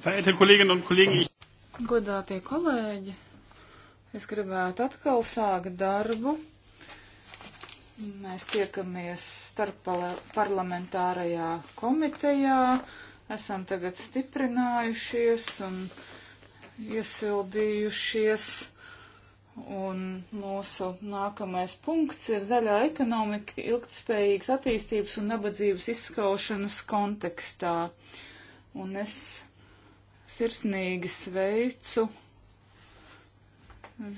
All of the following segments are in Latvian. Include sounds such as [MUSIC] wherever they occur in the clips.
Verehrte Kolleginnen un Kollegen, ich. Godātie kolēģi, es gribētu atkal sākt darbu. Mēs tiekamies starp parlamentārajā komitejā, esam tagad stiprinājušies un iesildījušies. Un mūsu nākamais punkts ir zaļā ekonomika ilgtspējīgas attīstības un nabadzības izskaušanas kontekstā. Un es Sirsnīgi sveicu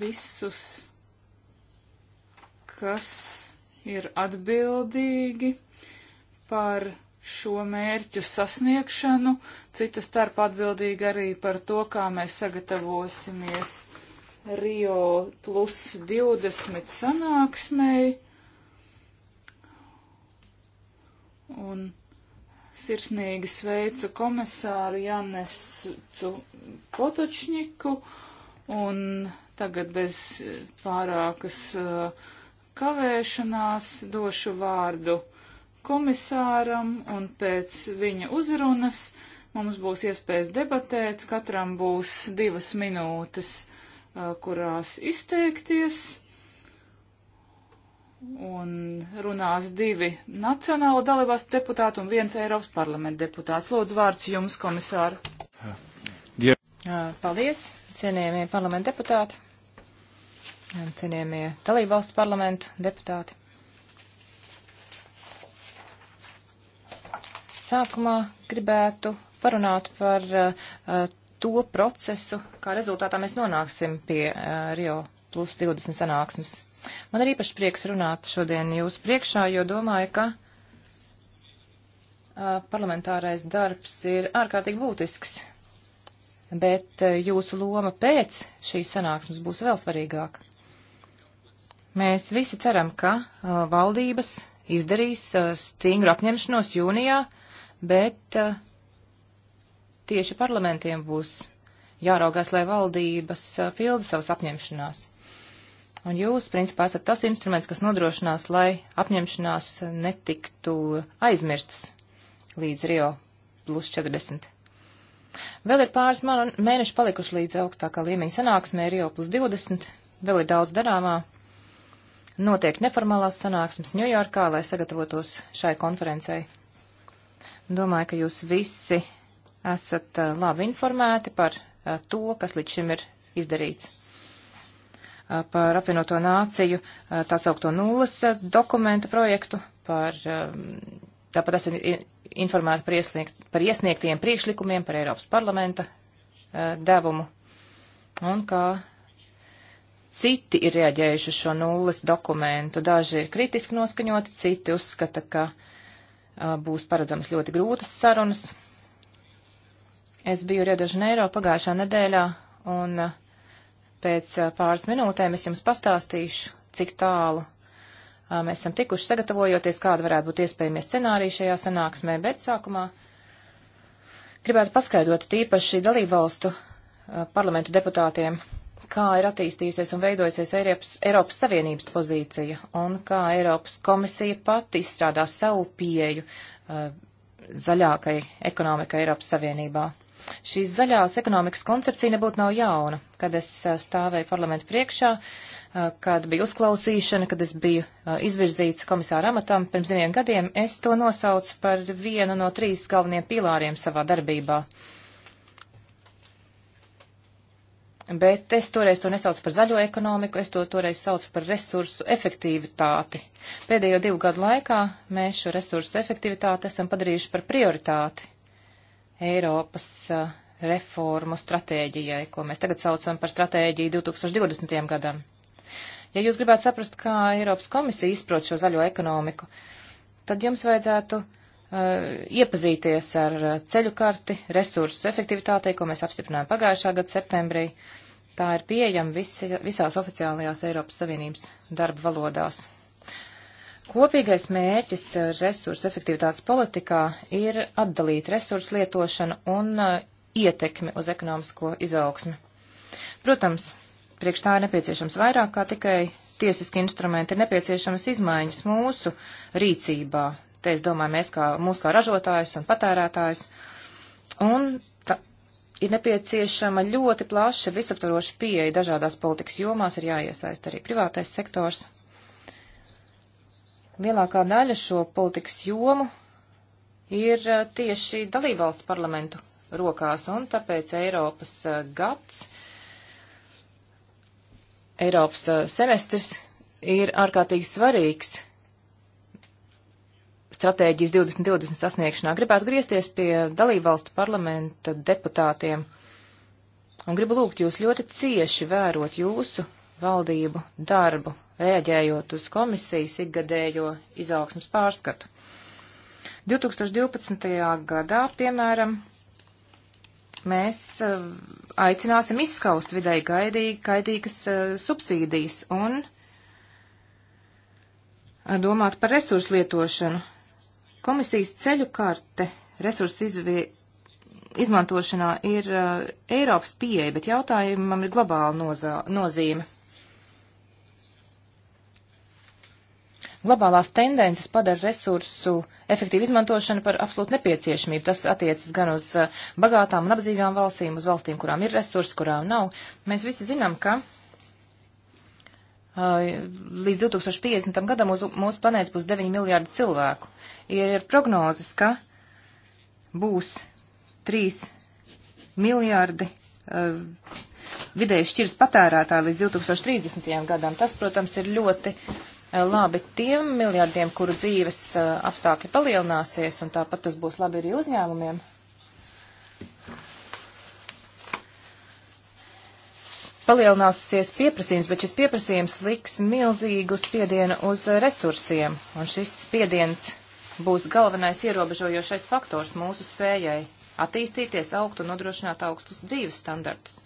visus, kas ir atbildīgi par šo mērķu sasniegšanu, cita starp atbildīgi arī par to, kā mēs sagatavosimies Rio plus 20 sanāksmei. Un Sirsnīgi sveicu komisāru Janesu Potočņiku un tagad bez pārākas uh, kavēšanās došu vārdu komisāram un pēc viņa uzrunas mums būs iespējas debatēt. Katram būs divas minūtes, uh, kurās izteikties un runās divi nacionāla dalībās deputāti un viens Eiropas parlamenta deputāts. Lūdzu, vārds jums, komisāru. Ja. Paldies, cienījamie parlamenta deputāti, cienījamie dalībvalstu parlamentu deputāti. Sākumā gribētu parunāt par uh, to procesu, kā rezultātā mēs nonāksim pie uh, Rio plus 20 sanāksmes Man ir īpaši prieks runāt šodien jūsu priekšā, jo domāju, ka parlamentārais darbs ir ārkārtīgi būtisks, bet jūsu loma pēc šīs sanāksmes būs vēl svarīgāka. Mēs visi ceram, ka a, valdības izdarīs a, stingru apņemšanos jūnijā, bet a, tieši parlamentiem būs jāraugās, lai valdības pilda savas apņemšanās. Un jūs, principā, esat tas instruments, kas nodrošinās, lai apņemšanās netiktu aizmirstas līdz Rio plus 40. Vēl ir pāris mēneši palikuši līdz augstākā līmeņa sanāksmē Rio plus 20. Vēl ir daudz darāmā. Notiek neformālās sanāksmes Ņujorkā, lai sagatavotos šai konferencei. Domāju, ka jūs visi esat labi informēti par to, kas līdz šim ir izdarīts par apvienoto nāciju tā saukto nulles dokumentu projektu, par, tāpat esam informēti par, iesniegt, par iesniegtiem priekšlikumiem par Eiropas parlamenta devumu un kā citi ir reaģējuši šo nulles dokumentu. Daži ir kritiski noskaņoti, citi uzskata, ka būs paredzams ļoti grūtas sarunas. Es biju Riedažneiro pagājušā nedēļā un uh, Pēc pāris minūtēm es jums pastāstīšu, cik tālu mēs esam tikuši sagatavojoties, kāda varētu būt iespējamie scenāriji šajā sanāksmē, bet sākumā gribētu paskaidrot tīpaši dalībvalstu parlamentu deputātiem, kā ir attīstījusies un veidojusies Eiropas, Eiropas Savienības pozīcija un kā Eiropas komisija pati izstrādā savu pieju uh, zaļākai ekonomikai Eiropas Savienībā. Šī zaļās ekonomikas koncepcija nebūtu nav jauna. Kad es stāvēju parlamentu priekšā, kad bija uzklausīšana, kad es biju izvirzīts komisāra amatam pirms diviem gadiem, es to nosaucu par vienu no trīs galvenajiem pilāriem savā darbībā. Bet es toreiz to nesaucu par zaļo ekonomiku, es to toreiz saucu par resursu efektivitāti. Pēdējo divu gadu laikā mēs šo resursu efektivitāti esam padarījuši par prioritāti Eiropas reformu stratēģijai, ko mēs tagad saucam par stratēģiju 2020. gadam. Ja jūs gribētu saprast, kā Eiropas komisija izprot šo zaļo ekonomiku, tad jums vajadzētu uh, iepazīties ar ceļu karti resursu efektivitātei, ko mēs apstiprinājām pagājušā gada septembrī. Tā ir pieejama visi, visās oficiālajās Eiropas Savienības darba valodās. Kopīgais mērķis eh, resursu efektivitātes politikā ir atdalīt resursu lietošanu un uh, ietekmi uz ekonomisko izaugsmi. Protams, priekš tā ir nepieciešams vairāk kā tikai tiesiski instrumenti, ir nepieciešamas izmaiņas mūsu rīcībā. Te es domāju, mēs kā mūsu kā ražotājus un patērētājus. Un ir nepieciešama ļoti plaša visaptvaroša pieeja dažādās politikas jomās, ir jāiesaist arī privātais sektors. Lielākā daļa šo politikas jomu ir eh, tieši dalībvalstu parlamentu rokās, un tāpēc Eiropas eh, gads, Eiropas eh, semestris ir ārkārtīgi svarīgs stratēģijas 2020 sasniegšanā. Gribētu griezties pie dalībvalstu parlamenta deputātiem un gribu lūgt jūs ļoti cieši vērot jūsu valdību darbu, reaģējot uz komisijas ikgadējo izaugsmas pārskatu. 2012. gadā, piemēram, mēs uh, aicināsim izskaust vidēji gaidīgi, gaidīgas uh, subsīdijas un uh, domāt par resursu lietošanu. Komisijas ceļu karte resursu izvie... izmantošanā ir Eiropas pieeja, bet jautājumam ir globāla nozā... nozīme. Globālās tendences padara resursu efektīvu izmantošanu par absolūtu nepieciešamību. Tas attiecas gan uz uh, bagātām un apzīgām valstīm, uz valstīm, kurām ir resursi, kurām nav. Mēs visi zinām, ka uh, līdz 2050. gadam uz mūsu planētas būs 9 miljārdi cilvēku. Ir prognozes, ka būs 3 miljārdi uh, vidēji šķirs patērētāji līdz 2030. gadam. Tas, protams, ir ļoti Eh, labi tiem miljardiem, kuru dzīves eh, apstākļi palielināsies, un tāpat tas būs labi arī uzņēmumiem. Palielināsies pieprasījums, bet šis pieprasījums liks milzīgu spiedienu uz resursiem, un šis spiediens būs galvenais ierobežojošais faktors mūsu spējai attīstīties, augt un nodrošināt augstus dzīves standartus.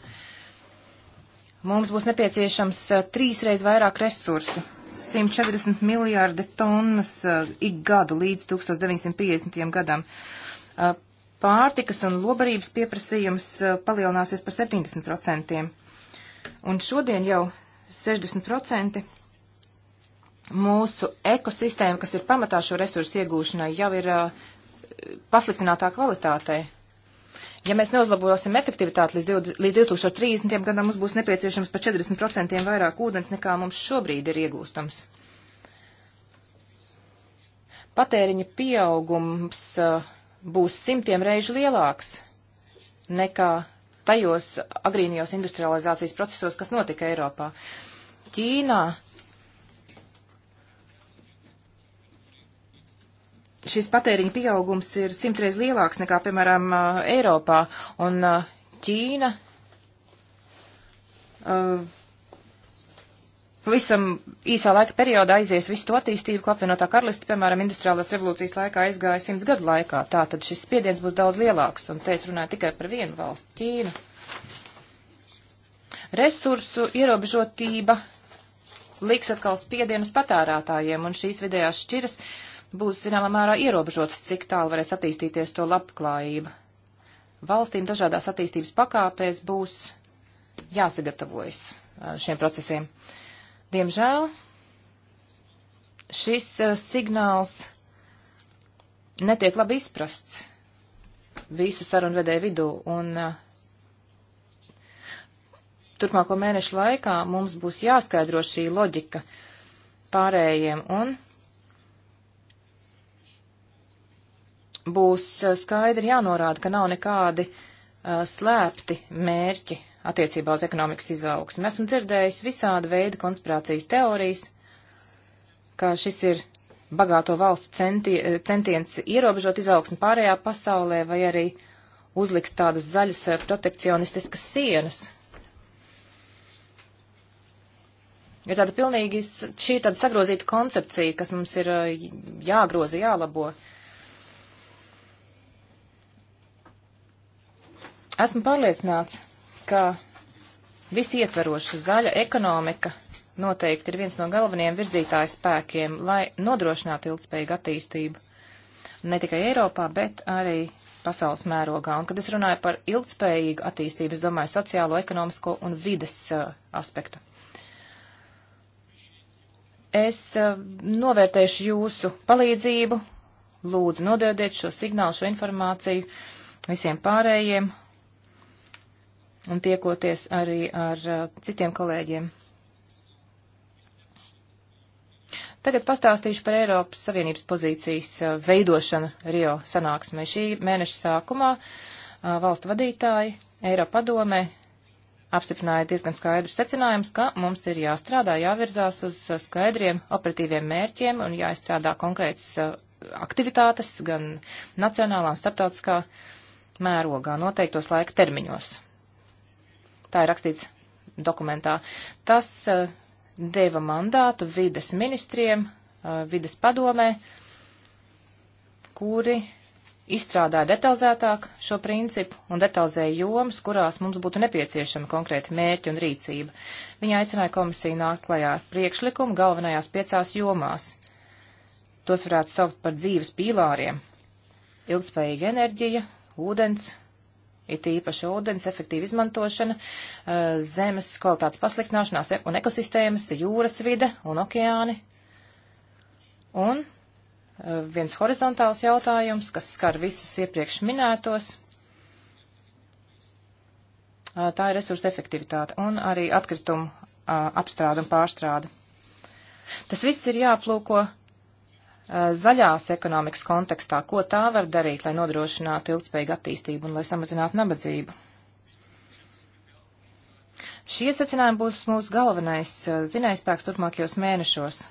Mums būs nepieciešams eh, trīsreiz vairāk resursu 140 miljārdi tonnas uh, ik gadu līdz 1950. gadam. Uh, pārtikas un lobarības pieprasījums uh, palielināsies par 70%. Un šodien jau 60% mūsu ekosistēma, kas ir pamatā šo resursu iegūšanai, jau ir pasliktinātā kvalitātei. Ja mēs neuzlabosim efektivitāti līdz, līdz 2030. gadam, mums būs nepieciešams pa 40% vairāk ūdens, nekā mums šobrīd ir iegūstams. Patēriņa pieaugums uh, būs simtiem reižu lielāks nekā tajos agrīnijos industrializācijas procesos, kas notika Eiropā. Ķīnā šis patēriņa pieaugums ir simtreiz lielāks nekā, piemēram, Eiropā. Un Ķīna pavisam īsā laika periodā aizies visu to attīstību, ko apvienotā karalista, piemēram, industriālās revolūcijas laikā aizgāja simts gadu laikā. Tātad šis spiediens būs daudz lielāks, un te es runāju tikai par vienu valsti - Ķīnu. Resursu ierobežotība liks atkal spiedienus patērētājiem, un šīs vidējās šķiras uh, būs zināmā mērā ierobežotas, cik tālu varēs attīstīties to labklājība. Valstīm dažādās attīstības pakāpēs būs jāsagatavojas šiem procesiem. Diemžēl šis signāls netiek labi izprasts visu sarunvedēju vidū, un turpmāko mēnešu laikā mums būs jāskaidro šī loģika pārējiem, un būs eh, skaidri jānorāda, ka nav nekādi uh, slēpti mērķi attiecībā uz ekonomikas izaugsmu. Esmu dzirdējis visāda veida konspirācijas teorijas, ka šis ir bagāto valstu centi, eh, centiens ierobežot izaugsmu pārējā pasaulē vai arī uzlikt tādas zaļas protekcionistiskas sienas. Ir tāda pilnīgi, šī ir tāda sagrozīta koncepcija, kas mums ir jāgroza, jālabo. Uh, Esmu pārliecināts, ka visietveroša zaļa ekonomika noteikti ir viens no galvenajiem virzītāju spēkiem, lai nodrošinātu ilgspējīgu attīstību. Ne tikai Eiropā, bet arī pasaules mērogā. Un, kad es runāju par ilgspējīgu attīstību, es domāju sociālo, ekonomisko un vides uh, aspektu. Es uh, novērtēšu jūsu palīdzību, lūdzu nododiet šo signālu, šo informāciju visiem pārējiem un tiekoties arī ar uh, citiem kolēģiem. Tagad pastāstīšu par Eiropas Savienības pozīcijas uh, veidošanu Rio sanāksmē. Šī mēneša sākumā uh, valstu vadītāji Eiropa padomē apstiprināja diezgan skaidrs secinājums, ka mums ir jāstrādā, jāvirzās uz skaidriem operatīviem mērķiem un jāizstrādā konkrētas aktivitātes gan nacionālā un starptautiskā mērogā noteiktos laika termiņos. Tā ir rakstīts dokumentā. Tas uh, deva mandātu vides ministriem, uh, vides padomē, kuri izstrādāja detalizētāk šo principu un detalizēja jomas, kurās mums būtu nepieciešama konkrēta mērķa un rīcība. Viņa aicināja komisiju nākt klajā ar priekšlikumu galvenajās piecās jomās. Tos varētu saukt par dzīves pīlāriem - ilgspējīga enerģija, ūdens, it īpaši ūdens efektīva izmantošana, eh, zemes kvalitātes pasliktināšanās e- un ekosistēmas, jūras vide un okeāni. Un eh, viens horizontāls jautājums, kas skar visus iepriekš minētos, eh, tā ir resursa efektivitāte un arī atkritumu apstrāde un pārstrāde. Tas viss ir jāplūko Uh, zaļās ekonomikas kontekstā, ko tā var darīt, lai nodrošinātu ilgspējīgu attīstību un lai samazinātu nabadzību. Šie secinājumi būs mūsu galvenais uh, zinājspēks turpmākajos mēnešos.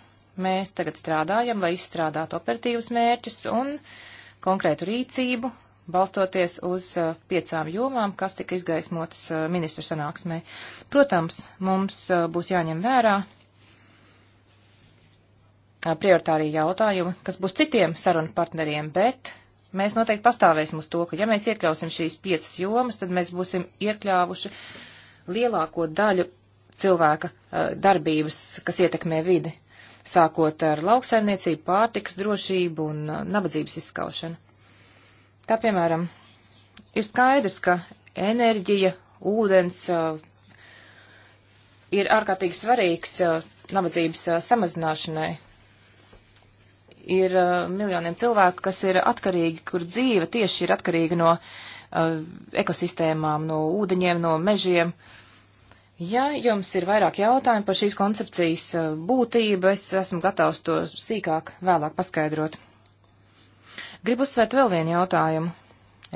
Mēs tagad strādājam, lai izstrādātu operatīvus mērķus un konkrētu rīcību, balstoties uz uh, piecām jomām, kas tika izgaismotas ministru sanāksmē. Protams, mums būs jāņem vērā prioritārie jautājumi, kas būs citiem sarunu partneriem, bet mēs noteikti pastāvēsim uz to, ka ja mēs iekļausim šīs piecas jomas, tad mēs būsim iekļāvuši lielāko daļu cilvēka darbības, kas ietekmē vidi, sākot ar lauksaimniecību, pārtikas drošību un nabadzības izskaušanu. Tā piemēram, ir skaidrs, ka enerģija, ūdens ir ārkārtīgi svarīgs nabadzības samazināšanai, ir uh, miljoniem cilvēku, kas ir atkarīgi, kur dzīve tieši ir atkarīga no uh, ekosistēmām, no ūdeņiem, no mežiem. Ja jums ir vairāk jautājumu par šīs koncepcijas uh, būtību, es esmu gatavs to sīkāk vēlāk paskaidrot. Gribu uzsvērt vēl vienu jautājumu.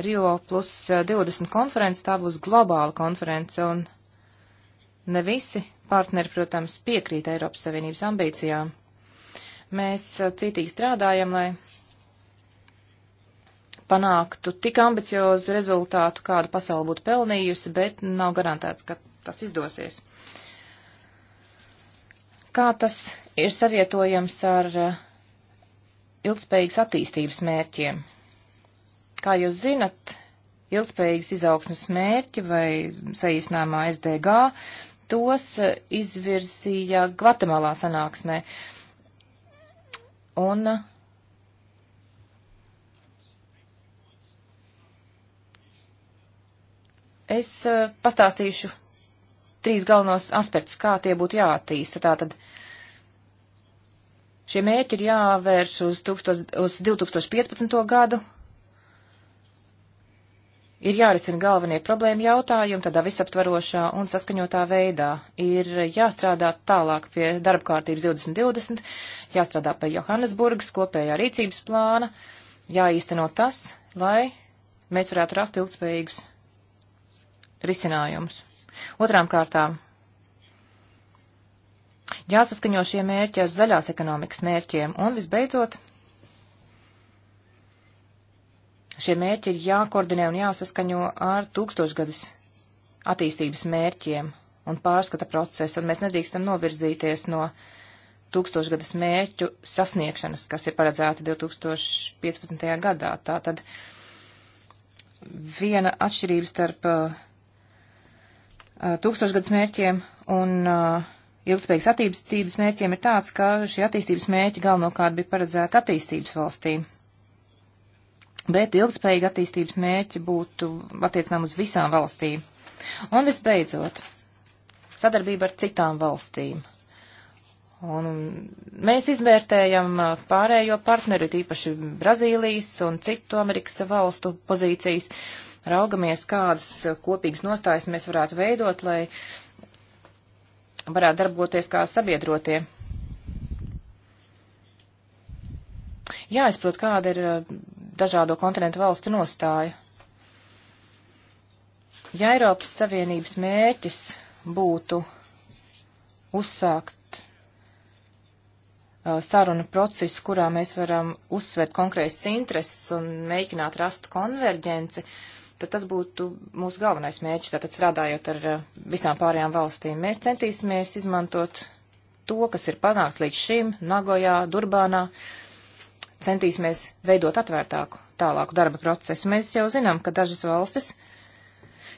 Rio plus 20 uh, konference, tā būs globāla konference, un ne visi partneri, protams, piekrīt Eiropas Savienības ambīcijām. Mēs eh, cītīgi strādājam, lai panāktu tik ambiciozu rezultātu, kādu pasauli būtu pelnījusi, bet nav garantēts, ka tas izdosies. Kā tas ir savietojams ar eh, ilgspējīgas attīstības mērķiem? Kā jūs zinat, ilgspējīgas izaugsmas mērķi vai saīsinājumā SDG, tos eh, izvirzīja Gvatemalā sanāksmē. Uh, Un es eh, pastāstīšu trīs galvenos aspektus, kā tie būtu jāattīsta. Tātad šie mērķi ir jāvērš uz, tūkstos, uz 2015. gadu, Ir jārisina galvenie problēma jautājumi tādā visaptvarošā un saskaņotā veidā. Ir jāstrādā tālāk pie darba kārtības 2020, jāstrādā pie Johannesburgas kopējā rīcības plāna, jāīsteno tas, lai mēs varētu rast ilgspējīgus risinājumus. Otrām kārtām jāsaskaņo šie mērķi ar zaļās ekonomikas mērķiem un visbeidzot Šie mērķi ir jākoordinē un jāsaskaņo ar tūkstošgadas attīstības mērķiem un pārskata procesu, un mēs nedrīkstam novirzīties no tūkstošgadas mērķu sasniegšanas, kas ir paredzēta 2015. gadā. Tātad viena atšķirība starp uh, uh tūkstošgadas mērķiem un uh, ilgspējīgas attīstības mērķiem ir tāds, ka šie attīstības mērķi galvenokārt bija paredzēti attīstības valstīm bet ilgspējīga attīstības mērķi būtu attiecinām uz visām valstīm. Un visbeidzot, sadarbība ar citām valstīm. Un mēs izvērtējam uh, pārējo partneri, tīpaši Brazīlijas un citu Amerikas valstu pozīcijas, raugamies, kādas uh, kopīgas nostājas mēs varētu veidot, lai varētu darboties kā sabiedrotie. Jāizprot, kāda ir uh, dažādo kontinentu valstu nostāju. Ja Eiropas Savienības mērķis būtu uzsākt uh, sarunu procesu, kurā mēs varam uzsvērt konkrētas intereses un mēģināt rast konverģenci, tad tas būtu mūsu galvenais mērķis, tātad strādājot ar uh, visām pārējām valstīm. Mēs centīsimies izmantot to, kas ir panāks līdz šim Nagojā, Durbānā, uh, centīsimies veidot atvērtāku tālāku darba procesu. Mēs jau zinām, ka dažas valstis,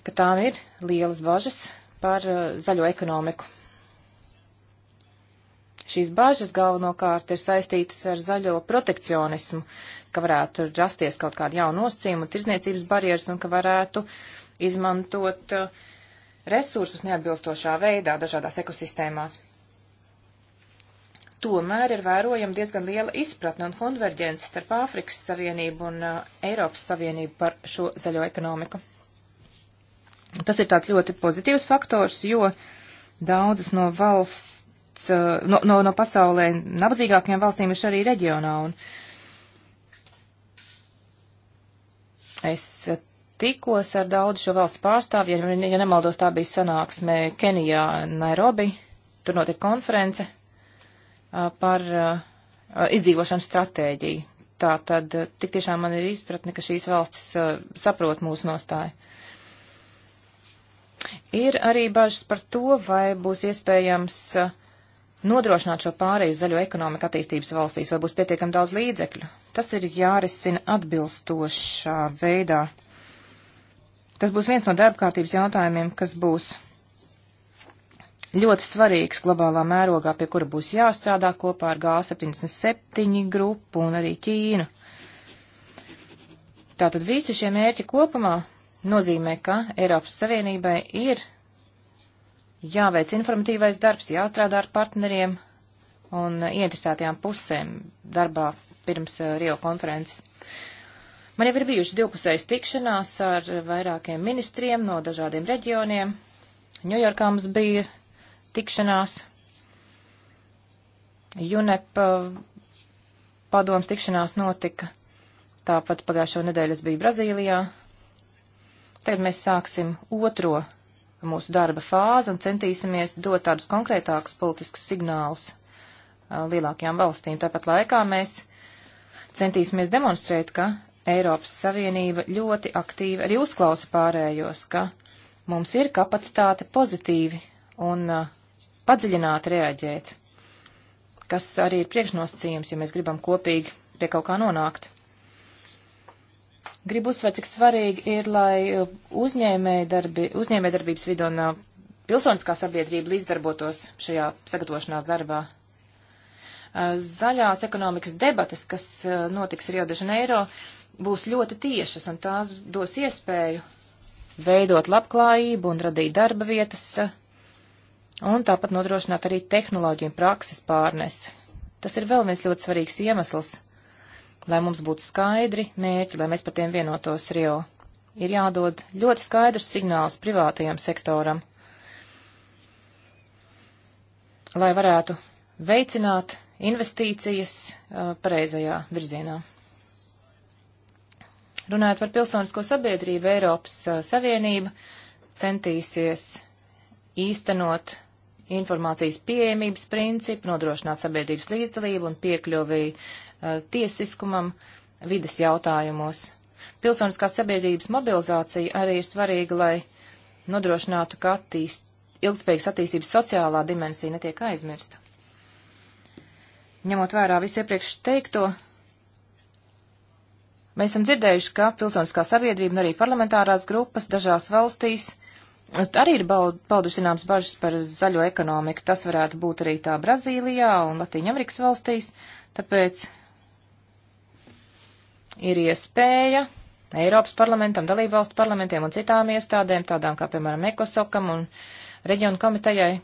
ka tām ir lielas bažas par uh, zaļo ekonomiku. Šīs bažas galvenokārt ir saistītas ar zaļo protekcionismu, ka varētu rasties kaut kāda jauna nosacījuma, tirzniecības barjeras un ka varētu izmantot uh, resursus neatbilstošā veidā dažādās ekosistēmās tomēr ir vērojama diezgan liela izpratne un konverģence starp Āfrikas Savienību un uh, Eiropas Savienību par šo zaļo ekonomiku. Tas ir tāds ļoti pozitīvs faktors, jo daudzas no valsts, uh, no, no, no pasaulē nabadzīgākajām valstīm ir arī reģionā. Un es uh, tikos ar daudz šo valstu pārstāvju, ja, ja nemaldos, tā bija sanāksme Kenijā, Nairobi, tur notika konference par izdzīvošanas stratēģiju. Tā tad tik tiešām man ir izpratne, ka šīs valstis saprot mūsu nostāju. Ir arī bažas par to, vai būs iespējams nodrošināt šo pāreju zaļo ekonomiku attīstības valstīs, vai būs pietiekami daudz līdzekļu. Tas ir jārisina atbilstošā veidā. Tas būs viens no darba kārtības jautājumiem, kas būs ļoti svarīgs globālā mērogā, pie kura būs jāstrādā kopā ar G77 grupu un arī Ķīnu. Tātad visi šie mērķi kopumā nozīmē, ka Eiropas Savienībai ir jāveic informatīvais darbs, jāstrādā ar partneriem un ieinteresētajām pusēm darbā pirms uh, Rio konferences. Man jau ir bijušas divpusējas tikšanās ar vairākiem ministriem no dažādiem reģioniem. Ņujorkā mums bija tikšanās, UNEP uh, padoms tikšanās notika. Tāpat pagājušo nedēļu es biju Brazīlijā. Tagad mēs sāksim otro mūsu darba fāzi un centīsimies dot tādus konkrētākus politiskus signālus uh, lielākajām valstīm. Tāpat laikā mēs centīsimies demonstrēt, ka Eiropas Savienība ļoti aktīvi arī uzklausa pārējos, ka mums ir kapacitāte pozitīvi un uh, padziļināti reaģēt, kas arī ir priekšnosacījums, ja mēs gribam kopīgi pie kaut kā nonākt. Gribu uzsvērt, cik svarīgi ir, lai uh, uzņēmējdarbības uzņēmē vidu un uh, pilsoniskā sabiedrība līdzdarbotos šajā sagatavošanās darbā. Uh, zaļās ekonomikas debatas, kas notiks Rio de Janeiro, būs ļoti tiešas, un tās dos iespēju veidot labklājību un radīt darba vietas un tāpat nodrošināt arī tehnoloģiju un prakses pārnesi. Tas ir vēl viens ļoti svarīgs iemesls, lai mums būtu skaidri mērķi, lai mēs par tiem vienotos Rio. Ir jādod ļoti skaidrs signāls privātajam sektoram, lai varētu veicināt investīcijas uh, pareizajā virzienā. Runājot par pilsonisko sabiedrību, Eiropas uh, Savienība centīsies īstenot informācijas pieejamības principu, nodrošināt sabiedrības līdzdalību un piekļuvi uh, tiesiskumam vidas jautājumos. Pilsoniskās sabiedrības mobilizācija arī ir svarīga, lai nodrošinātu, ka attīst, ilgspējīgas attīstības sociālā dimensija netiek aizmirsta. Ņemot vērā visu iepriekš teikto, Mēs esam dzirdējuši, ka pilsoniskā sabiedrība un arī parlamentārās grupas dažās valstīs arī ir pauduši zināms bažas par zaļo ekonomiku. Tas varētu būt arī tā Brazīlijā un Latīņamerikas valstīs, tāpēc ir iespēja Eiropas parlamentam, dalībvalstu parlamentiem un citām iestādēm, tādām kā, piemēram, Ekosokam un reģionu komitejai,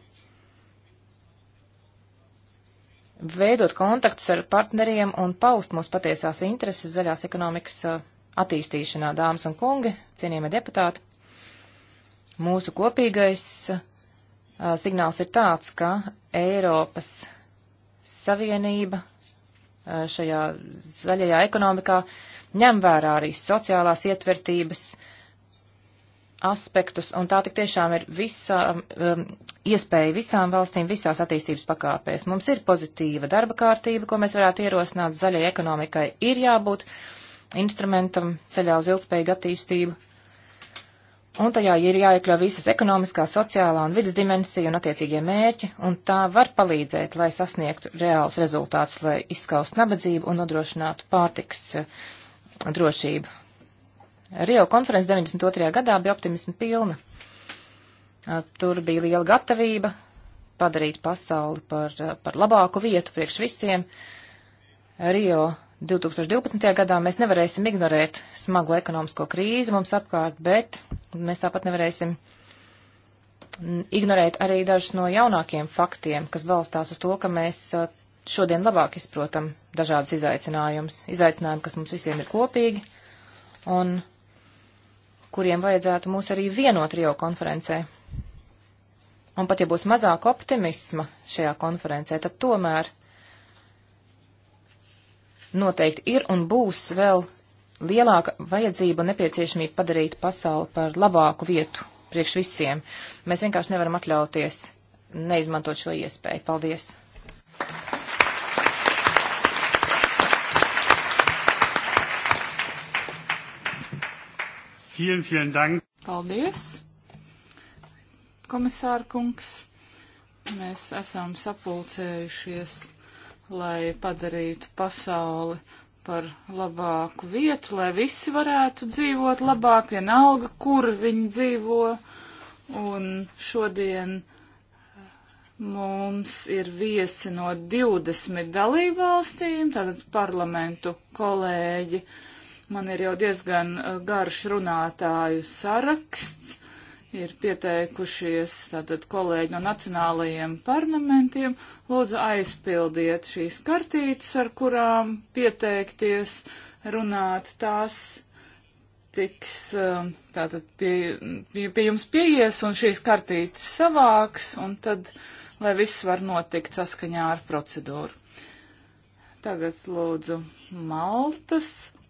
veidot kontaktus ar partneriem un paust mūsu patiesās intereses zaļās ekonomikas uh, attīstīšanā, dāmas un kungi, cienījamie deputāti. Mūsu kopīgais signāls ir tāds, ka Eiropas Savienība šajā zaļajā ekonomikā ņem vērā arī sociālās ietvertības aspektus, un tā tik tiešām ir visā, um, iespēja visām valstīm visās attīstības pakāpēs. Mums ir pozitīva darba kārtība, ko mēs varētu ierosināt zaļai ekonomikai. Ir jābūt instrumentam ceļā uz ilgspējīgu attīstību. Un tajā ir jāiekļauj visas ekonomiskā, sociālā un vidas dimensija un attiecīgie mērķi, un tā var palīdzēt, lai sasniegtu reāls rezultāts, lai izskaust nabadzību un nodrošinātu pārtiks eh, drošību. Rio konferences 92. gadā bija optimismu pilna. Eh, tur bija liela gatavība padarīt pasauli par, eh, par labāku vietu priekš visiem. Rio 2012. gadā mēs nevarēsim ignorēt smago ekonomisko krīzi mums apkārt, bet mēs tāpat nevarēsim ignorēt arī dažus no jaunākiem faktiem, kas balstās uz to, ka mēs šodien labāk izprotam dažādus izaicinājumus. Izaicinājumi, kas mums visiem ir kopīgi un kuriem vajadzētu mūs arī vienot Rio konferencē. Un pat ja būs mazāk optimisma šajā konferencē, tad tomēr noteikti ir un būs vēl lielāka vajadzība un nepieciešamība padarīt pasauli par labāku vietu priekš visiem. Mēs vienkārši nevaram atļauties neizmantot šo iespēju. Paldies! Vielen, vielen Dank. Paldies, komisārkungs. Mēs esam sapulcējušies lai padarītu pasauli par labāku vietu, lai visi varētu dzīvot labāk, vienalga, kur viņi dzīvo. Un šodien mums ir viesi no 20 dalībvalstīm, tātad parlamentu kolēģi. Man ir jau diezgan uh, garš runātāju saraksts ir pieteikušies tātad kolēģi no nacionālajiem parlamentiem. Lūdzu, aizpildiet šīs kartītes, ar kurām pieteikties runāt. Tās tiks um, tātad pie, pie, pie jums pieies un šīs kartītes savāks, un tad, lai viss var notikt saskaņā ar procedūru. Tagad lūdzu Maltas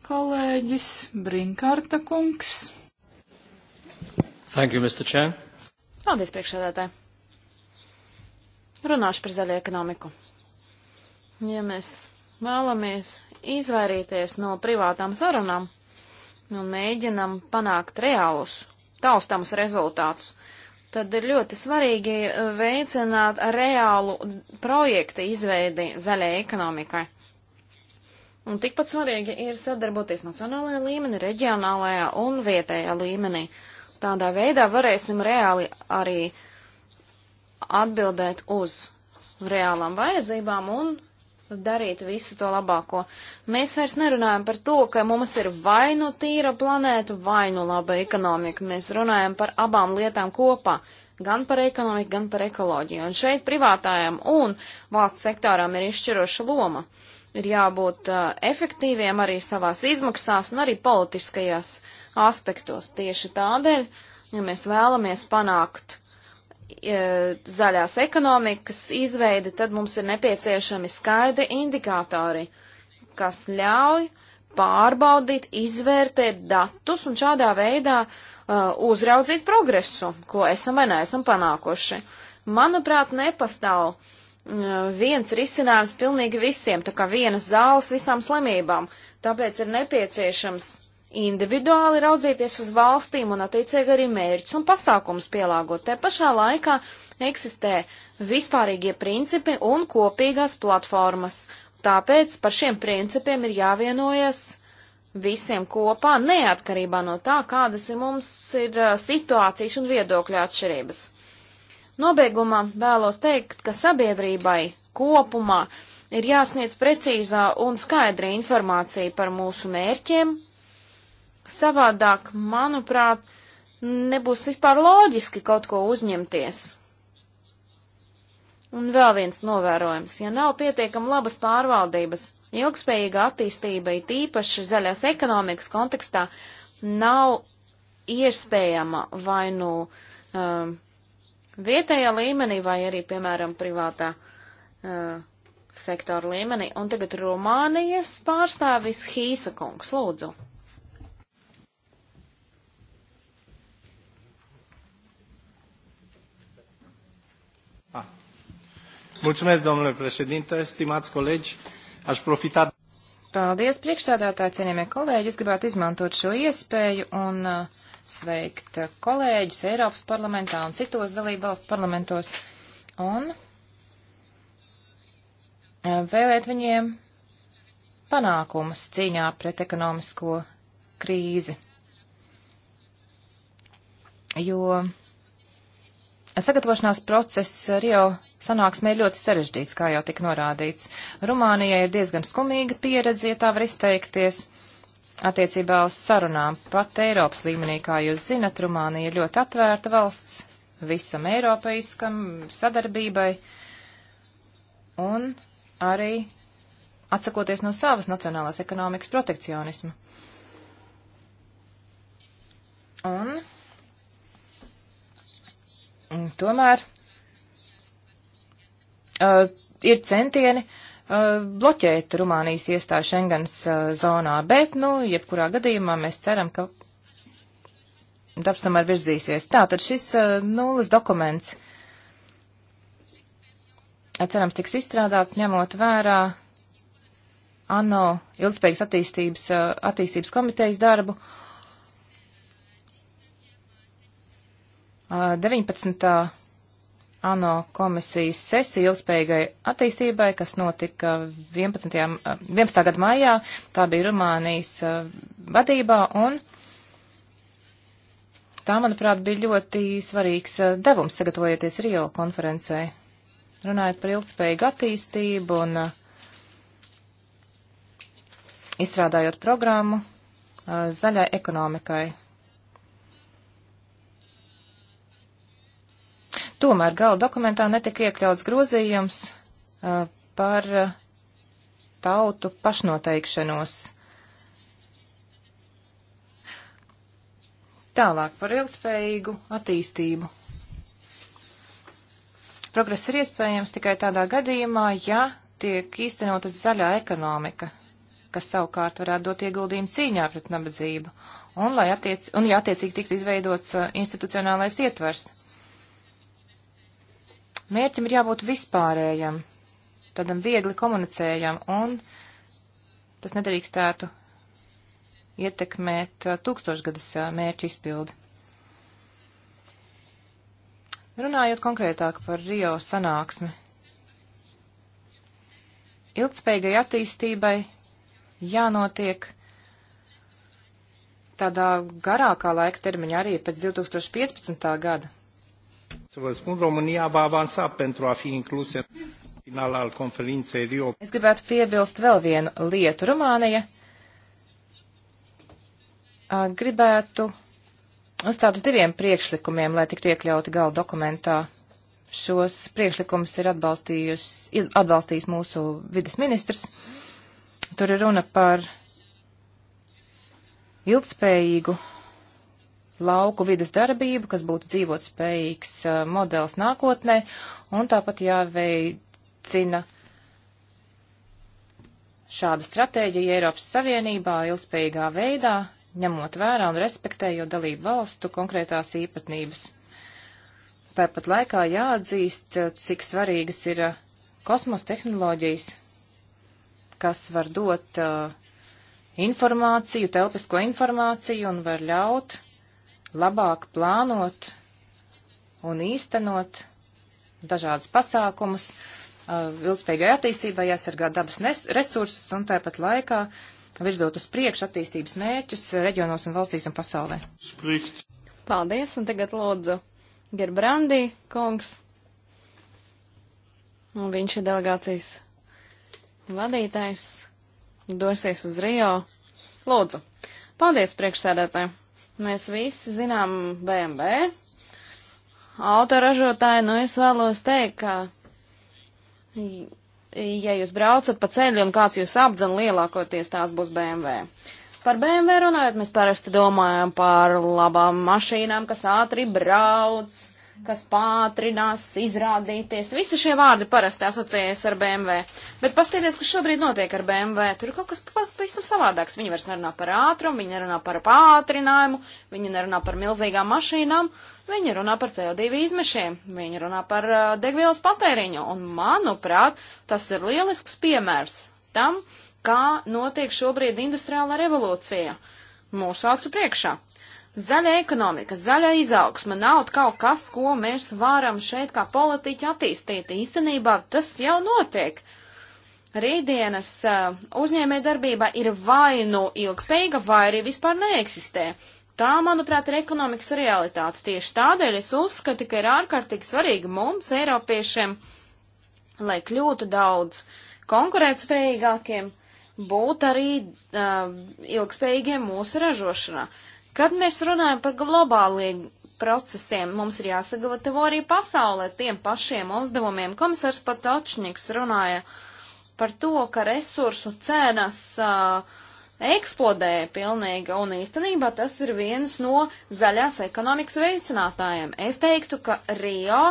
kolēģis Brinkārta kungs. Thank you, Mr. Chair. Paldies, priekšsēdētāji. Runāšu par zaļu ekonomiku. Ja mēs vēlamies izvairīties no privātām sarunām un nu, mēģinam panākt reālus, taustamus rezultātus, tad ir ļoti svarīgi veicināt reālu projektu izveidi zaļai ekonomikai. Un tikpat svarīgi ir sadarboties nacionālajā līmenī, reģionālajā un vietējā līmenī. Uh, Tādā veidā varēsim reāli arī atbildēt uz reālām vajadzībām un darīt visu to labāko. Mēs vairs nerunājam par to, ka mums ir vai nu tīra planēta, vai nu laba ekonomika. Mēs runājam par abām lietām kopā gan par ekonomiku, gan par ekoloģiju. Un šeit privātājiem un valsts sektoram ir izšķiroša loma. Ir jābūt uh, efektīviem arī savās izmaksās un arī politiskajās uh, aspektos. Tieši tādēļ, ja mēs vēlamies panākt e, zaļās ekonomikas izveidi, tad mums ir nepieciešami skaidri indikātori, kas ļauj pārbaudīt, izvērtēt datus un šādā veidā uh, e, uzraudzīt progresu, ko esam vai neesam panākuši. Manuprāt, nepastāv uh, viens risinājums pilnīgi visiem, tā kā vienas zāles visām slimībām. Tāpēc ir nepieciešams individuāli raudzīties uz valstīm un attiecīgi arī mērķus un pasākumus pielāgot. Te pašā laikā eksistē vispārīgie principi un kopīgās platformas. Tāpēc par šiem principiem ir jāvienojas visiem kopā, neatkarībā no tā, kādas ir mums ir situācijas un viedokļu atšķirības. Nobeigumā vēlos teikt, ka sabiedrībai kopumā ir jāsniedz precīzā un skaidra informācija par mūsu mērķiem, Savādāk, manuprāt, nebūs vispār loģiski kaut ko uzņemties. Un vēl viens novērojums. Ja nav pietiekam labas pārvaldības, ilgspējīga attīstība, it īpaši zaļās ekonomikas kontekstā, nav iespējama vai nu um, vietējā līmenī, vai arī, piemēram, privātā uh, sektora līmenī. Un tagad Rumānijas pārstāvis Hīsa kungs, lūdzu. Mulțumesc, domnule președinte, stimați colegi, aș profita. Paldies, priekšsēdētāji, cienījamie kolēģi. Es gribētu izmantot šo iespēju un uh, sveikt kolēģus Eiropas parlamentā un citos dalībvalstu parlamentos un uh, vēlēt viņiem panākumus cīņā pret ekonomisko krīzi. Jo Sagatavošanās process Rio sanāksmē ir ļoti sarežģīts, kā jau tika norādīts. Rumānijai ir diezgan skumīga pieredze, ja tā var izteikties, attiecībā uz sarunām. Pat Eiropas līmenī, kā jūs zinat, Rumānija ir ļoti atvērta valsts visam eiropeiskam sadarbībai un arī atsakoties no savas nacionālās ekonomikas protekcionisma. Un Mm, tomēr uh, ir centieni uh, bloķēt Rumānijas iestāju Schengens uh, zonā, bet, nu, jebkurā gadījumā mēs ceram, ka darbs tomēr virzīsies. Tā, tad šis uh, nulles dokuments uh, cerams tiks izstrādāts ņemot vērā ANO ilgspējīgas attīstības, uh, attīstības komitejas darbu 19. ANO komisijas sesija ilgspējīgai attīstībai, kas notika 11. 11. gada maijā, tā bija Rumānijas vadībā, un tā, manuprāt, bija ļoti svarīgs devums sagatavojoties Rio konferencei. Runājot par ilgspējīgu attīstību un izstrādājot programmu zaļai ekonomikai Tomēr gala dokumentā netika iekļauts grozījums uh, par uh, tautu pašnoteikšanos. Tālāk par ilgspējīgu attīstību. Progress ir iespējams tikai tādā gadījumā, ja tiek īstenota zaļā ekonomika, kas savukārt varētu dot ieguldījumu cīņā pret nabadzību, un, lai attiec, un ja attiecīgi tiktu izveidots uh, institucionālais ietvers. Mērķim ir jābūt vispārējam, tādam viegli komunicējam, un tas nedrīkstētu ietekmēt tūkstošgadas mērķu izpildi. Runājot konkrētāk par Rio sanāksmi, ilgspējīgai attīstībai jānotiek tādā garākā laika termiņā arī pēc 2015. gada. Să vă spun, România va avansa pentru a fi inclusă în final al conferinței Rio. Es gribētu piebilst vēl vienu lietu. Rumānija gribētu uzstāt uz diviem priekšlikumiem, lai tiktu iekļauti gala dokumentā. Šos priekšlikumus ir atbalstījis mūsu vidas ministrs. Tur ir runa par ilgspējīgu lauku vidas darbību, kas būtu dzīvot spējīgs uh, modelis nākotnē, un tāpat jāveicina šāda stratēģija Eiropas Savienībā ilgspējīgā veidā, ņemot vērā un respektējot dalību valstu konkrētās īpatnības. Tāpat laikā jāatzīst, cik svarīgas ir uh, kosmosa tehnoloģijas, kas var dot uh, informāciju, telpisko informāciju un var ļaut labāk plānot un īstenot dažādus pasākumus, uh, ilgspējīgai attīstībai jāsargā dabas resursus un tāpat laikā virzot uz priekšu attīstības mērķus reģionos un valstīs un pasaulē. Spricht. Paldies, un tagad lūdzu Gerbrandī kungs. Un viņš ir delegācijas vadītājs, dosies uz Rio. Lūdzu. Paldies, priekšsēdētāji. Mēs visi zinām BMW. Autoražotāji, nu es vēlos teikt, ka, ja jūs braucat pa ceļu un kāds jūs apdzen, lielākoties tās būs BMW. Par BMW runājot, mēs parasti domājam par labām mašīnām, kas ātri brauc, kas pātrinās, izrādīties. Visi šie vārdi parasti asociējas ar BMW. Bet paskatieties, kas šobrīd notiek ar BMW. Tur ir kaut kas pavisam savādāks. Viņi vairs nerunā par ātrumu, viņi nerunā par pātrinājumu, viņi nerunā par milzīgām mašīnām, viņi runā par CO2 izmešiem, viņi runā par uh, degvielas patēriņu. Un, manuprāt, tas ir lielisks piemērs tam, kā notiek šobrīd industriāla revolūcija mūsu acu priekšā. Zaļa ekonomika, zaļa izaugsma, nav kaut kas, ko mēs varam šeit kā politiķi attīstīt. Īstenībā tas jau notiek. Rītdienas uh, eh, uzņēmē darbība ir vai nu ilgspējīga, vai arī vispār neeksistē. Tā, manuprāt, ir ekonomikas realitāte. Tieši tādēļ es uzskatu, ka ir ārkārtīgi svarīgi mums, Eiropiešiem, lai kļūtu daudz konkurētspējīgākiem, būt arī uh, ilgspējīgiem mūsu ražošanā. Kad mēs runājam par globāliem procesiem, mums ir jāsagatavo arī pasaulē tiem pašiem uzdevumiem. Komisārs Patočņiks runāja par to, ka resursu cenas uh, eksplodē pilnīgi, un īstenībā tas ir viens no zaļās ekonomikas veicinātājiem. Es teiktu, ka Rio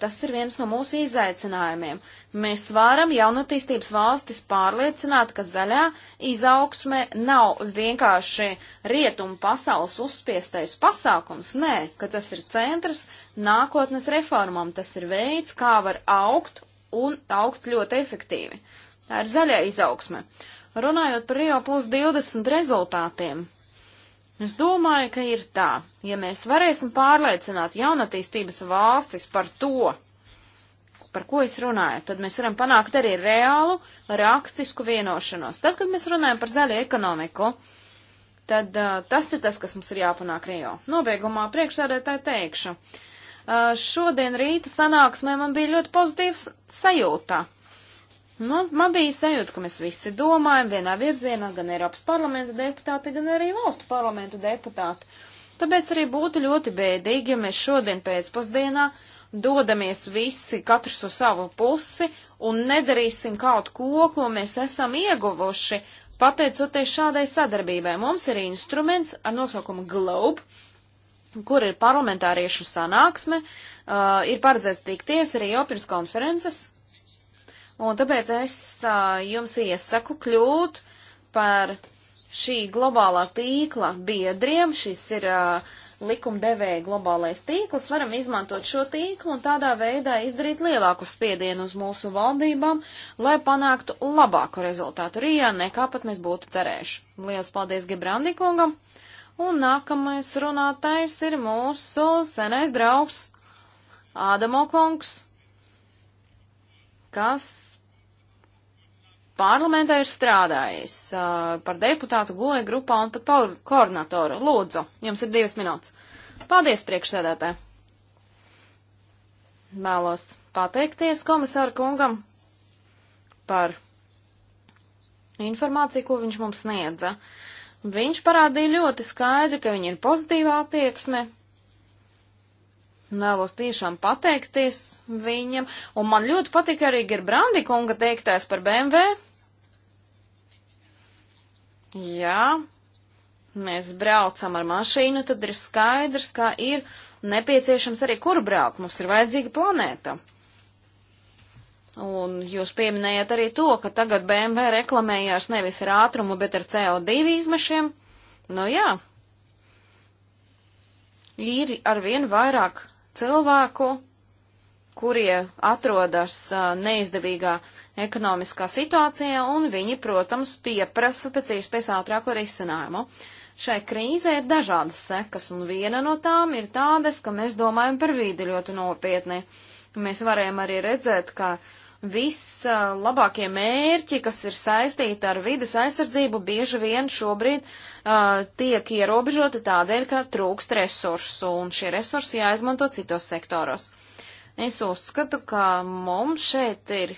tas ir viens no mūsu izaicinājumiem. Mēs varam jaunatīstības valstis pārliecināt, ka zaļā izaugsme nav vienkārši rietumu pasaules uzspiestais pasākums, nē, ka tas ir centrs nākotnes reformām, tas ir veids, kā var augt un augt ļoti efektīvi. Tā ir zaļā izaugsme. Runājot par Rio plus 20 rezultātiem, es domāju, ka ir tā, ja mēs varēsim pārliecināt jaunatīstības valstis par to, par ko es runāju, tad mēs varam panākt arī reālu rakstisku vienošanos. Tad, kad mēs runājam par zaļu ekonomiku, tad uh, tas ir tas, kas mums ir jāpanāk Rio. Nobeigumā priekšsēdētāji teikšu. Uh, šodien rīta sanāksmē man bija ļoti pozitīvs sajūta. Nu, man bija sajūta, ka mēs visi domājam vienā virzienā, gan Eiropas parlamenta deputāti, gan arī valstu parlamenta deputāti. Tāpēc arī būtu ļoti bēdīgi, ja mēs šodien pēcpusdienā uh, dodamies visi katrs uz savu pusi un nedarīsim kaut ko, ko mēs esam ieguvuši, pateicoties šādai sadarbībai. Mums ir instruments ar nosaukumu GLOBE, kur ir parlamentāriešu sanāksme, uh, ir paredzēts tikties arī jau pirms konferences, un tāpēc es uh, jums iesaku kļūt par šī globālā tīkla biedriem. Šis ir uh, likumdevēja globālais tīkls, varam izmantot šo tīklu un tādā veidā izdarīt lielāku spiedienu uz mūsu valdībām, lai panāktu labāku rezultātu Rijā, nekā pat mēs būtu cerējuši. Lielas paldies Gebrandi kungam! Un nākamais runātājs ir mūsu senais draugs Ādamo kungs, kas parlamentā ir strādājis uh, par deputātu goja grupā un pat par koordinatoru. Lūdzu, jums ir divas minūtes. Paldies, priekšsēdētāji! Vēlos pateikties komisāru kungam par informāciju, ko viņš mums sniedza. Viņš parādīja ļoti skaidri, ka viņa ir pozitīva attieksme Vēlos tiešām pateikties viņam, un man ļoti patīk arī Gerbrandi kunga teiktais par BMW. Jā, mēs braucam ar mašīnu, tad ir skaidrs, ka ir nepieciešams arī kur braukt. Mums ir vajadzīga planēta. Un jūs pieminējat arī to, ka tagad BMW reklamējās nevis ar ātrumu, bet ar CO2 izmešiem. Nu jā, ir arvien vairāk cilvēku, kurie atrodas neizdevīgā ekonomiskā situācijā, un viņi, protams, pieprasa pēc iespējas ātrāku risinājumu. Šai krīzē ir dažādas sekas, un viena no tām ir tādas, ka mēs domājam par vīdi ļoti nopietni. Mēs varējām arī redzēt, ka uh, vislabākie mērķi, kas ir saistīti ar vidas aizsardzību, bieži vien šobrīd uh, tiek ierobežoti tādēļ, ka trūkst resursu, un šie resursi jāizmanto citos sektoros. Es uzskatu, ka mums šeit ir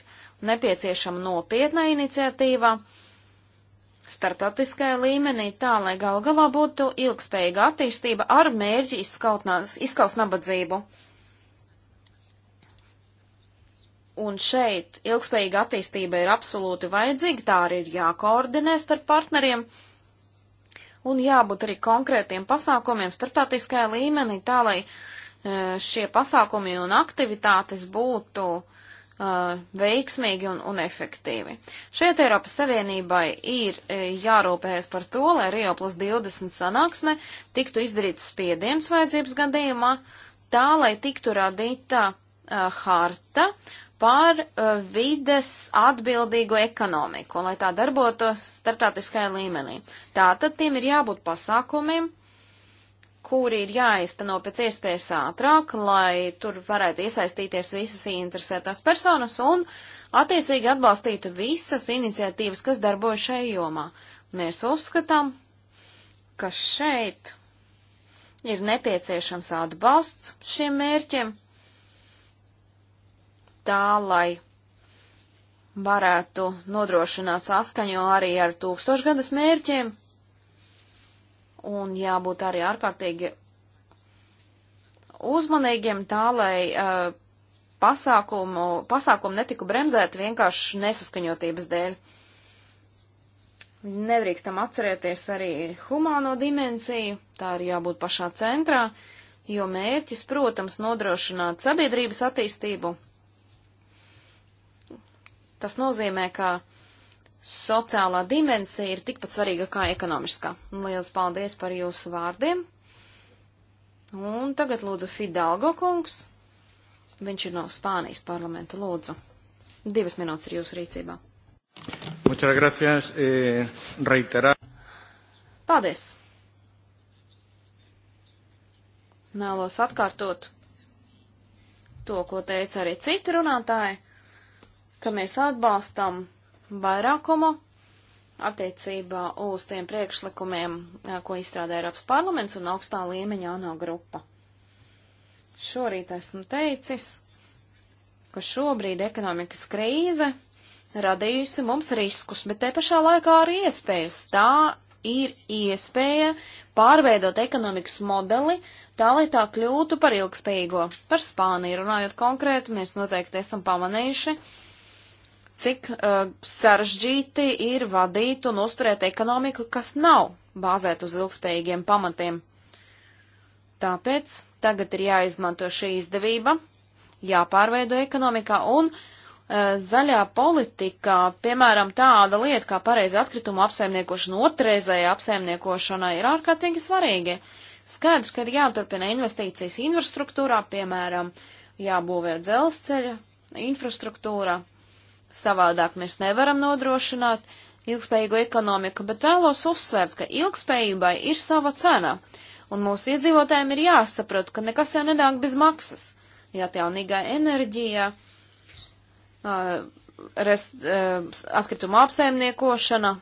nepieciešama nopietna iniciatīva startautiskajā līmenī tā, lai gal galā būtu ilgspējīga attīstība ar mērķi izskaut nabadzību. Un šeit ilgspējīga attīstība ir absolūti vajadzīga, tā arī ir jākoordinē starp partneriem un jābūt arī konkrētiem pasākumiem starptautiskajā līmenī, tā lai e, šie pasākumi un aktivitātes būtu uh, veiksmīgi un, un efektīvi. Šeit Eiropas Savienībai ir e, jārūpējas par to, lai Rio plus 20 sanāksme tiktu izdarīts spiediens vajadzības gadījumā, tā lai tiktu radīta uh, harta, uh, par uh, vides atbildīgu ekonomiku, un lai tā darbotos starptautiskajā līmenī. Tātad tiem ir jābūt pasākumiem, kuri ir jāizteno pēc iespējas ātrāk, lai tur varētu iesaistīties visas interesētās personas un attiecīgi atbalstītu visas iniciatīvas, kas darbojas šajā jomā. Mēs uzskatām, ka šeit ir nepieciešams atbalsts šiem mērķiem tā, lai varētu nodrošināt saskaņu arī ar tūkstošgadas mērķiem, un jābūt arī ārkārtīgi uzmanīgiem tā, lai uh, pasākumu, pasākumu netiku bremzēt vienkārši nesaskaņotības dēļ. Nedrīkstam atcerēties arī humāno dimensiju, tā ir jābūt pašā centrā, jo mērķis, protams, nodrošināt sabiedrības attīstību, Tas nozīmē, ka sociālā dimensija ir tikpat svarīga kā ekonomiskā. Lielas paldies par jūsu vārdiem. Un tagad lūdzu Fidalgo kungs. Viņš ir no Spānijas parlamenta. Lūdzu. Divas minūtes ir jūsu rīcībā. Muchas gracias. Eh, reiterar. Paldies. Nēlos atkārtot to, ko teica arī citi runātāji ka mēs atbalstam vairākumu attiecībā uz tiem priekšlikumiem, ko izstrādā Eiropas parlaments un augstā līmeņa ANO grupa. Šorīt esmu teicis, ka šobrīd ekonomikas krīze radījusi mums riskus, bet te pašā laikā arī iespējas. Tā ir iespēja pārveidot ekonomikas modeli tā, lai tā kļūtu par ilgspējīgo. Par Spāniju runājot konkrēti, mēs noteikti esam pamanījuši, uh, cik uh, sarežģīti ir vadīt un uzturēt ekonomiku, kas nav bāzēta uz ilgspējīgiem pamatiem. Tāpēc tagad ir jāizmanto šī izdevība, jāpārveido ekonomikā un uh, zaļā politika, piemēram, tāda lieta kā pareiza atkrituma apsaimniekošana, otrreizēja apsaimniekošana ir ārkārtīgi svarīgi. Skaidrs, ka ir jāturpina investīcijas infrastruktūrā, piemēram, jābūvē dzelzceļa infrastruktūra, Savādāk mēs nevaram nodrošināt ilgspējīgu ekonomiku, bet vēlos uzsvērt, ka ilgspējībai ir sava cena, un mūsu iedzīvotājiem ir jāsaprot, ka nekas jau nenāk bez maksas. Jātēlnīgā enerģija, atkrituma apsaimniekošana,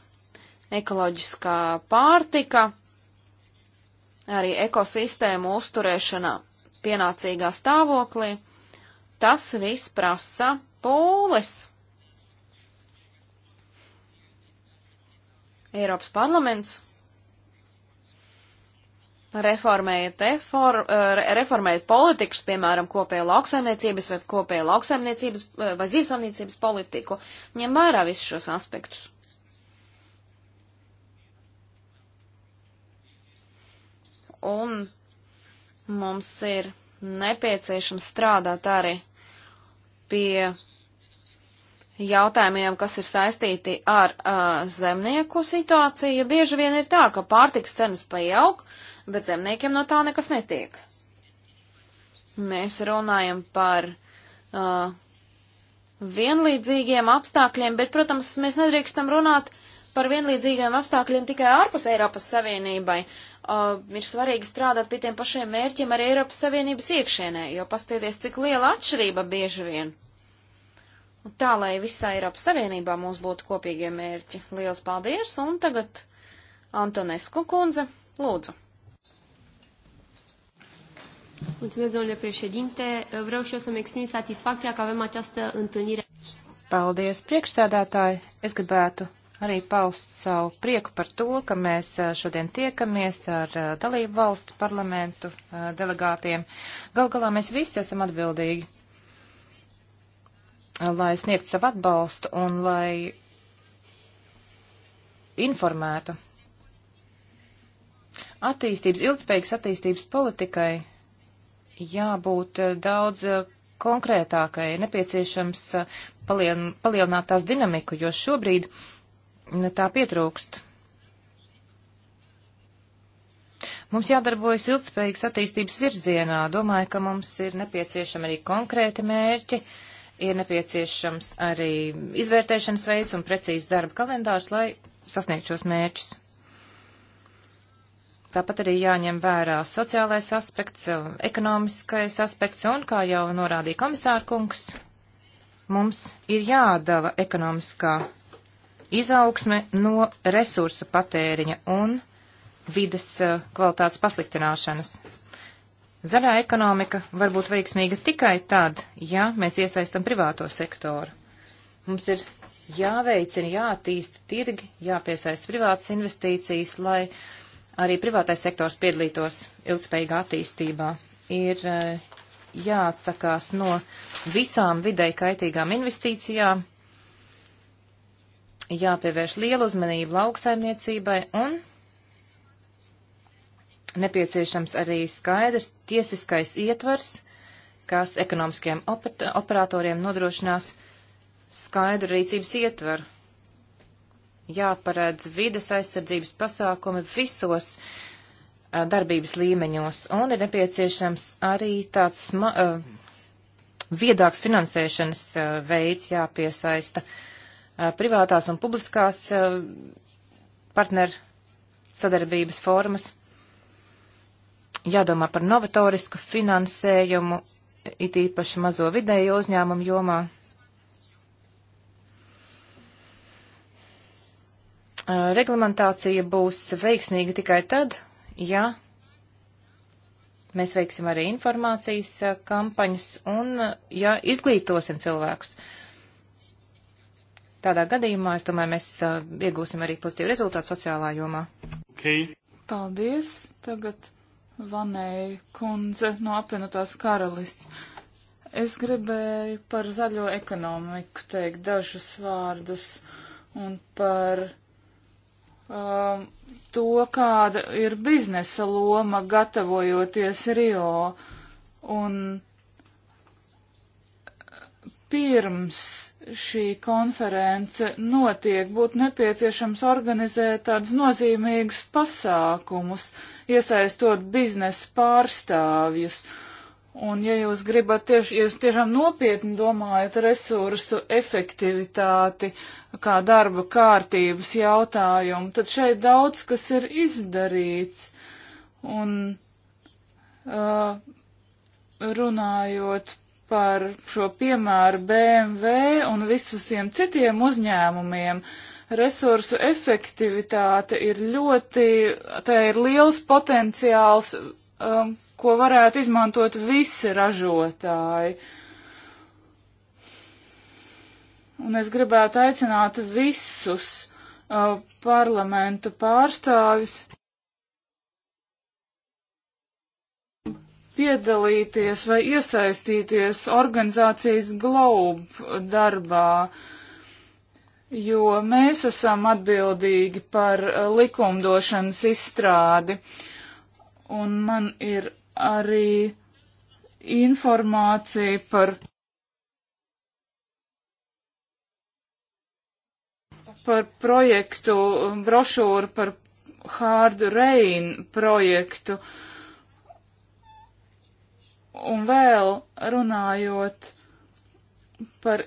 ekoloģiskā pārtika, arī ekosistēmu uzturēšana pienācīgā stāvoklī. Tas viss prasa pūles. Eiropas parlaments reformējiet, efor, eh, reformējiet politikas, piemēram, kopēju lauksaimniecības vai kopēju lauksaimniecības eh, vai zīvesaimniecības politiku, ņem vērā visus šos aspektus. Un mums ir nepieciešams strādāt arī pie jautājumiem, kas ir saistīti ar uh, zemnieku situāciju, bieži vien ir tā, ka pārtiks cenas paaug, bet zemniekiem no tā nekas netiek. Mēs runājam par uh, vienlīdzīgiem apstākļiem, bet, protams, mēs nedrīkstam runāt par vienlīdzīgiem apstākļiem tikai ārpus Eiropas Savienībai. Uh, ir svarīgi strādāt pie tiem pašiem mērķiem arī Eiropas Savienības iekšienē, jo pastieties, cik liela atšķirība bieži vien. Un tā, lai visā Eiropas Savienībā mums būtu kopīgie mērķi. Lielas paldies! Un tagad Antonesku kundze, lūdzu! Mulțumesc, domnule președinte. Vreau și eu să-mi exprim satisfacția că avem această întâlnire. Paldies, priekšsēdētāji. Es gribētu arī paust savu prieku par to, ka mēs eh, šodien tiekamies ar eh, dalību valstu parlamentu eh, delegātiem. Gal galā mēs visi esam atbildīgi Uh, lai sniegtu savu atbalstu un lai informētu. Attīstības, ilgspējīgas attīstības politikai jābūt uh, daudz uh, konkrētākai, nepieciešams palien, palielināt tās dinamiku, jo šobrīd tā pietrūkst. Mums jādarbojas ilgspējīgas attīstības virzienā. Domāju, ka mums ir nepieciešami arī konkrēti mērķi. Uh, ir nepieciešams arī izvērtēšanas veids un precīzs darba kalendārs, lai sasniegtu šos mērķus. Tāpat arī jāņem vērā sociālais aspekts, ekonomiskais aspekts un, kā jau norādīja komisārkungs, mums ir jādala ekonomiskā izaugsme no resursu patēriņa un vides eh, kvalitātes pasliktināšanas. Zaļā ekonomika var būt veiksmīga tikai tad, ja mēs iesaistam privāto sektoru. Mums ir jāveicina, jātīsta tirgi, jāpiesaista privātas investīcijas, lai arī privātais sektors piedalītos ilgspējīgā attīstībā. Ir eh, jāatsakās no visām videi kaitīgām investīcijām, jāpievērš liela uzmanība lauksaimniecībai un nepieciešams arī skaidrs tiesiskais ietvars, kas ekonomiskiem operatoriem nodrošinās skaidru rīcības ietvaru. Jāparedz vides aizsardzības pasākumi visos a, darbības līmeņos, un ir nepieciešams arī tāds sma, a, viedāks finansēšanas a, veids jāpiesaista privātās un publiskās partneru sadarbības formas Jādomā par novatorisku finansējumu, it īpaši mazo vidēju uzņēmumu jomā. Reglamentācija būs veiksmīga tikai tad, ja mēs veiksim arī informācijas kampaņas un ja izglītosim cilvēkus. Tādā gadījumā, es domāju, mēs iegūsim arī pozitīvu rezultātu sociālā jomā. Okay. Paldies. Tagad Vanēja kundze no apvienotās karalists. Es gribēju par zaļo ekonomiku teikt dažus vārdus un par um, to, kāda ir biznesa loma gatavojoties Rio. Un pirms šī konference notiek, būtu nepieciešams organizēt tādus nozīmīgus pasākumus, iesaistot biznesa pārstāvjus. Un ja jūs gribat tieši, ja jūs tiešām nopietni domājat resursu efektivitāti kā darba kārtības jautājumu, tad šeit daudz kas ir izdarīts. Un uh, runājot par šo piemēru BMW un visusiem citiem uzņēmumiem. Resursu efektivitāte ir ļoti, tā ir liels potenciāls, um, ko varētu izmantot visi ražotāji. Un es gribētu aicināt visus uh, parlamentu pārstāvis. piedalīties vai iesaistīties organizācijas Globe darbā, jo mēs esam atbildīgi par eh, likumdošanas izstrādi. Un man ir arī informācija par. par projektu, brošūru par Hard Rain projektu. Uh, Un vēl runājot par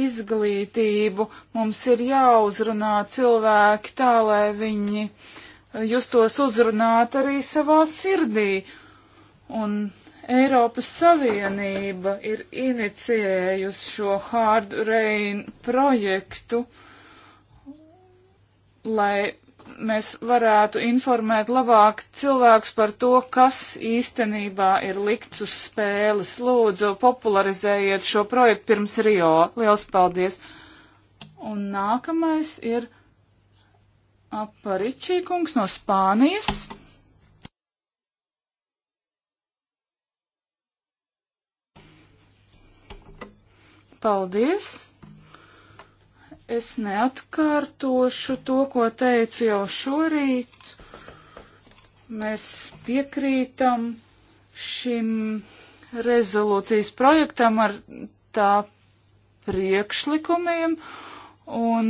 izglītību, mums ir jāuzrunā cilvēki tā, lai viņi justos uzrunāt arī savā sirdī. Un Eiropas Savienība ir inicijējusi šo Hard Rain projektu, lai mēs varētu informēt labāk cilvēkus par to, kas īstenībā ir likts uz spēles. Lūdzu, popularizējiet šo projektu pirms Rio. Liels paldies! Un nākamais ir Aparičī kungs no Spānijas. Paldies! Es neatkārtošu to, ko teicu jau šorīt. Mēs piekrītam šim rezolūcijas projektam ar tā priekšlikumiem, un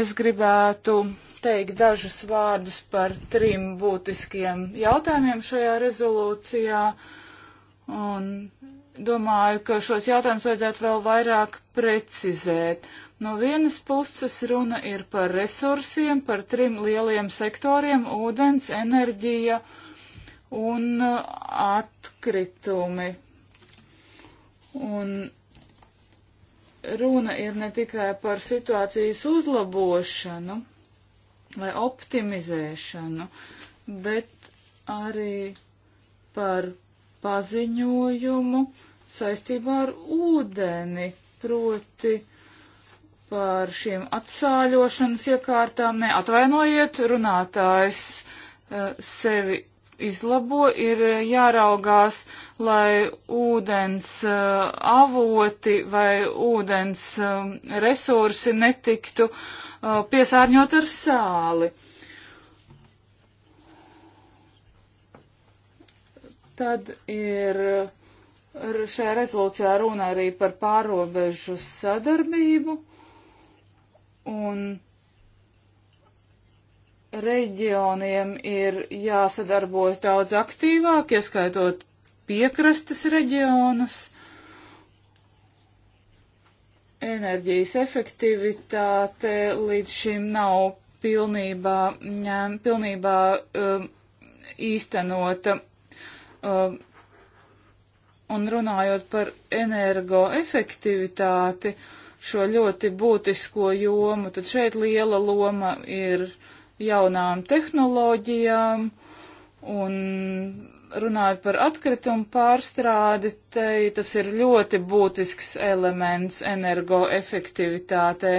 es gribētu teikt dažus vārdus par trim būtiskiem jautājumiem šajā rezolūcijā, un domāju, ka šos jautājumus vajadzētu vēl vairāk precizēt. No vienas puses runa ir par resursiem, par trim lieliem sektoriem - ūdens, enerģija un uh, atkritumi. Un runa ir ne tikai par situācijas uzlabošanu vai optimizēšanu, bet arī par paziņojumu saistībā ar ūdeni, proti par šīm atsāļošanas iekārtām. Nē, atvainojiet, runātājs eh, sevi izlabo, ir eh, jāraugās, lai ūdens eh, avoti vai ūdens resursi netiktu piesārņot ar sāli. Tad ir šajā rezolūcijā runa arī par pārobežu sadarbību un reģioniem ir jāsadarbojas daudz aktīvāk, ieskaitot piekrastes reģionus, enerģijas efektivitāte līdz šim nav pilnībā, jā, pilnībā um, īstenota. Um, un runājot par energoefektivitāti, uh, šo ļoti būtisko jomu, tad šeit liela loma ir jaunām tehnoloģijām un runājot par atkritumu pārstrādi, te, tas ir ļoti būtisks elements energoefektivitātē.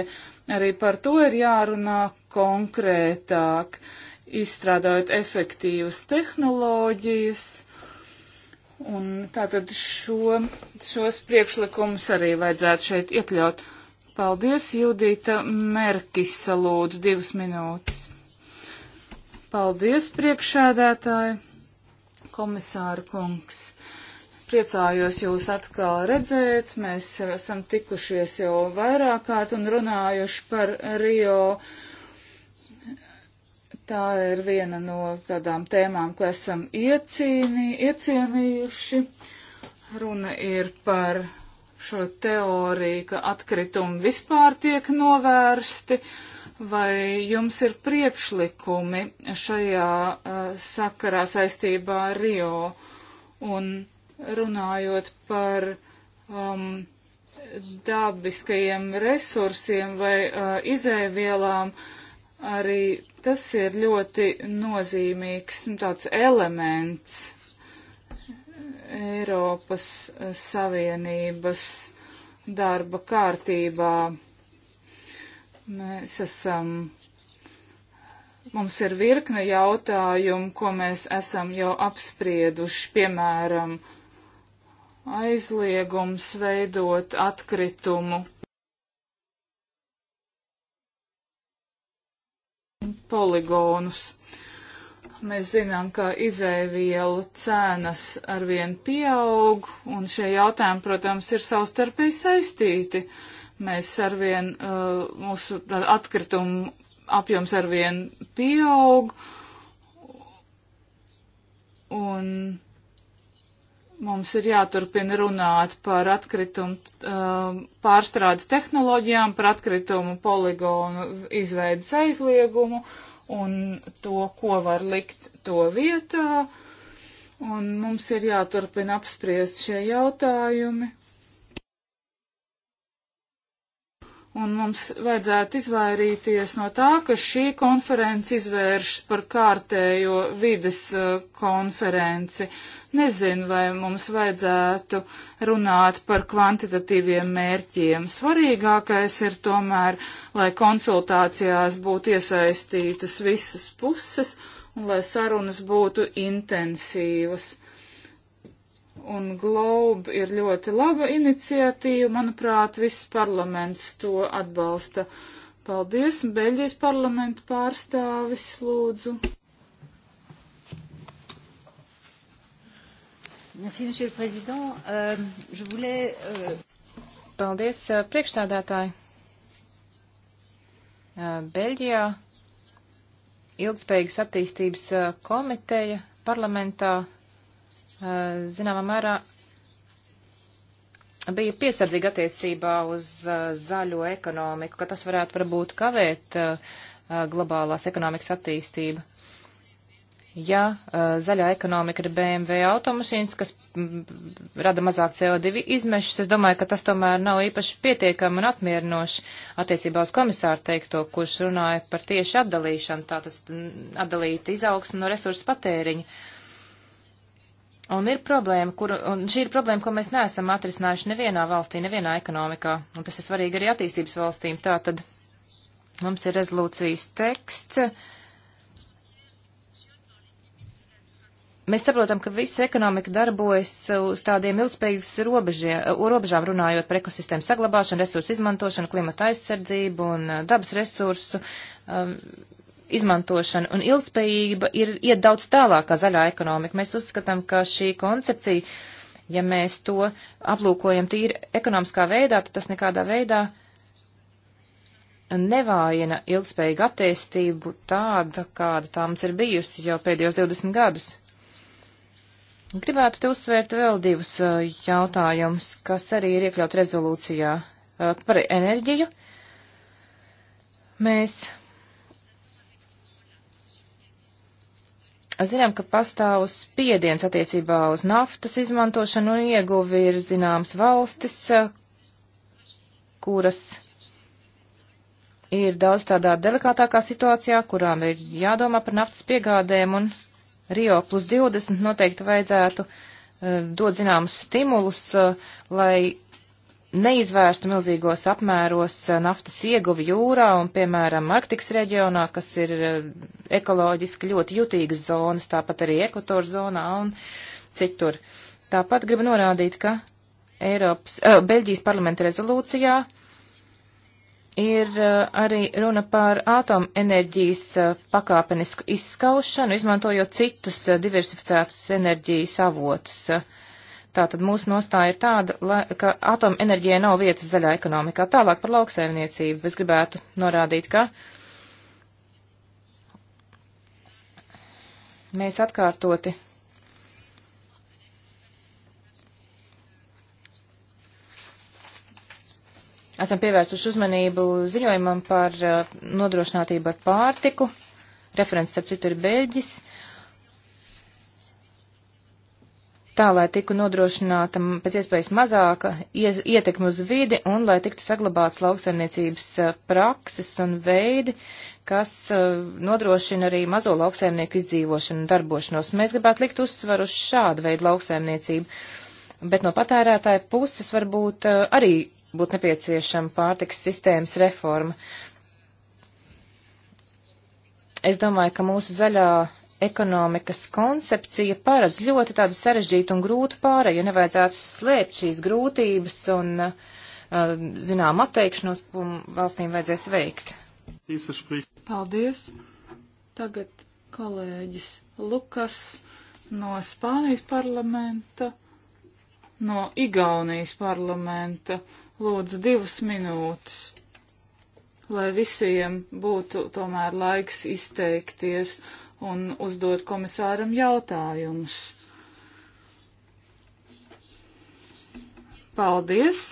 Arī par to ir jārunā konkrētāk, izstrādājot efektīvas tehnoloģijas. Un tātad šo, šos priekšlikumus arī vajadzētu šeit iekļaut. Paldies, Judita Merkisa, lūdzu, divas minūtes. Paldies, priekšēdētāji, komisāra kungs. Priecājos jūs atkal redzēt. Mēs esam tikušies jau vairāk kārt un runājuši par Rio. Tā ir viena no tādām tēmām, ko esam iecīnī, iecienījuši. Runa ir par šo teoriju, ka atkritumi vispār tiek novērsti, vai jums ir priekšlikumi šajā uh, sakarā saistībā ar Rio un runājot par um, dabiskajiem resursiem vai uh, izēvielām, arī tas ir ļoti nozīmīgs nu, tāds elements Eiropas eh, Savienības darba kārtībā. Mēs esam, mums ir virkne jautājumu, ko mēs esam jau apsprieduši, piemēram, aizliegums veidot atkritumu poligonus. Mēs zinām, ka izēvielu cenas arvien pieaug, un šie jautājumi, protams, ir savstarpēji saistīti. Mēs arvien, uh, mūsu atkritumu apjoms arvien pieaug, un mums ir jāturpina runāt par atkritumu um, pārstrādes tehnoloģijām, par atkritumu poligonu izveidas aizliegumu un to, ko var likt to vietā. Un mums ir jāturpina apspriest šie jautājumi. Un mums vajadzētu izvairīties no tā, ka šī konference izvēršas par kārtējo vides eh, konferenci. Nezinu, vai mums vajadzētu runāt par kvantitatīviem mērķiem. Svarīgākais ir tomēr, lai konsultācijās būtu iesaistītas visas puses un lai sarunas būtu intensīvas. Un Globe ir ļoti laba iniciatīva, manuprāt, viss parlaments to atbalsta. Paldies, Beļģijas parlamenta pārstāvis, lūdzu. Merci, monsieur le président. Euh, je voulais... Euh... Paldies, uh, priekšstādātāji. Uh, Beļģijā ilgspējīgas attīstības uh, komiteja parlamentā zināmā mērā bija piesardzīga attiecībā uz zaļo ekonomiku, ka tas varētu varbūt kavēt globālās ekonomikas attīstību ja zaļā ekonomika ir BMW automašīnas, kas rada mazāk CO2 izmešas, es domāju, ka tas tomēr nav īpaši pietiekami un apmierinoši attiecībā uz komisāru teikto, kurš runāja par tieši atdalīšanu, tātad atdalīt izaugsmu no resursu patēriņa. Un ir problēma, kur, un šī ir problēma, ko mēs neesam atrisinājuši nevienā valstī, nevienā ekonomikā, un tas ir svarīgi arī attīstības valstīm. Tātad mums ir rezolūcijas teksts Mēs saprotam, ka visa ekonomika darbojas uz tādiem ilgspējīgas robežām, runājot par ekosistēmu saglabāšanu, resursu izmantošanu, klimata aizsardzību un uh, dabas resursu um, izmantošanu. Un ilgspējība ir iet daudz tālāk kā zaļā ekonomika. Mēs uzskatām, ka šī koncepcija, ja mēs to aplūkojam tīri ekonomiskā veidā, tad tas nekādā veidā nevājina ilgspējīgu attīstību tāda, kāda tā mums ir bijusi jau pēdējos 20 gadus. Gribētu te uzsvērt vēl divus uh, jautājumus, kas arī ir iekļaut rezolūcijā uh, par enerģiju. Mēs zinām, ka pastāv spiediens attiecībā uz naftas izmantošanu un ieguvi ir zināms valstis, uh, kuras ir daudz tādā delikātākā situācijā, kurām ir jādomā par naftas piegādēm un Rio plus 20 noteikti vajadzētu eh, dot zināmus stimulus, eh, lai neizvērstu milzīgos apmēros eh, naftas ieguvi jūrā un, piemēram, Arktikas reģionā, kas ir ekoloģiski ļoti jutīgas zonas, tāpat arī ekvatoru zonā un citur. Tāpat gribu norādīt, ka Eiropas, uh, Beļģijas parlamenta rezolūcijā uh, ir eh, arī runa par atomenerģijas eh, pakāpenisku izskaušanu, izmantojot citus eh, diversificētus enerģijas avotus. Tātad mūsu nostāja ir tāda, lai, ka atomenerģijai nav vietas zaļā ekonomikā. Tālāk par lauksaimniecību es gribētu norādīt, ka mēs atkārtoti esam pievērsuši uzmanību ziņojumam par uh, nodrošinātību ar pārtiku. Referents, starp citu, ir Beļģis. Tā, lai tiku nodrošināta pēc iespējas mazāka iez, ietekme uz vidi un lai tiktu saglabāts lauksaimniecības uh, prakses un veidi, kas uh, nodrošina arī mazo lauksaimnieku izdzīvošanu un darbošanos. Mēs gribētu likt uzsvaru uz šādu veidu lauksaimniecību. Bet no patērētāja puses varbūt uh, arī būtu nepieciešama pārtiks sistēmas reforma. Es domāju, ka mūsu zaļā ekonomikas koncepcija paredz ļoti tādu sarežģītu un grūtu pārēju, jo nevajadzētu slēpt šīs grūtības un, uh, zinām, atteikšanos, ko valstīm vajadzēs veikt. Paldies! Tagad kolēģis Lukas no Spānijas parlamenta, no Igaunijas parlamenta. Lūdzu, divas minūtes, lai visiem būtu tomēr laiks izteikties un uzdot komisāram jautājumus. Paldies!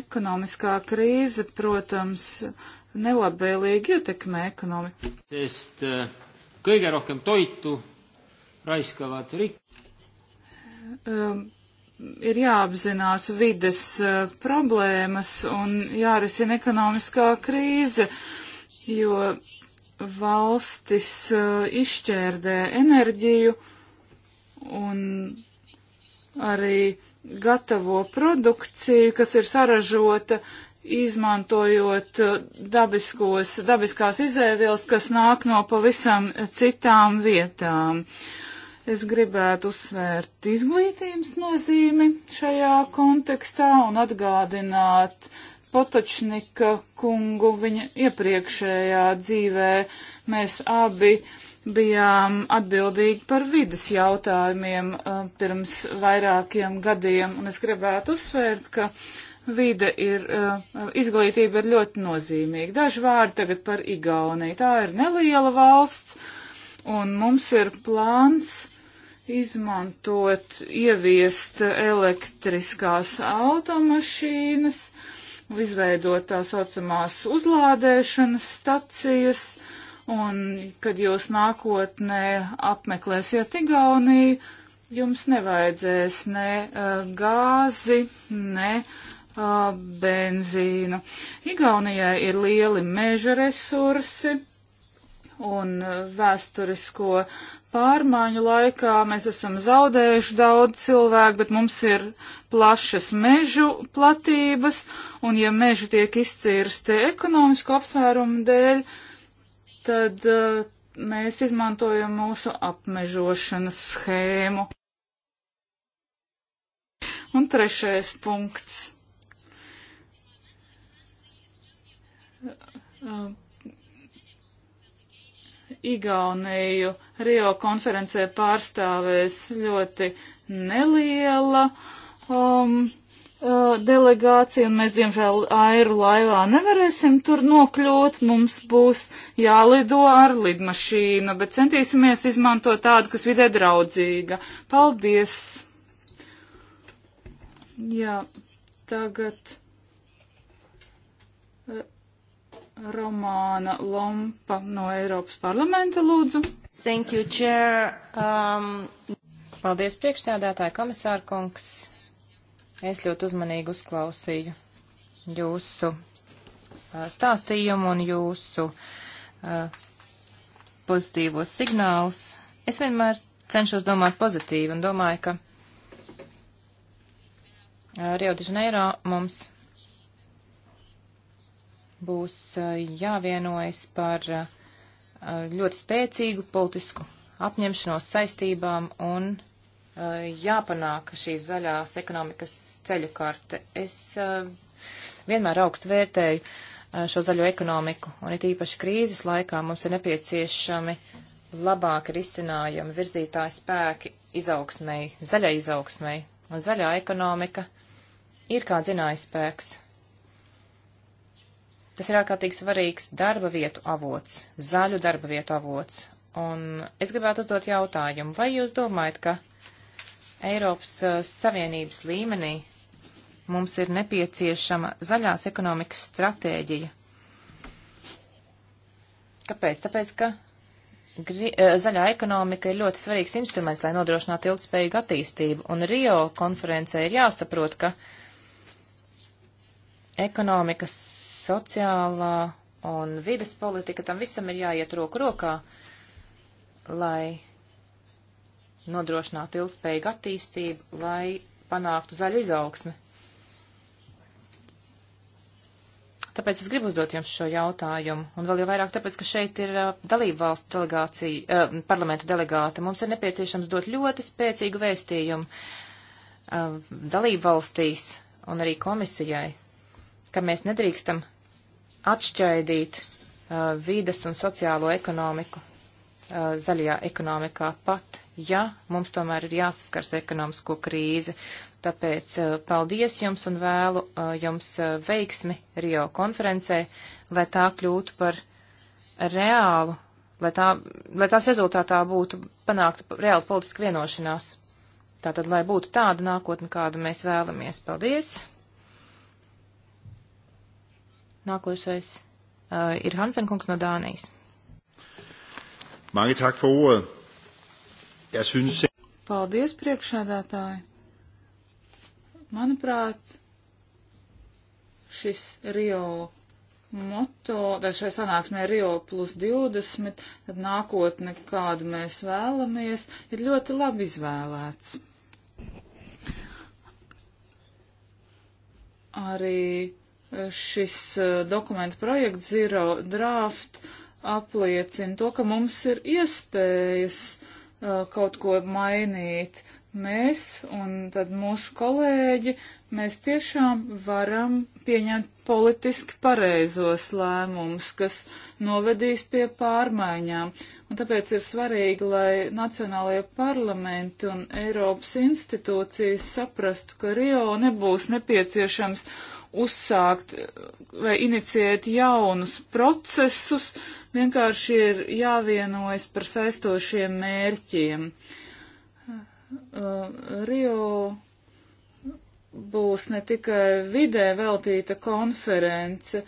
Ekonomiskā krīze, protams, nelabvēlīgi ietekmē ekonomiku. Sest eh, kõige rohkem toitu raiskavad rik- um, ir jāapzinās vides uh, problēmas un jārisina ekonomiskā krīze, jo valstis uh, izšķērdē enerģiju un arī gatavo produkciju, kas ir saražota izmantojot eh, dabiskos, dabiskās izēvielas, kas nāk no pavisam citām vietām. Uh, Es gribētu uzsvērt izglītības nozīmi šajā kontekstā un atgādināt Potočnika kungu viņa iepriekšējā dzīvē. Mēs abi bijām atbildīgi par vidas jautājumiem uh, pirms vairākiem gadiem, un es gribētu uzsvērt, ka vide ir, uh, izglītība ir ļoti nozīmīga. Daži vārdi tagad par Igauniju. Tā ir neliela valsts, un mums ir plāns izmantot, ieviest elektriskās automašīnas, izveidot tā saucamās uzlādēšanas stacijas, un kad jūs nākotnē apmeklēsiet Igauniju, jums nevajadzēs ne uh, gāzi, ne uh, benzīnu. Igaunijai ir lieli meža resursi un uh, vēsturisko pārmaiņu laikā mēs esam zaudējuši daudz cilvēku, bet mums ir plašas mežu platības, un ja meži tiek izcirsti ekonomisku apsvērumu dēļ, tad uh, mēs izmantojam mūsu apmežošanas schēmu. Un trešais punkts. Uh, Igauniju Rio konferencē pārstāvēs ļoti neliela um, uh, delegācija, un mēs, diemžēl, airu laivā nevarēsim tur nokļūt. Mums būs jālido ar lidmašīnu, bet centīsimies izmantot tādu, kas vidē draudzīga. Paldies! Jā, tagad. Romāna Lompa no Eiropas parlamenta lūdzu. Thank you, Chair. Um... Paldies, priekšsēdētāji komisārkungs. Es ļoti uzmanīgi uzklausīju jūsu uh, stāstījumu un jūsu uh, pozitīvos signālus. Es vienmēr cenšos domāt pozitīvi un domāju, ka uh, Rio de Janeiro mums būs eh, jāvienojas par eh, ļoti spēcīgu politisku apņemšanos saistībām un eh, jāpanāk šīs zaļās ekonomikas ceļu karte. Es vienmēr augstu vērtēju šo zaļo ekonomiku, un it īpaši krīzes laikā mums ir nepieciešami labāki risinājumi, virzītāji spēki izaugsmēji, zaļai izaugsmēji, un zaļā ekonomika ir kā dzinājspēks Tas ir ārkārtīgi svarīgs darba vietu avots, zaļu darba vietu avots. Un es gribētu uzdot jautājumu, vai jūs domājat, ka Eiropas uh, Savienības līmenī mums ir nepieciešama zaļās ekonomikas stratēģija? Kāpēc? Tāpēc, ka Gri, eh, zaļā ekonomika ir ļoti svarīgs instruments, lai nodrošinātu ilgspējīgu attīstību, un Rio konferencē ir jāsaprot, ka ekonomikas sociālā un vides politika, tam visam ir jāiet roku rokā, lai nodrošinātu ilgspējīgu attīstību, lai panāktu zaļu izaugsmi. Tāpēc es gribu uzdot jums šo jautājumu, un vēl jau vairāk tāpēc, ka šeit ir uh, dalību valstu delegācija, uh, parlamentu delegāta. Mums ir nepieciešams dot ļoti spēcīgu vēstījumu uh, dalību valstīs un arī komisijai, ka mēs nedrīkstam atšķaidīt uh, vides un sociālo ekonomiku uh, zaļajā ekonomikā pat, ja mums tomēr ir jāsaskars ekonomisko krīzi. Tāpēc uh, paldies jums un vēlu uh, jums uh, veiksmi Rio konferencē, lai tā kļūtu par reālu, lai, tā, lai tās rezultātā būtu panākta reāla politiska vienošanās. Tātad, lai būtu tāda nākotne, kādu mēs vēlamies. Paldies! Nākošais uh, ir Hansen kungs no Dānijas. Mange tak for ordet. Jeg synes... Paldies, priekšādātāji. Manuprāt, šis Rio moto, tad šai sanāksmē Rio plus 20, tad nākotne, kādu mēs vēlamies, ir ļoti labi izvēlēts. Arī šis eh, dokumentu projekts Zero Draft apliecina to, ka mums ir iespējas eh, kaut ko mainīt. Mēs un tad mūsu kolēģi, mēs tiešām varam pieņemt politiski pareizos lēmumus, kas novedīs pie pārmaiņām. Un tāpēc ir svarīgi, lai Nacionālajie parlamenti un Eiropas institūcijas saprastu, ka Rio nebūs nepieciešams uzsākt eh, vai inicijēt jaunus procesus, vienkārši ir jāvienojas par saistošiem mērķiem. Eh, Rio būs ne tikai vidē veltīta konference,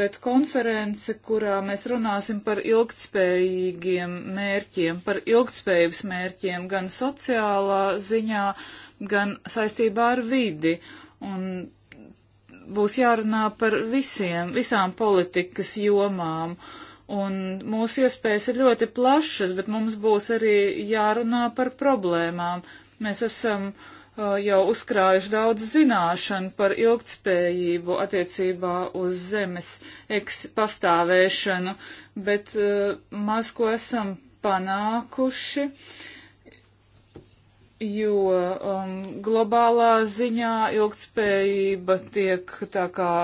bet konference, kurā mēs runāsim par ilgtspējīgiem mērķiem, par ilgtspējības mērķiem gan sociālā ziņā, gan saistībā ar vidi. Un būs jārunā par visiem, visām politikas jomām. Un mūsu iespējas ir ļoti plašas, bet mums būs arī jārunā par problēmām. Mēs esam uh, jau uzkrājuši daudz zināšanu par ilgtspējību attiecībā uz zemes pastāvēšanu, bet uh, maz ko esam panākuši. Uh, jo um, globālā ziņā ilgtspējība tiek tā kā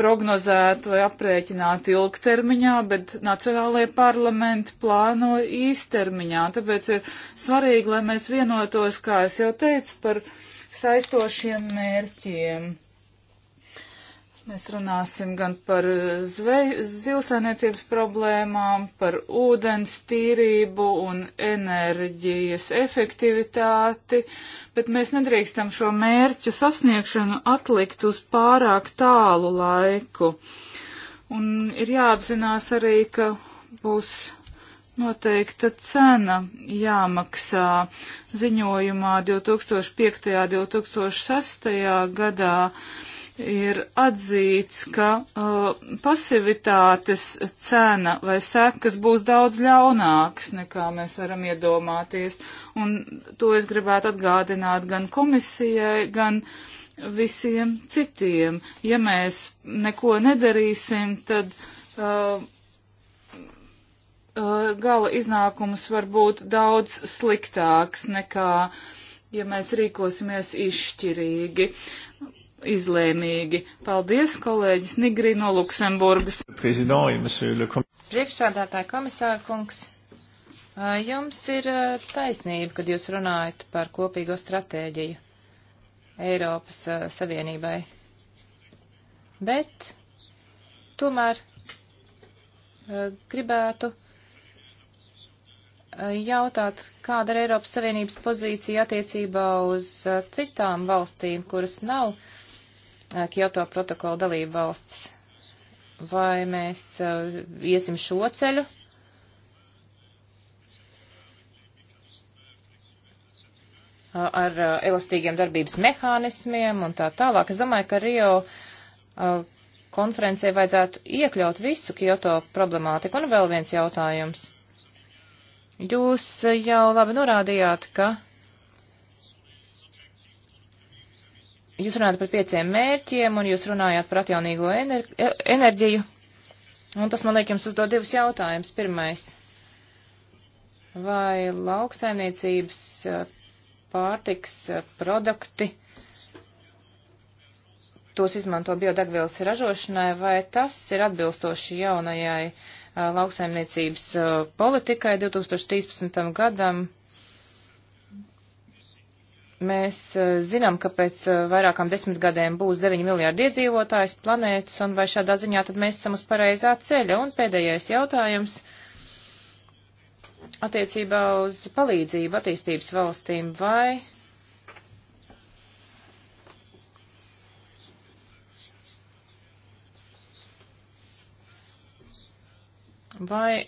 prognozēta vai aprēķināta ilgtermiņā, bet nacionālajie parlamenti plāno īstermiņā. Tāpēc ir svarīgi, lai mēs vienotos, kā es jau teicu, par saistošiem mērķiem. Mēs runāsim gan par zivsainiecības problēmām, par ūdens tīrību un enerģijas efektivitāti, bet mēs nedrīkstam šo mērķu sasniegšanu atlikt uz pārāk tālu laiku. Un ir jāapzinās arī, ka būs noteikta cena jāmaksā ziņojumā 2005. un 2006. gadā ir atzīts, ka uh, pasivitātes cena vai sekas būs daudz ļaunākas, nekā mēs varam iedomāties. Un to es gribētu atgādināt gan komisijai, gan visiem citiem. Ja mēs neko nedarīsim, tad. Uh, uh Gala iznākums var būt daudz sliktāks nekā, ja mēs rīkosimies izšķirīgi. Uh, izlēmīgi. Paldies, kolēģis Nigri no Luksemburgas. Priekšsādātāja komisāra kungs, jums ir taisnība, kad jūs runājat par kopīgo stratēģiju Eiropas Savienībai. Bet tomēr gribētu jautāt, kāda ir Eiropas Savienības pozīcija attiecībā uz citām valstīm, kuras nav uh, Eh, Kyoto protokola dalību valsts. Vai mēs eh, iesim šo ceļu? Eh, ar elastīgiem darbības mehānismiem un tā tālāk. Es domāju, ka Rio konferencē vajadzētu iekļaut visu Kyoto problemātiku. Un vēl viens jautājums. Jūs jau labi norādījāt, ka Jūs runājat par pieciem mērķiem, un jūs runājāt par atjaunīgo ener e, enerģiju. Un tas, man liek, jums uzdod divus jautājumus. Pirmais. Vai lauksaimniecības e, pārtiks e, produkti, tos izmanto biodegvielas ražošanai, vai tas ir atbilstoši jaunajai lauksaimniecības politikai 2013. gadam? Mēs eh, zinām, ka pēc eh, vairākām desmit gadiem būs 9 miljārdi iedzīvotājs planētas, un vai šādā ziņā tad mēs esam uz pareizā ceļa? Un pēdējais jautājums attiecībā uz palīdzību attīstības valstīm vai. Vai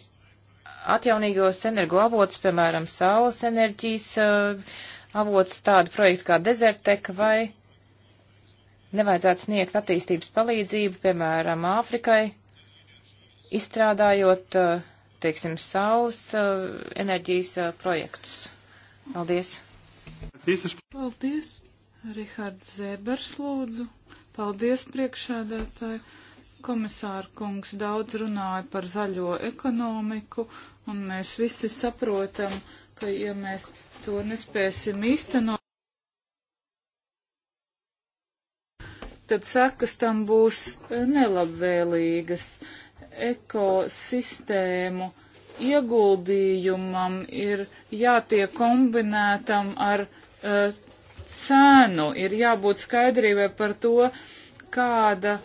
atjaunīgos energoavotus, piemēram, saules enerģijas, uh, avots tādu projektu kā Deserteka vai nevajadzētu sniegt attīstības palīdzību, piemēram, Āfrikai, izstrādājot, eh, teiksim, saules eh, enerģijas eh, projektus. Paldies! Paldies, Rihards Zēbers lūdzu. Paldies, priekšēdētāji. Komisāra kungs daudz runāja par zaļo ekonomiku, un mēs visi saprotam, uh, ka ja mēs to nespēsim īstenot, tad sekas tam būs eh, nelabvēlīgas. Ekosistēmu ieguldījumam ir jātiek kombinētam ar uh, eh, cenu, ir jābūt skaidrībai par to, kāda,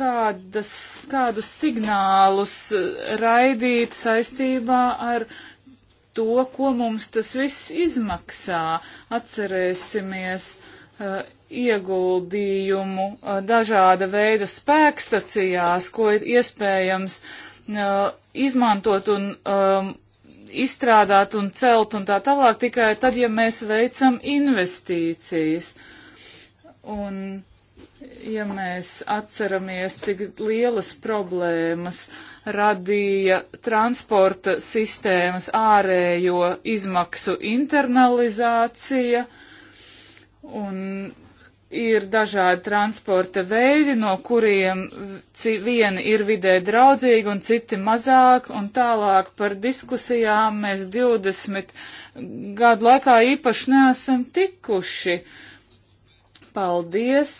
kādas, kādus signālus raidīt saistībā ar uh, to, ko mums tas viss izmaksā. Atcerēsimies uh, ieguldījumu uh, dažāda veida spēkstacijās, ko ir iespējams uh, izmantot un um, izstrādāt un celt un tā tālāk tikai tad, ja mēs veicam investīcijas. Un ja mēs atceramies, cik lielas problēmas radīja transporta sistēmas ārējo izmaksu internalizācija, un ir dažādi transporta veidi, no kuriem vieni ir vidē draudzīgi un citi mazāk, un tālāk par diskusijām mēs 20 gadu laikā īpaši neesam tikuši. Paldies!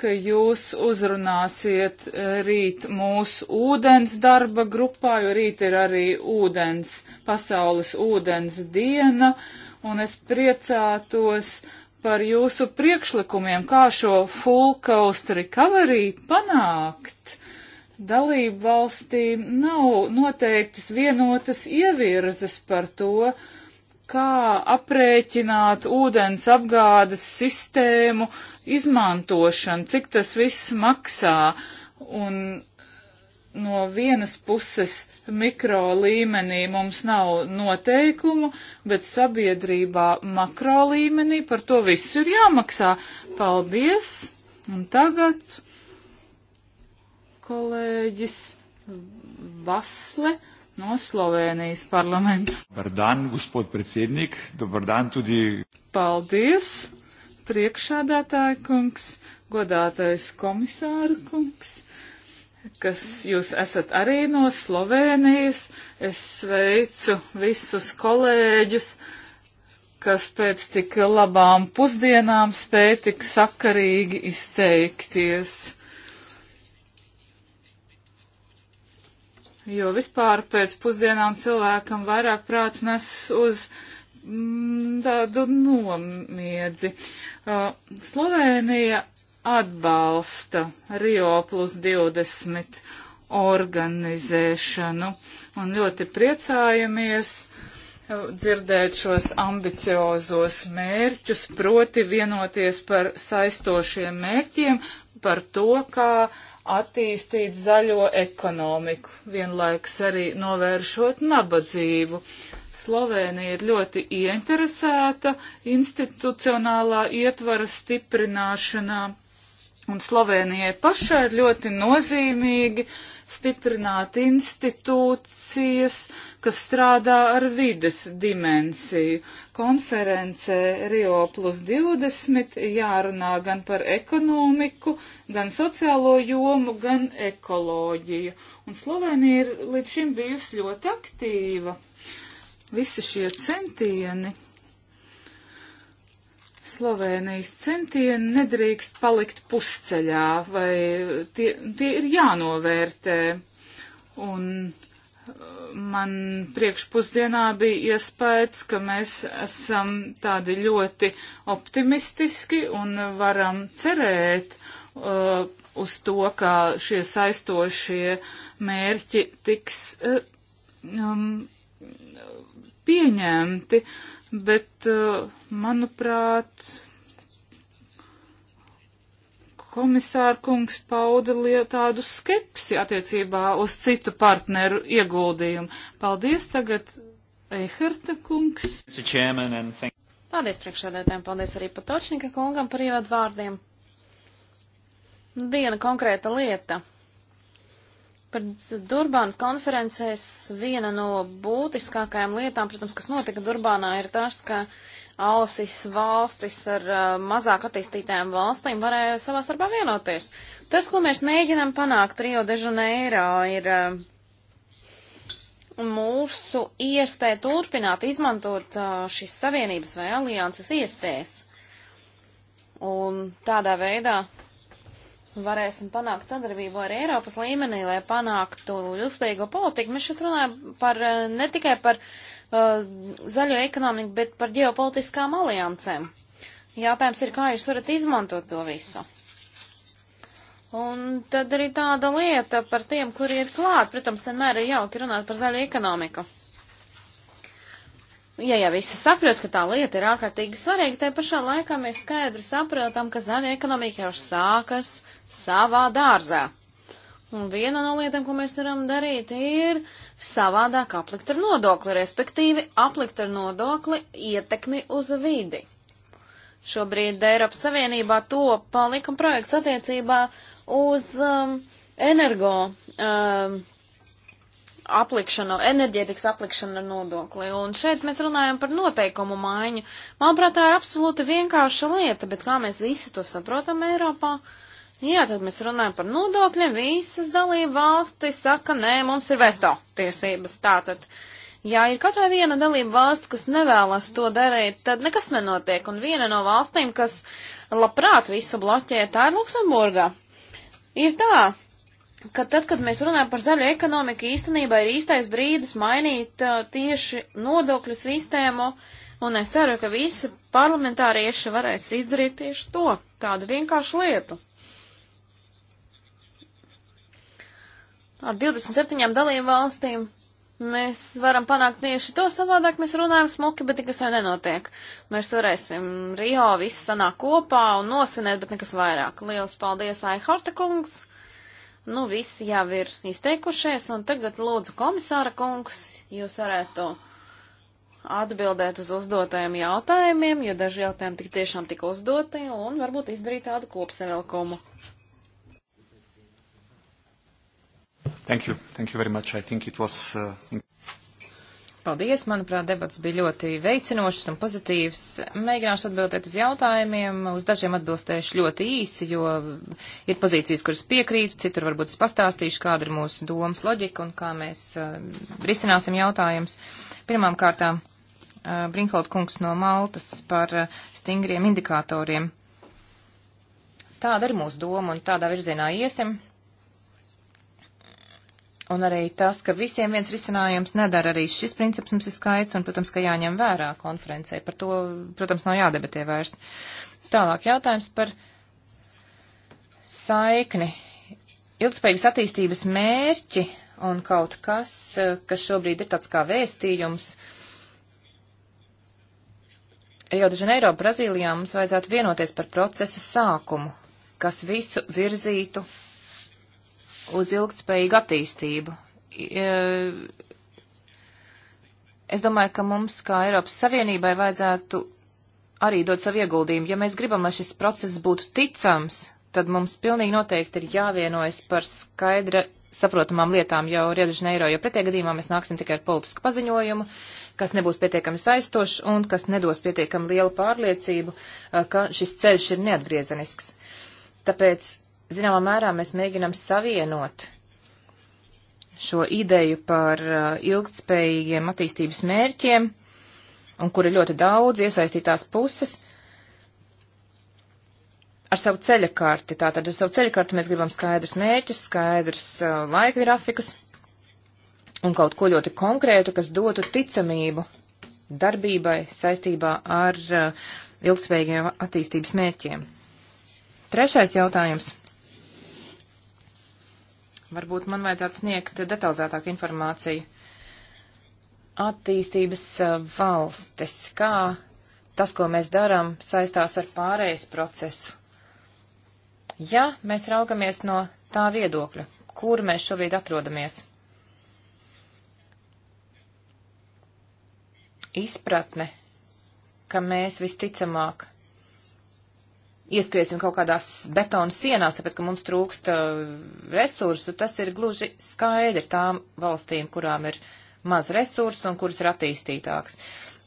ka jūs uzrunāsiet rīt mūsu ūdens darba grupā, jo rīt ir arī ūdens, pasaules ūdens diena, un es priecātos par jūsu priekšlikumiem, kā šo full coast recovery panākt. Dalību valstīm nav noteiktas vienotas ievirzes par to, kā aprēķināt ūdens apgādes sistēmu, izmantošanu, cik tas viss maksā. Un no vienas puses mikro līmenī mums nav noteikumu, bet sabiedrībā makro līmenī par to visu ir jāmaksā. Paldies! Un tagad kolēģis Vasle no Slovenijas parlamenta. Dobar dan, gospod predsednik, dobar dan tudi. Paldies! priekšādātāja kungs, godātais komisāra kungs, kas jūs esat arī no Slovēnijas. Es sveicu visus kolēģus, kas pēc tik labām pusdienām spēja tik sakarīgi izteikties. Jo vispār pēc pusdienām cilvēkam vairāk prāts nes uz Mm, tādu nomiedzi. Uh, Slovēnija atbalsta Rio plus 20 organizēšanu un ļoti priecājamies uh, dzirdēt šos ambiciozos mērķus, proti vienoties par saistošiem mērķiem, par to, kā attīstīt zaļo ekonomiku, vienlaikus arī novēršot nabadzību. Slovēnija ir ļoti ieinteresēta institucionālā ietvara stiprināšanā, un Slovēnijai pašai ir ļoti nozīmīgi stiprināt institūcijas, kas strādā ar vides dimensiju. Konferencē Rio plus 20 jārunā gan par ekonomiku, gan sociālo jomu, gan ekoloģiju. Un Slovēnija ir līdz šim bijusi ļoti aktīva. Visi šie centieni, Slovēnijas centieni nedrīkst palikt pusceļā, vai tie, tie ir jānovērtē. Un uh, man priekšpusdienā bija iespējas, ka mēs esam tādi ļoti optimistiski un varam cerēt uh, uz to, ka šie saistošie mērķi tiks uh, um, pieņemti, bet, uh, manuprāt, komisārkungs pauda tādu skepsi attiecībā uz citu partneru ieguldījumu. Paldies tagad, Eiherta kungs. Paldies priekšsēdētājiem, paldies arī Patočnika kungam par ievadu vārdiem. Viena konkrēta lieta, Par Durbānas konferencēs viena no būtiskākajām lietām, protams, kas notika Durbānā, ir tas, ka ausis valstis ar uh, mazāk attīstītām valstīm varēja savā starpā vienoties. Tas, ko mēs mēģinām panākt Rio de Janeiro, ir uh, mūsu iespēja turpināt izmantot uh, šīs savienības vai alianses iespējas. Un tādā veidā varēsim panākt sadarbību ar Eiropas līmenī, lai panāktu ilgspējīgo politiku. Mēs šeit runājam par, eh, ne tikai par uh, zaļo ekonomiku, bet par ģeopolitiskām aliansēm. Jautājums ir, kā jūs varat izmantot to visu. Un tad arī tāda lieta par tiem, kuri ir klāt. Protams, vienmēr ir jauki runāt par zaļo ekonomiku. Ja jau visi saprot, ka tā lieta ir ārkārtīgi svarīga, tai pašā laikā mēs skaidri saprotam, ka zaļa ekonomika jau sākas savā dārzā. Un viena no lietām, ko mēs varam darīt, ir savādāk aplikt ar nodokli, respektīvi aplikt ar nodokli ietekmi uz vidi. Šobrīd Eiropas Savienībā to likuma projekts attiecībā uz um, energo um, aplikšanu, enerģētikas aplikšanu ar nodokli. Un šeit mēs runājam par noteikumu maiņu. Manuprāt, tā ir absolūti vienkārša lieta, bet kā mēs visi to saprotam Eiropā, uh, Jā, tad mēs runājam par nodokļiem. Visas dalība valstis saka, nē, mums ir veto tiesības. Tātad, ja ir katrai viena dalība valsts, kas nevēlas to darīt, tad nekas nenotiek. Un viena no valstīm, kas labprāt visu bloķē, tā ir Luksemburga. Ir tā, ka tad, kad mēs runājam par zaļu ekonomiku, īstenībā ir īstais brīdis mainīt uh, tieši nodokļu sistēmu, un es ceru, ka visi parlamentārieši varēs izdarīt tieši to, tādu vienkāršu lietu. ar 27 dalību valstīm. Mēs varam panākt tieši to savādāk, mēs runājam smuki, bet nekas jau nenotiek. Mēs varēsim Rio viss sanāk kopā un nosvinēt, bet nekas vairāk. Liels paldies, Aihorta kungs! Nu, visi jau ir izteikušies, un tagad lūdzu komisāra kungs, jūs varētu atbildēt uz uzdotajiem jautājumiem, jo daži jautājumi tik tiešām tika uzdoti, un varbūt izdarīt tādu kopsavilkumu. Thank you. Thank you very much. I think it was. Uh... Paldies, manuprāt, debats bija ļoti veicinošs un pozitīvs. Mēģināšu atbildēt uz jautājumiem, uz dažiem atbildēšu ļoti īsi, jo ir pozīcijas, kuras piekrītu, citur varbūt es pastāstīšu, kāda ir mūsu domas loģika un kā mēs uh, risināsim jautājumus. Pirmām kārtām uh, Brinkhold kungs no Maltas par uh, stingriem indikatoriem. Tāda ir mūsu doma un tādā virzienā iesim. Un arī tas, ka visiem viens risinājums nedara arī šis princips mums ir skaidrs un, protams, ka jāņem vērā konferencē. Par to, protams, nav jādebatē vairs. Tālāk jautājums par saikni. Ilgspējīgas attīstības mērķi un kaut kas, kas šobrīd ir tāds kā vēstījums. Rio de Janeiro, Brazīlijā mums vajadzētu vienoties par procesa sākumu, kas visu virzītu uz ilgtspējīgu attīstību. E, es domāju, ka mums, kā Eiropas Savienībai, vajadzētu arī dot savu ieguldījumu. Ja mēs gribam, lai šis process būtu ticams, tad mums pilnīgi noteikti ir jāvienojas par skaidra saprotamām lietām jau Riedežneiro, jo pretējā gadījumā mēs nāksim tikai ar politisku paziņojumu, kas nebūs pietiekami saistošs un kas nedos pietiekami lielu pārliecību, e, ka šis ceļš ir neatgriezenisks. Tāpēc zināmā mērā mēs mēģinam savienot šo ideju par uh, ilgtspējīgiem attīstības mērķiem, un kur ir ļoti daudz iesaistītās puses, ar savu ceļakārti. Tātad ar savu ceļakārti mēs gribam skaidrus mērķus, skaidrus uh, laika grafikus un kaut ko ļoti konkrētu, kas dotu ticamību darbībai saistībā ar uh, ilgspējīgiem attīstības mērķiem. Trešais jautājums Varbūt man vajadzētu sniegt detalizētāku informāciju. Attīstības eh, valstis, kā tas, ko mēs darām, saistās ar pārējais procesu. Ja mēs raugamies no tā viedokļa, kur mēs šobrīd atrodamies, izpratne, ka mēs visticamāk ieskriesim kaut kādās betona sienās, tāpēc, ka mums trūksta uh, resursu, tas ir gluži skaidri tām valstīm, kurām ir maz resursu un kuras ir attīstītāks.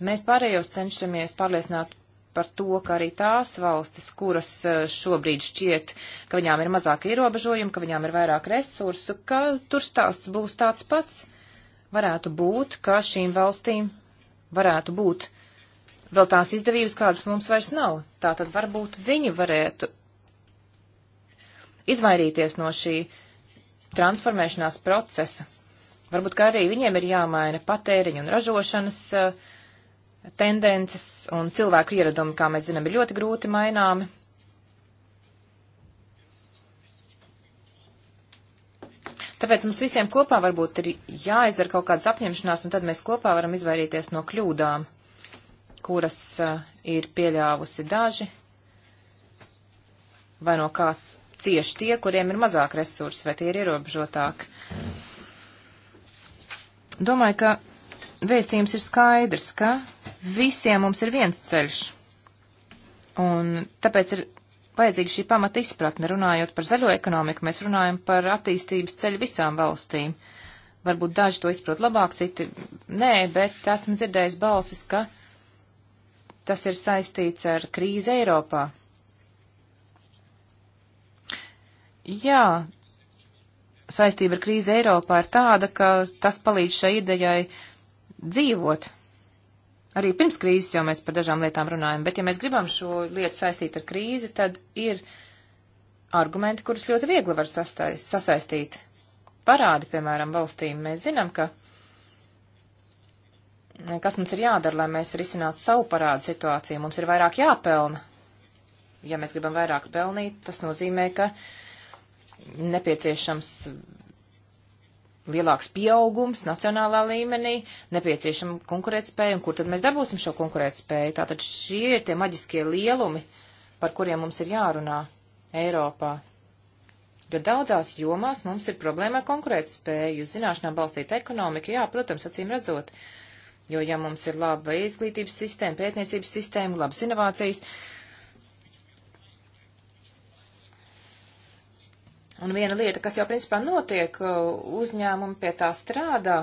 Mēs pārējos cenšamies pārliecināt par to, ka arī tās valstis, kuras uh, šobrīd šķiet, ka viņām ir mazāk ierobežojumi, ka viņām ir vairāk resursu, ka tur stāsts būs tāds pats, varētu būt, ka šīm valstīm varētu būt uh, vēl tās izdevības, kādas mums vairs nav. Tā tad varbūt viņi varētu izvairīties no šī transformēšanās procesa. Varbūt, ka arī viņiem ir jāmaina patēriņa un ražošanas uh, tendences un cilvēku ieradumi, kā mēs zinām, ir ļoti grūti maināmi. Tāpēc mums visiem kopā varbūt ir jāizdara kaut kādas apņemšanās, un tad mēs kopā varam izvairīties no kļūdām kuras eh, ir pieļāvusi daži, vai no kā cieši tie, kuriem ir mazāk resursi, vai tie ir ierobežotāki. Domāju, ka vēstījums ir skaidrs, ka visiem mums ir viens ceļš. Un tāpēc ir vajadzīga šī pamata izpratne. Runājot par zaļo ekonomiku, mēs runājam par attīstības ceļu visām valstīm. Varbūt daži to izprot labāk, citi nē, bet esmu dzirdējis balsis, ka Tas ir saistīts ar krīzi Eiropā. Jā, saistība ar krīzi Eiropā ir tāda, ka tas palīdz šai idejai dzīvot. Arī pirms krīzes jau mēs par dažām lietām runājam, bet ja mēs gribam šo lietu saistīt ar krīzi, tad ir argumenti, kurus ļoti viegli var sastaist, sasaistīt. Parādi, piemēram, valstīm. Mēs zinām, ka uh, kas mums ir jādara, lai mēs risinātu savu parādu situāciju. Mums ir vairāk jāpelna. Ja mēs gribam vairāk pelnīt, tas nozīmē, ka nepieciešams lielāks pieaugums nacionālā līmenī, nepieciešama konkurētspēja, un kur tad mēs dabūsim šo konkurētspēju. Tātad šie ir tie maģiskie lielumi, par kuriem mums ir jārunā Eiropā. Jo daudzās jomās mums ir problēma ar konkurētspēju, uz zināšanām balstīta ekonomika, jā, protams, acīm redzot. Uh, Jo, ja mums ir laba izglītības sistēma, pētniecības sistēma, labas inovācijas, un viena lieta, kas jau principā notiek, uh, uzņēmumi pie tā strādā,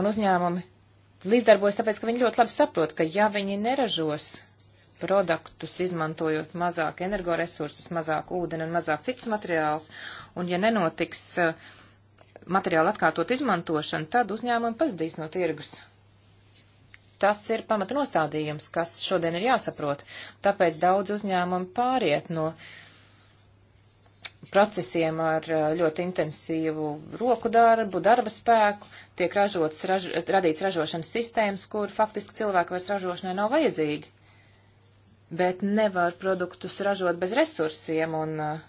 un uzņēmumi līdzdarbojas tāpēc, ka viņi ļoti labi saprot, ka ja viņi neražos produktus, izmantojot mazāk energoresursus, mazāk ūdeni un mazāk citus materiālus, un ja nenotiks uh, materiāla atkārtot izmantošanu, tad uzņēmumi pazudīs no tirgus. Tas ir pamata nostādījums, kas šodien ir jāsaprot. Tāpēc daudz uzņēmumi pāriet no procesiem ar eh, ļoti intensīvu roku darbu, darba spēku, tiek ražots, raž, radīts ražošanas sistēmas, kur faktiski cilvēki vairs ražošanai nav vajadzīgi. Bet nevar produktus ražot bez resursiem, un eh,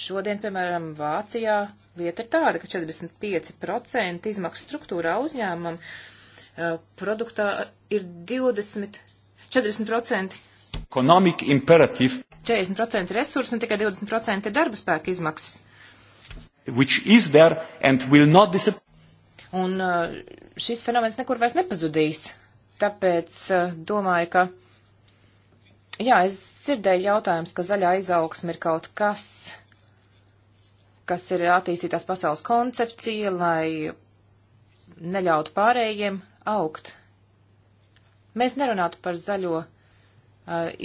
šodien, piemēram, Vācijā lieta ir tāda, ka 45% izmaksu struktūrā uzņēmumam produktā ir 20, 40%. Ekonomika imperatīva. 40% resursu un tikai 20% ir darba spēka izmaksas. Which is there and will not disappear. Un šis fenomens nekur vairs nepazudīs. Tāpēc domāju, ka. Jā, es dzirdēju jautājums, ka zaļā izaugsme ir kaut kas, kas ir attīstītās pasaules koncepcija, lai neļautu pārējiem augt. Mēs nerunātu par zaļo uh,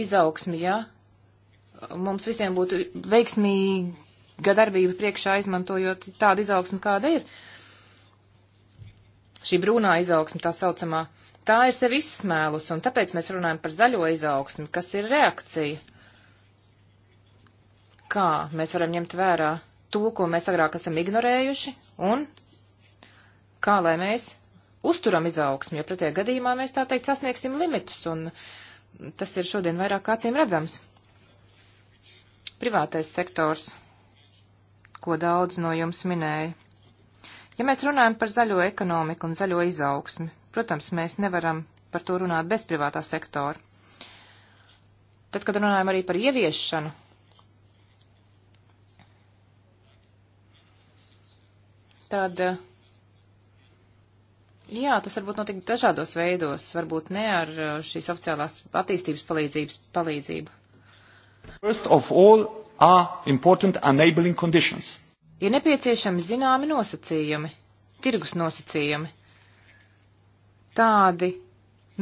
izaugsmi, ja mums visiem būtu veiksmīga darbība priekšā izmantojot tādu izaugsmi, kāda ir. Šī brūnā izaugsme tā saucamā, tā ir sevi izsmēlus, un tāpēc mēs runājam par zaļo izaugsmi, kas ir reakcija. Kā mēs varam ņemt vērā to, ko mēs agrāk esam ignorējuši, un kā lai mēs uzturam izaugsmi, jo pretējā gadījumā mēs tā teikt sasniegsim limitus, un tas ir šodien vairāk kācīm redzams. Privātais sektors, ko daudz no jums minēja. Ja mēs runājam par zaļo ekonomiku un zaļo izaugsmi, protams, mēs nevaram par to runāt bez privātā sektora. Tad, kad runājam arī par ieviešanu, tad, eh, jā, tas varbūt notika dažādos veidos, varbūt ne ar eh, šīs oficiālās attīstības palīdzības palīdzību. First of all are important enabling conditions. Ir nepieciešami zināmi nosacījumi, tirgus nosacījumi. Tādi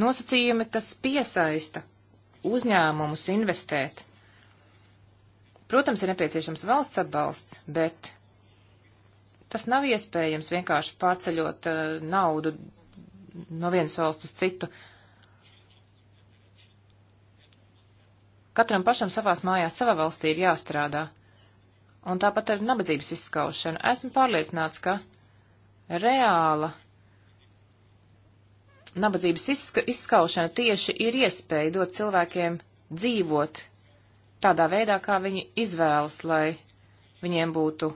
nosacījumi, kas piesaista uzņēmumus investēt. Protams, ir nepieciešams valsts atbalsts, bet Tas nav iespējams vienkārši pārceļot uh, naudu no vienas valsts uz citu. Katram pašam savās mājās, savā valstī ir jāstrādā. Un tāpat ar nabadzības izskaušanu. Esmu pārliecināts, ka reāla nabadzības izska izskaušana tieši ir iespēja dot cilvēkiem dzīvot tādā veidā, kā viņi izvēlas, lai viņiem būtu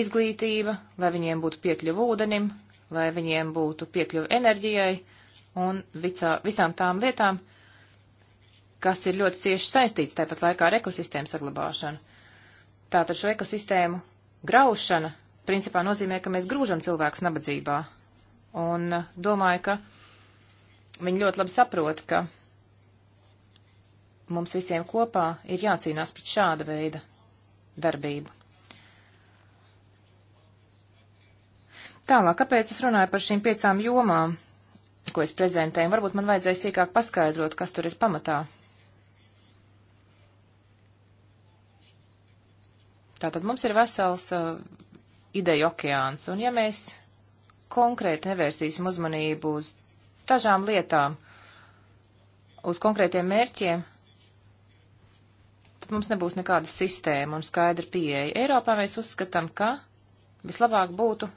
izglītība, lai viņiem būtu piekļuva ūdenim, lai viņiem būtu piekļuva enerģijai un vicā, visām tām lietām, kas ir ļoti cieši saistīts tāpat laikā ar ekosistēmu saglabāšanu. Tātad šo ekosistēmu graušana principā nozīmē, ka mēs grūžam cilvēkus nabadzībā. Un uh, domāju, ka viņi ļoti labi saprot, ka mums visiem kopā ir jācīnās pret šāda veida darbību. Tālāk, kāpēc es runāju par šīm piecām jomām, ko es prezentēju? Varbūt man vajadzēja sīkāk paskaidrot, kas tur ir pamatā. Tātad mums ir vesels uh, ideja okeāns, un ja mēs konkrēti nevērsīsim uzmanību uz dažām lietām, uz konkrētiem mērķiem, tad mums nebūs nekāda sistēma un skaidra pieeja. Eiropā mēs uzskatām, ka vislabāk būtu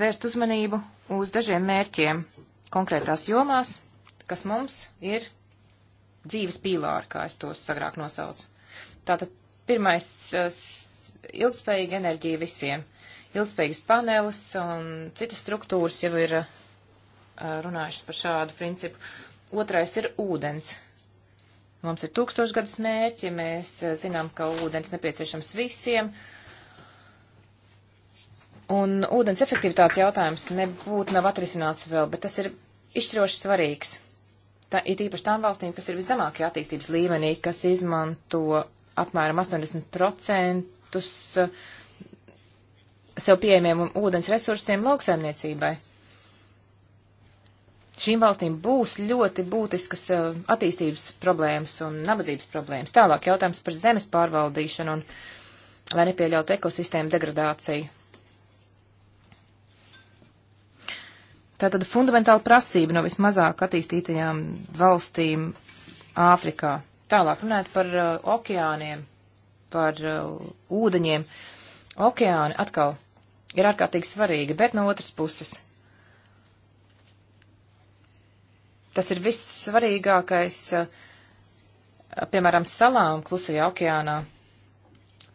vērst uzmanību uz dažiem mērķiem konkrētās jomās, kas mums ir dzīves pīlāri, kā es tos agrāk nosaucu. Tātad pirmais - ilgspējīga enerģija visiem. Ilgspējīgas paneles un citas struktūras jau ir eh, runājušas par šādu principu. Otrais ir ūdens. Mums ir tūkstošgadus mērķi, mēs eh, zinām, ka ūdens nepieciešams visiem. Uh, Un ūdens efektivitātes jautājums nebūtu nav atrisināts vēl, bet tas ir izšķiroši svarīgs. Tā ir īpaši tām valstīm, kas ir viszemākajā attīstības līmenī, kas izmanto apmēram 80% eh, sev pieejamiem ūdens resursiem lauksaimniecībai. Šīm valstīm būs ļoti būtiskas eh, attīstības problēmas un nabadzības problēmas. Tālāk jautājums par zemes pārvaldīšanu un lai nepieļautu ekosistēmu degradāciju. Tātad fundamentāla prasība no vismazāk attīstītajām valstīm Āfrikā. Tālāk runājot par uh, okeāniem, par uh, ūdeņiem. Okeāni atkal ir ārkārtīgi svarīgi, bet no otras puses tas ir viss svarīgākais, uh, piemēram, salām klusajā okeānā.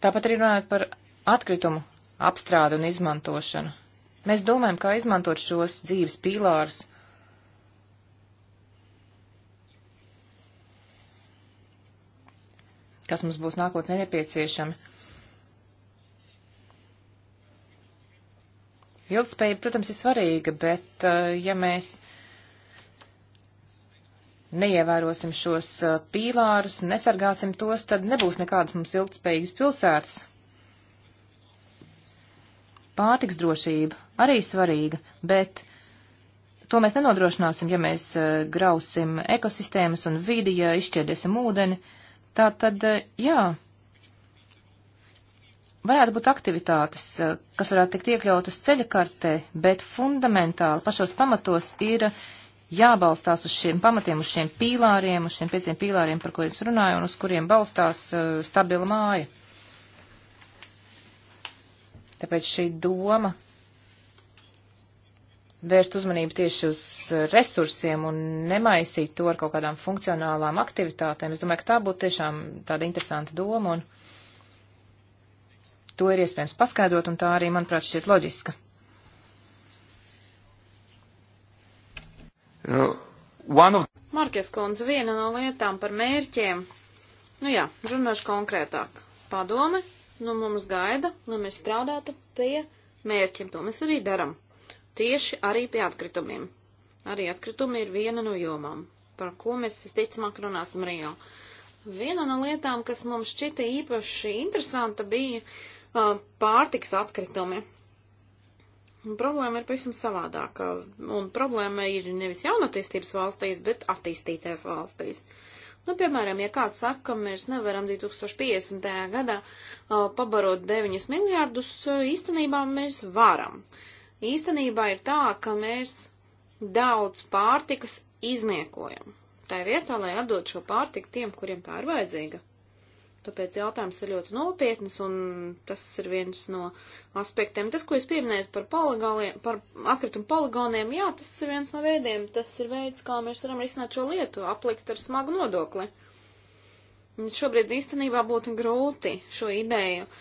Tāpat arī runājot par atkritumu apstrādu un izmantošanu. Mēs domājam, kā izmantot šos dzīves pīlārus. kas mums būs nākotnē nepieciešami. Ilgspēja, protams, ir svarīga, bet uh, ja mēs neievērosim šos uh, pīlārus, nesargāsim tos, tad nebūs nekādas mums ilgspējīgas pilsētas. Pārtiks drošība arī svarīga, bet to mēs nenodrošināsim, ja mēs eh, grausim ekosistēmas un vidi, ja izšķērdēsim ūdeni. Tā tad, eh, jā, varētu būt aktivitātes, eh, kas varētu tikt iekļautas ceļa kartē, bet fundamentāli pašos pamatos ir jābalstās uz šiem pamatiem, uz šiem pīlāriem, uz šiem pieciem pīlāriem, par ko es runāju, un uz kuriem balstās stabila māja. Tāpēc šī doma, vērst uzmanību tieši uz resursiem un nemaisīt to ar kaut kādām funkcionālām aktivitātēm. Es domāju, ka tā būtu tiešām tāda interesanta doma un to ir iespējams paskaidrot un tā arī, manuprāt, šķiet loģiska. Uh, Markies kundze, viena no lietām par mērķiem. Nu jā, runāšu konkrētāk. Padome, nu mums gaida, lai mēs strādātu pie mērķiem. To mēs arī daram tieši arī pie atkritumiem. Arī atkritumi ir viena no jomām, par ko mēs visticamāk runāsim Rio. Viena no lietām, kas mums šķita īpaši interesanta, bija uh, pārtiks atkritumi. Un problēma ir pavisam savādāka, un problēma ir nevis jaunatīstības valstīs, bet attīstītās valstīs. Nu, piemēram, ja kāds saka, ka mēs nevaram 2050. gadā uh, pabarot 9 miljārdus, īstenībā mēs varam. Uh, īstenībā ir tā, ka mēs daudz pārtikas izniekojam. Tā vietā, lai atdot šo pārtiku tiem, kuriem tā ir vajadzīga. Tāpēc jautājums ir ļoti nopietnas, un tas ir viens no aspektiem. Tas, ko jūs pieminējat par, par atkritumu poligoniem, jā, tas ir viens no veidiem. Tas ir veids, kā mēs varam risināt šo lietu, aplikt ar smagu nodokli. Un šobrīd īstenībā būtu grūti šo ideju uh,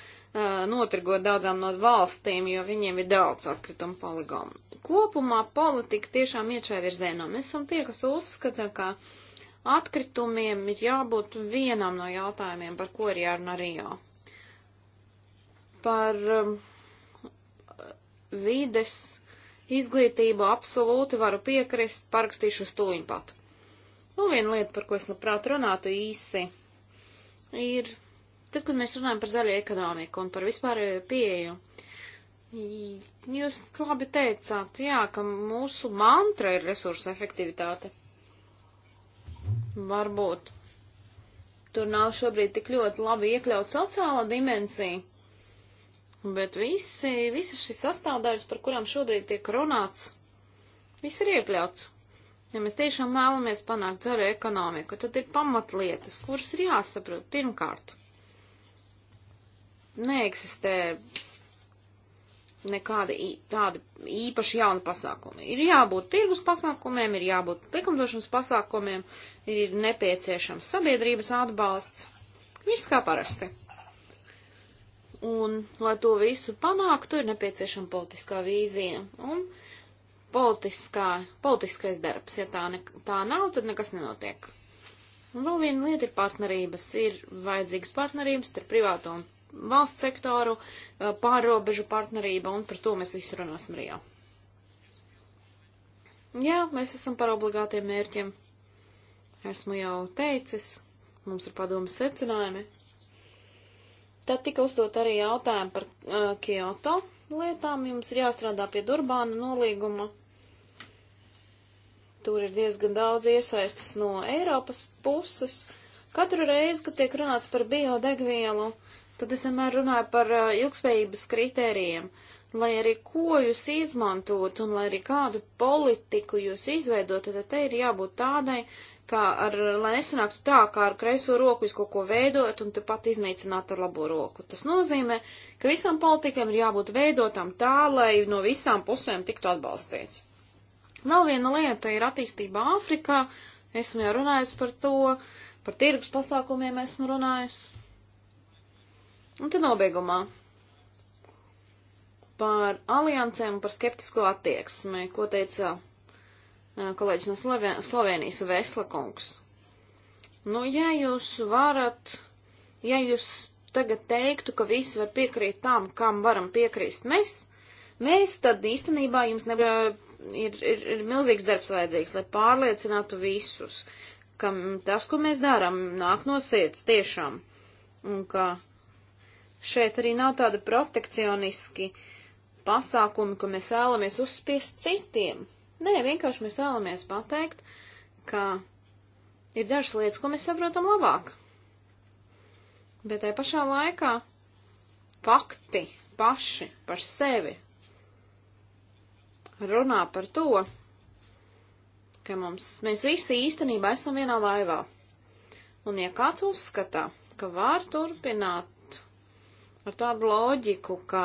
notirgot daudzām no valstīm, jo viņiem ir daudz atkritumu poligonu. Kopumā politika tiešām iet šajā virzienā. Mēs esam tie, kas uzskata, ka atkritumiem ir jābūt vienam no jautājumiem, par ko ir jārunā Rio. Par um, vides izglītību absolūti varu piekrist, parakstīšu stūliņ pat. Nu, viena lieta, par ko es labprāt runātu īsi, ir Tad, kad mēs runājam par zaļo ekonomiku un par vispārējo pieeju, jūs labi teicāt, jā, ka mūsu mantra ir resursa efektivitāte. Varbūt tur nav šobrīd tik ļoti labi iekļaut sociālā dimensija, bet visi, visas šīs sastāvdaļas, par kurām šobrīd tiek runāts, viss ir iekļauts. Ja mēs tiešām vēlamies panākt zaļo ekonomiku, tad ir pamatlietas, kuras ir jāsaprot pirmkārt neeksistē nekāda tāda īpaši jauna pasākuma. Ir jābūt tirgus pasākumiem, ir jābūt likumdošanas pasākumiem, ir nepieciešams sabiedrības atbalsts. Viss kā parasti. Un, lai to visu panāktu, ir nepieciešama politiskā vīzija un politiskā, politiskais darbs. Ja tā, ne, tā nav, tad nekas nenotiek. Un vēl viena lieta ir partnerības. Ir vajadzīgas partnerības starp privātu un valsts sektoru, eh, pārrobežu partnerība, un par to mēs visi runāsim Rijā. Jā, mēs esam par obligātiem mērķiem. Esmu jau teicis, mums ir padomas secinājumi. Tad tika uzdot arī jautājumi par uh, Kyoto lietām. Jums ir jāstrādā pie Durbāna nolīguma. Tur ir diezgan daudz iesaistas no Eiropas puses. Katru reizi, kad tiek runāts par biodegvielu, uh, tad es vienmēr runāju par ilgspējības kritērijiem. Lai arī ko jūs izmantot un lai arī kādu politiku jūs izveidot, tad te ir jābūt tādai, kā ar, lai nesanāktu tā, kā ar kreiso roku jūs kaut ko veidot un te pat iznīcināt ar labo roku. Tas nozīmē, ka visām politikām ir jābūt veidotām tā, lai no visām pusēm tiktu atbalstīts. Vēl viena lieta ir attīstība Āfrikā. Esmu jau runājusi par to, par tirgus pasākumiem esmu runājusi. Un tad nobeigumā par aliansēm un par skeptisko attieksmi, ko teica kolēģis no Sloven Slovenijas Veslakungs. Nu, ja jūs varat, ja jūs tagad teiktu, ka visi var piekrīt tam, kam varam piekrīst mēs, mēs tad īstenībā jums nebra, ir, ir, ir milzīgs darbs vajadzīgs, lai pārliecinātu visus, ka tas, ko mēs darām, nāk no sirds tiešām. Un ka Šeit arī nav tāda protekcioniski pasākumi, ko mēs vēlamies uzspiest citiem. Nē, vienkārši mēs vēlamies pateikt, ka ir dažas lietas, ko mēs saprotam labāk. Bet tajā pašā laikā fakti paši par sevi runā par to, ka mums, mēs visi īstenībā esam vienā laivā. Un ja kāds uzskatā, ka var turpināt ar tādu loģiku, ka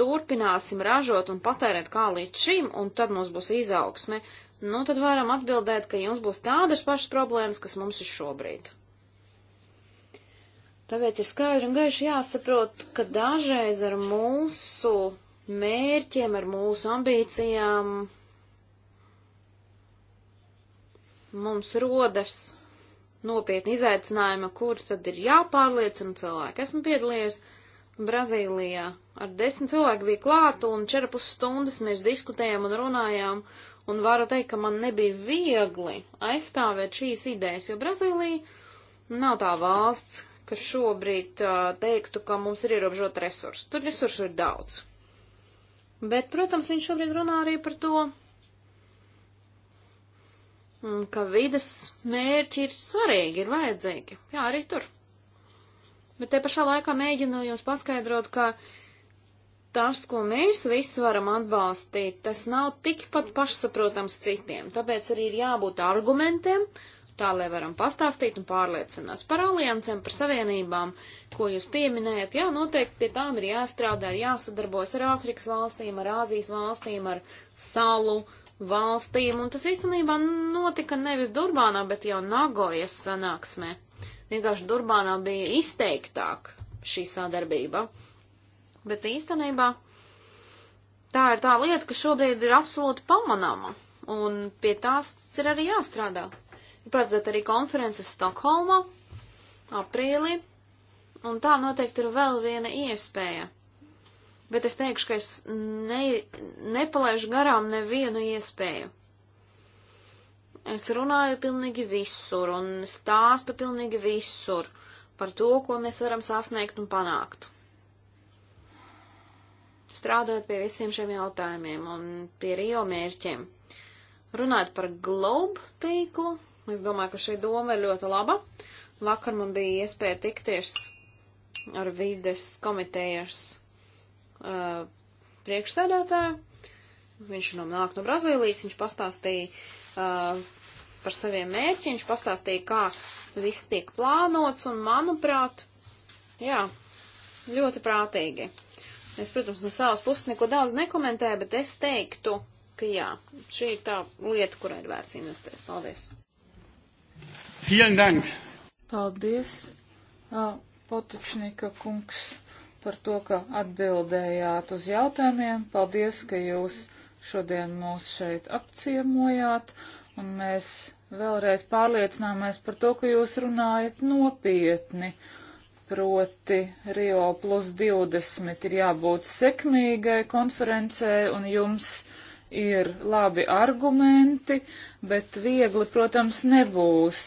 turpināsim ražot un patērēt kā līdz šim, un tad mums būs izaugsme, nu tad varam atbildēt, ka jums būs tādas pašas problēmas, kas mums ir šobrīd. Tāpēc ir skaidri un gaiši jāsaprot, ka dažreiz ar mūsu mērķiem, ar mūsu ambīcijām mums rodas nopietni izaicinājumi, kur tad ir jāpārliecina cilvēki. Esmu piedalījies uh, Brazīlijā. Ar desmit cilvēku bija klāt un četri pus stundas mēs diskutējām un runājām. Un varu teikt, ka man nebija viegli aizstāvēt šīs idejas, jo Brazīlija nav tā valsts, kas šobrīd uh, teiktu, ka mums ir ierobežot resursi. Tur resursu ir daudz. Bet, protams, viņš šobrīd runā arī par to, mm, ka vides mērķi ir svarīgi, ir vajadzīgi. Jā, arī tur. Bet te pašā laikā mēģinu jums paskaidrot, ka tas, ko mēs visi varam atbalstīt, tas nav tikpat pašsaprotams citiem. Tāpēc arī ir jābūt argumentiem, tā lai varam pastāstīt un pārliecinās par aliansēm, par savienībām, ko jūs pieminējat. Jā, noteikti pie tām ir jāstrādā, ir jāsadarbojas ar Āfrikas valstīm, ar Āzijas valstīm, ar salu valstīm, un tas īstenībā notika nevis Durbānā, bet jau Nagojas sanāksmē. Vienkārši Durbānā bija izteiktāk šī sadarbība. Bet īstenībā tā ir tā lieta, kas šobrīd ir absolūti pamanāma, un pie tās ir arī jāstrādā. Ir paredzēta arī konference Stokholmā aprīlī, un tā noteikti ir vēl viena iespēja. Bet es teikšu, ka es ne, nepalaižu garām nevienu iespēju. Es runāju pilnīgi visur un stāstu pilnīgi visur par to, ko mēs varam sasniegt un panākt. Strādājot pie visiem šiem jautājumiem un pie Rio mērķiem. Runājot par globu tīklu, es domāju, ka šī doma ir ļoti laba. Vakar man bija iespēja tikties ar vides komitejas uh, priekšsēdētāju. Viņš no nāk no Brazīlijas, viņš pastāstīja uh, par saviem mērķiem, viņš pastāstīja, kā viss tiek plānots, un manuprāt, jā, ļoti prātīgi. Es, protams, no savas puses neko daudz nekomentēju, bet es teiktu, ka jā, šī ir tā lieta, kurai ir vērts investēt. Paldies! Vielen Dank! Paldies, Potočnika kungs, par to, ka atbildējāt uz jautājumiem. Paldies, ka jūs šodien mūs šeit apciemojāt, un mēs vēlreiz pārliecināmies par to, ka jūs runājat nopietni. Proti Rio plus 20 ir jābūt sekmīgai konferencē un jums ir labi argumenti, bet viegli, protams, nebūs.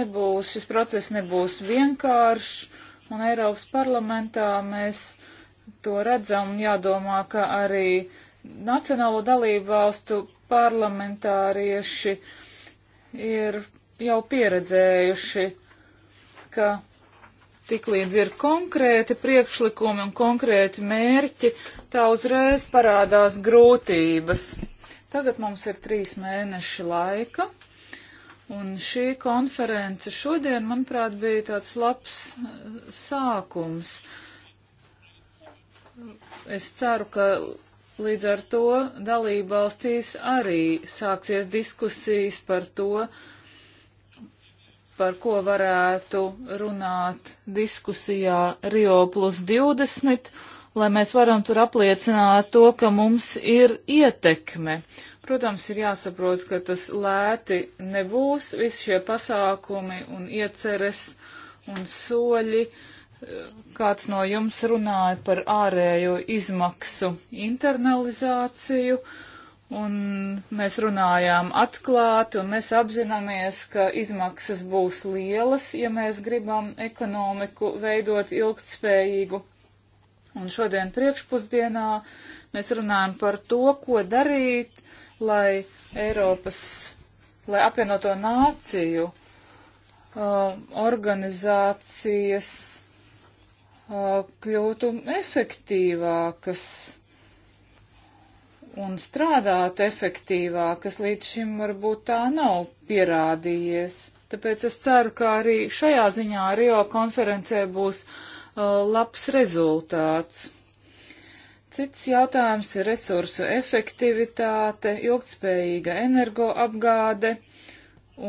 Nebūs, šis process nebūs vienkāršs, un Eiropas parlamentā mēs to redzam un jādomā, ka arī Nacionālo dalību valstu parlamentārieši uh, ir jau pieredzējuši, ka tiklīdz ir konkrēti priekšlikumi un konkrēti mērķi, tā uzreiz parādās grūtības. Tagad mums ir trīs mēneši laika, un šī konference šodien, manuprāt, bija tāds labs uh, sākums. Es ceru, ka Līdz ar to dalību valstīs arī sāksies diskusijas par to, par ko varētu runāt diskusijā Rio plus 20, lai mēs varam tur apliecināt to, ka mums ir ietekme. Protams, ir jāsaprot, ka tas lēti nebūs, visi šie pasākumi un ieceres un soļi. Uh, kāds no jums runāja par ārējo izmaksu internalizāciju, un mēs runājām atklāti, un mēs apzināmies, ka izmaksas būs lielas, ja mēs gribam ekonomiku veidot ilgtspējīgu. Un šodien priekšpusdienā mēs runājam par to, ko darīt, lai Eiropas, lai apvienoto nāciju uh, organizācijas kļūtu efektīvākas un strādātu efektīvākas. Līdz šim varbūt tā nav pierādījies. Tāpēc es ceru, ka arī šajā ziņā Rio konferencē būs uh, labs rezultāts. Cits jautājums ir resursu efektivitāte, ilgtspējīga energoapgāde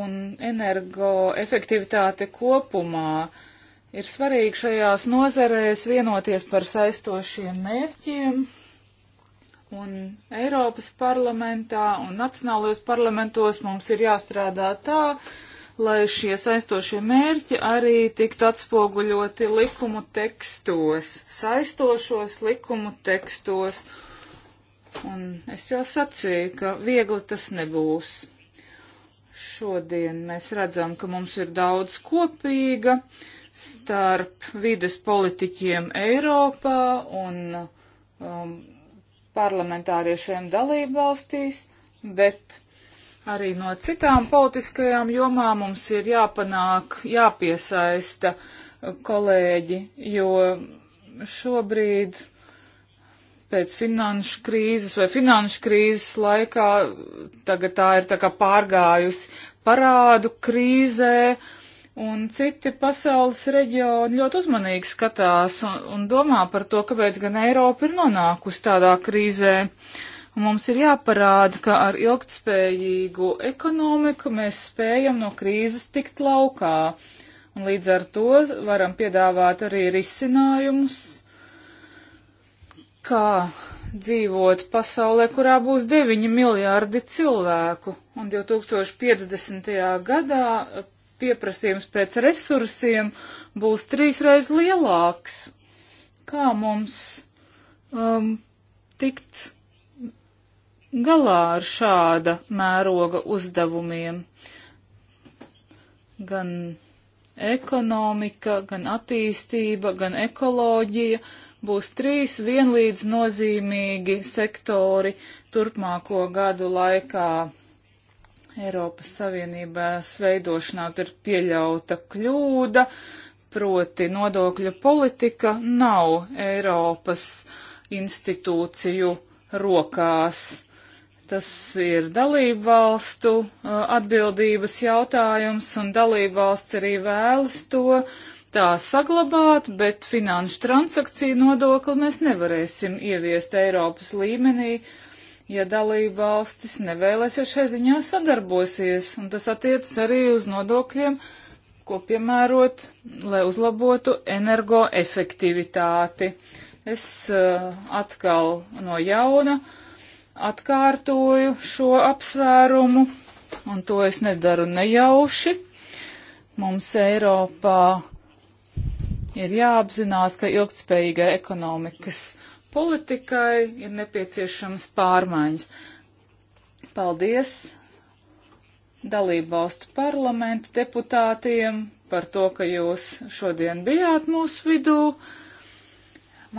un energoefektivitāte kopumā. Uh, Ir svarīgi šajās nozerēs vienoties par saistošiem mērķiem, un Eiropas parlamentā un nacionālajos parlamentos mums ir jāstrādā tā, lai šie saistošie mērķi arī tiktu atspoguļoti likumu tekstos, saistošos likumu tekstos. Un es jau sacīju, ka viegli tas nebūs. Šodien mēs redzam, ka mums ir daudz kopīga, starp vides politiķiem Eiropā un um, parlamentāriešiem dalībvalstīs, bet arī no citām politiskajām jomām mums ir jāpanāk, jāpiesaista kolēģi, jo šobrīd pēc finanšu krīzes vai finanšu krīzes laikā tagad tā ir tā kā pārgājusi parādu krīzē Un citi pasaules reģioni ļoti uzmanīgi skatās un, un domā par to, kāpēc gan Eiropa ir nonākusi tādā krīzē. Un mums ir jāparāda, ka ar ilgtspējīgu ekonomiku mēs spējam no krīzes tikt laukā. Un līdz ar to varam piedāvāt arī risinājumus, kā dzīvot pasaulē, kurā būs 9 miljārdi cilvēku, un 2050. gadā pieprasījums pēc resursiem būs trīsreiz lielāks. Kā mums um, tikt galā ar šāda mēroga uzdevumiem? Gan ekonomika, gan attīstība, gan ekoloģija būs trīs vienlīdz nozīmīgi sektori turpmāko gadu laikā. Eiropas Savienībā sveidošanā ir pieļauta kļūda, proti nodokļu politika nav Eiropas institūciju rokās. Tas ir dalību valstu uh, atbildības jautājums, un dalību valsts arī vēlas to tā saglabāt, bet finanšu transakciju nodokli mēs nevarēsim ieviest Eiropas līmenī, ja dalība valstis nevēlēs, jo šai ziņā sadarbosies, un tas attiecas arī uz nodokļiem, ko piemērot, lai uzlabotu energoefektivitāti. Es uh, atkal no jauna atkārtoju šo apsvērumu, un to es nedaru nejauši. Mums Eiropā ir jāapzinās, ka ilgtspējīgai ekonomikas Politikai ir nepieciešams pārmaiņas. Paldies dalību valstu parlamentu deputātiem par to, ka jūs šodien bijāt mūsu vidū.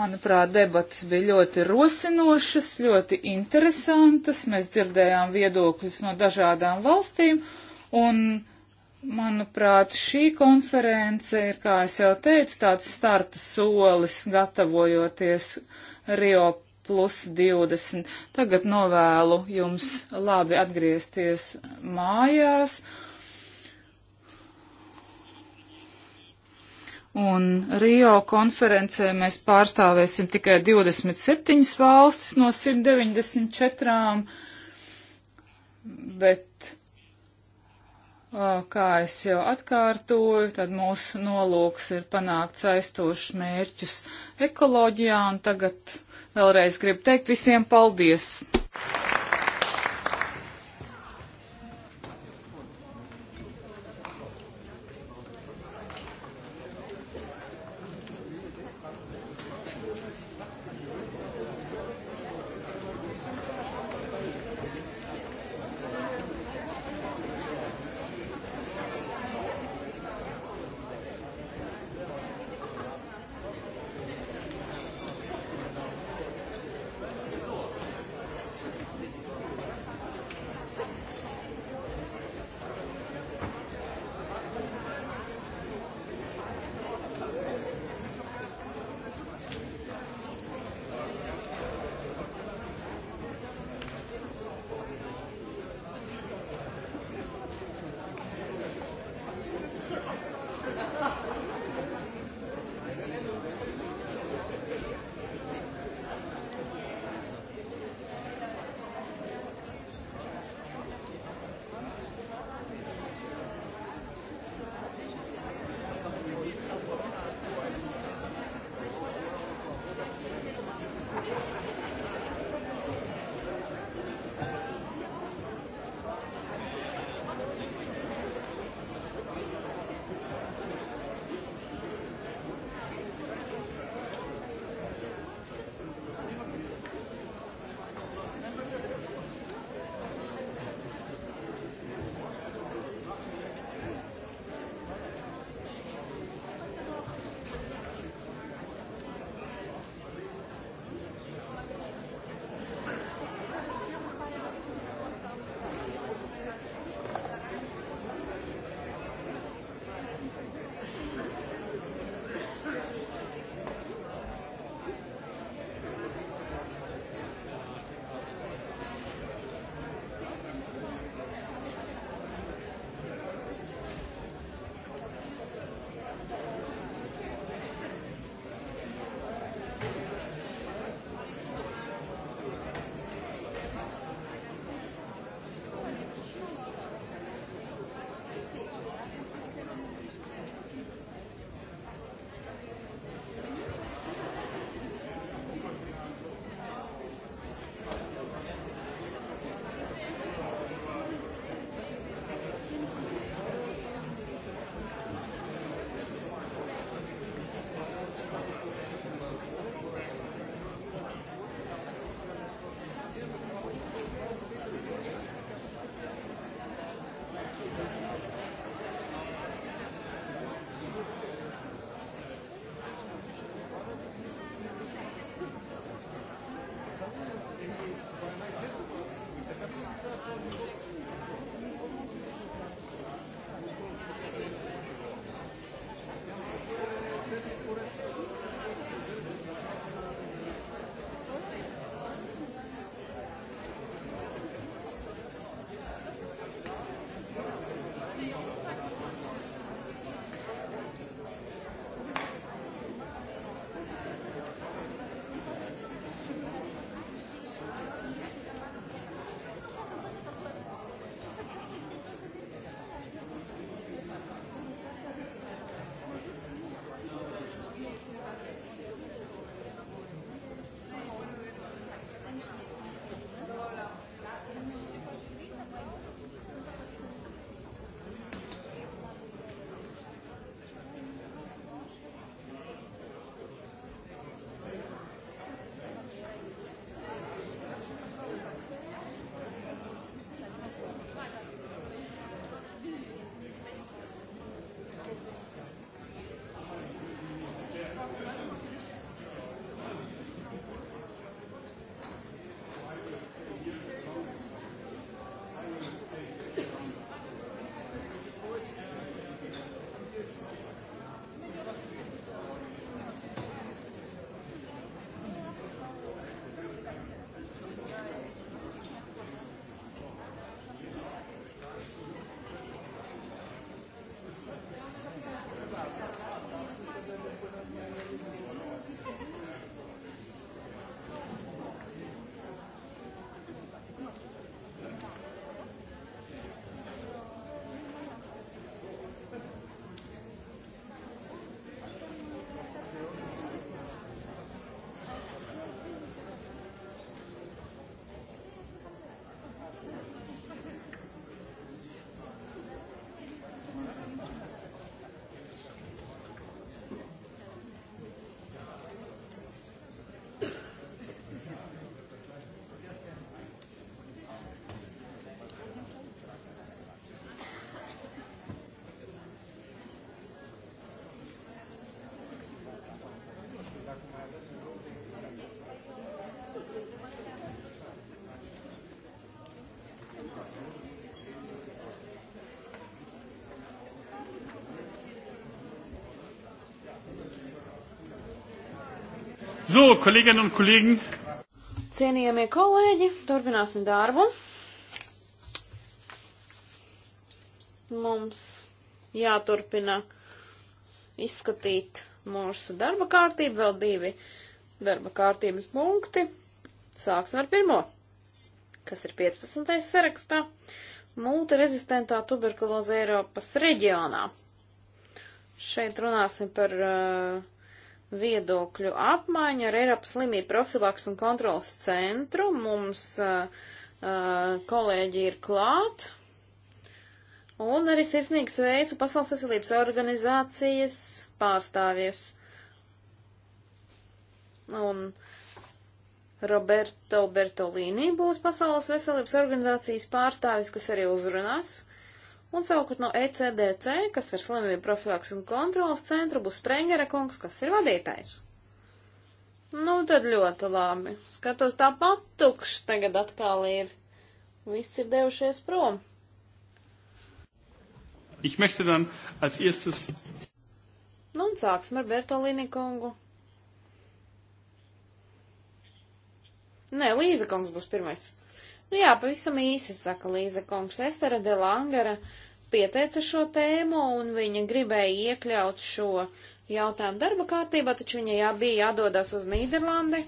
Manuprāt, debatas bija ļoti rosinošas, ļoti interesantas. Mēs dzirdējām viedokļus no dažādām valstīm, un, manuprāt, šī konference ir, kā es jau teicu, tāds starta solis gatavojoties Rio plus 20. Tagad novēlu jums labi atgriezties mājās. Un Rio konferencē mēs pārstāvēsim tikai 27 valstis no 194, bet Kā es jau atkārtoju, tad mūsu nolūks ir panākt saistošus mērķus ekoloģijā, un tagad vēlreiz gribu teikt visiem paldies! So, kolēģinnen un kolēģi. Cienījamie kolēģi, turpināsim darbu. Mums jāturpina izskatīt mūsu darba kārtību, vēl divi darba kārtības punkti. Sāksim ar pirmo, kas ir 15. sarakstā - multirezistentā tuberkuloze Eiropas reģionā. Šeit runāsim par uh, viedokļu apmaiņa ar Eiropas slimību profilaks un kontrolas centru. Mums uh, uh, kolēģi ir klāt. Un arī sirsnīgs veicu Pasaules veselības organizācijas pārstāvjus. Un Roberto Bertolini būs Pasaules veselības organizācijas pārstāvis, kas arī uzrunās. Un savukārt no ECDC, kas ir slimību profilaks un kontrolas centra, būs Sprengera kungs, kas ir vadītājs. Nu, tad ļoti labi. Skatos tāpat tukšs tagad atkal ir. Viss ir devušies prom. Ich möchte dann als erstes. Nu, un sāksim ar Bertolini kungu. Nē, Līza kungs būs pirmais. Nu jā, pavisam īsi saka Līza Kungs. Estera de Langara pieteica šo tēmu un viņa gribēja iekļaut šo jautājumu darba kārtībā, taču viņai jā, bija jādodas uz Nīderlandi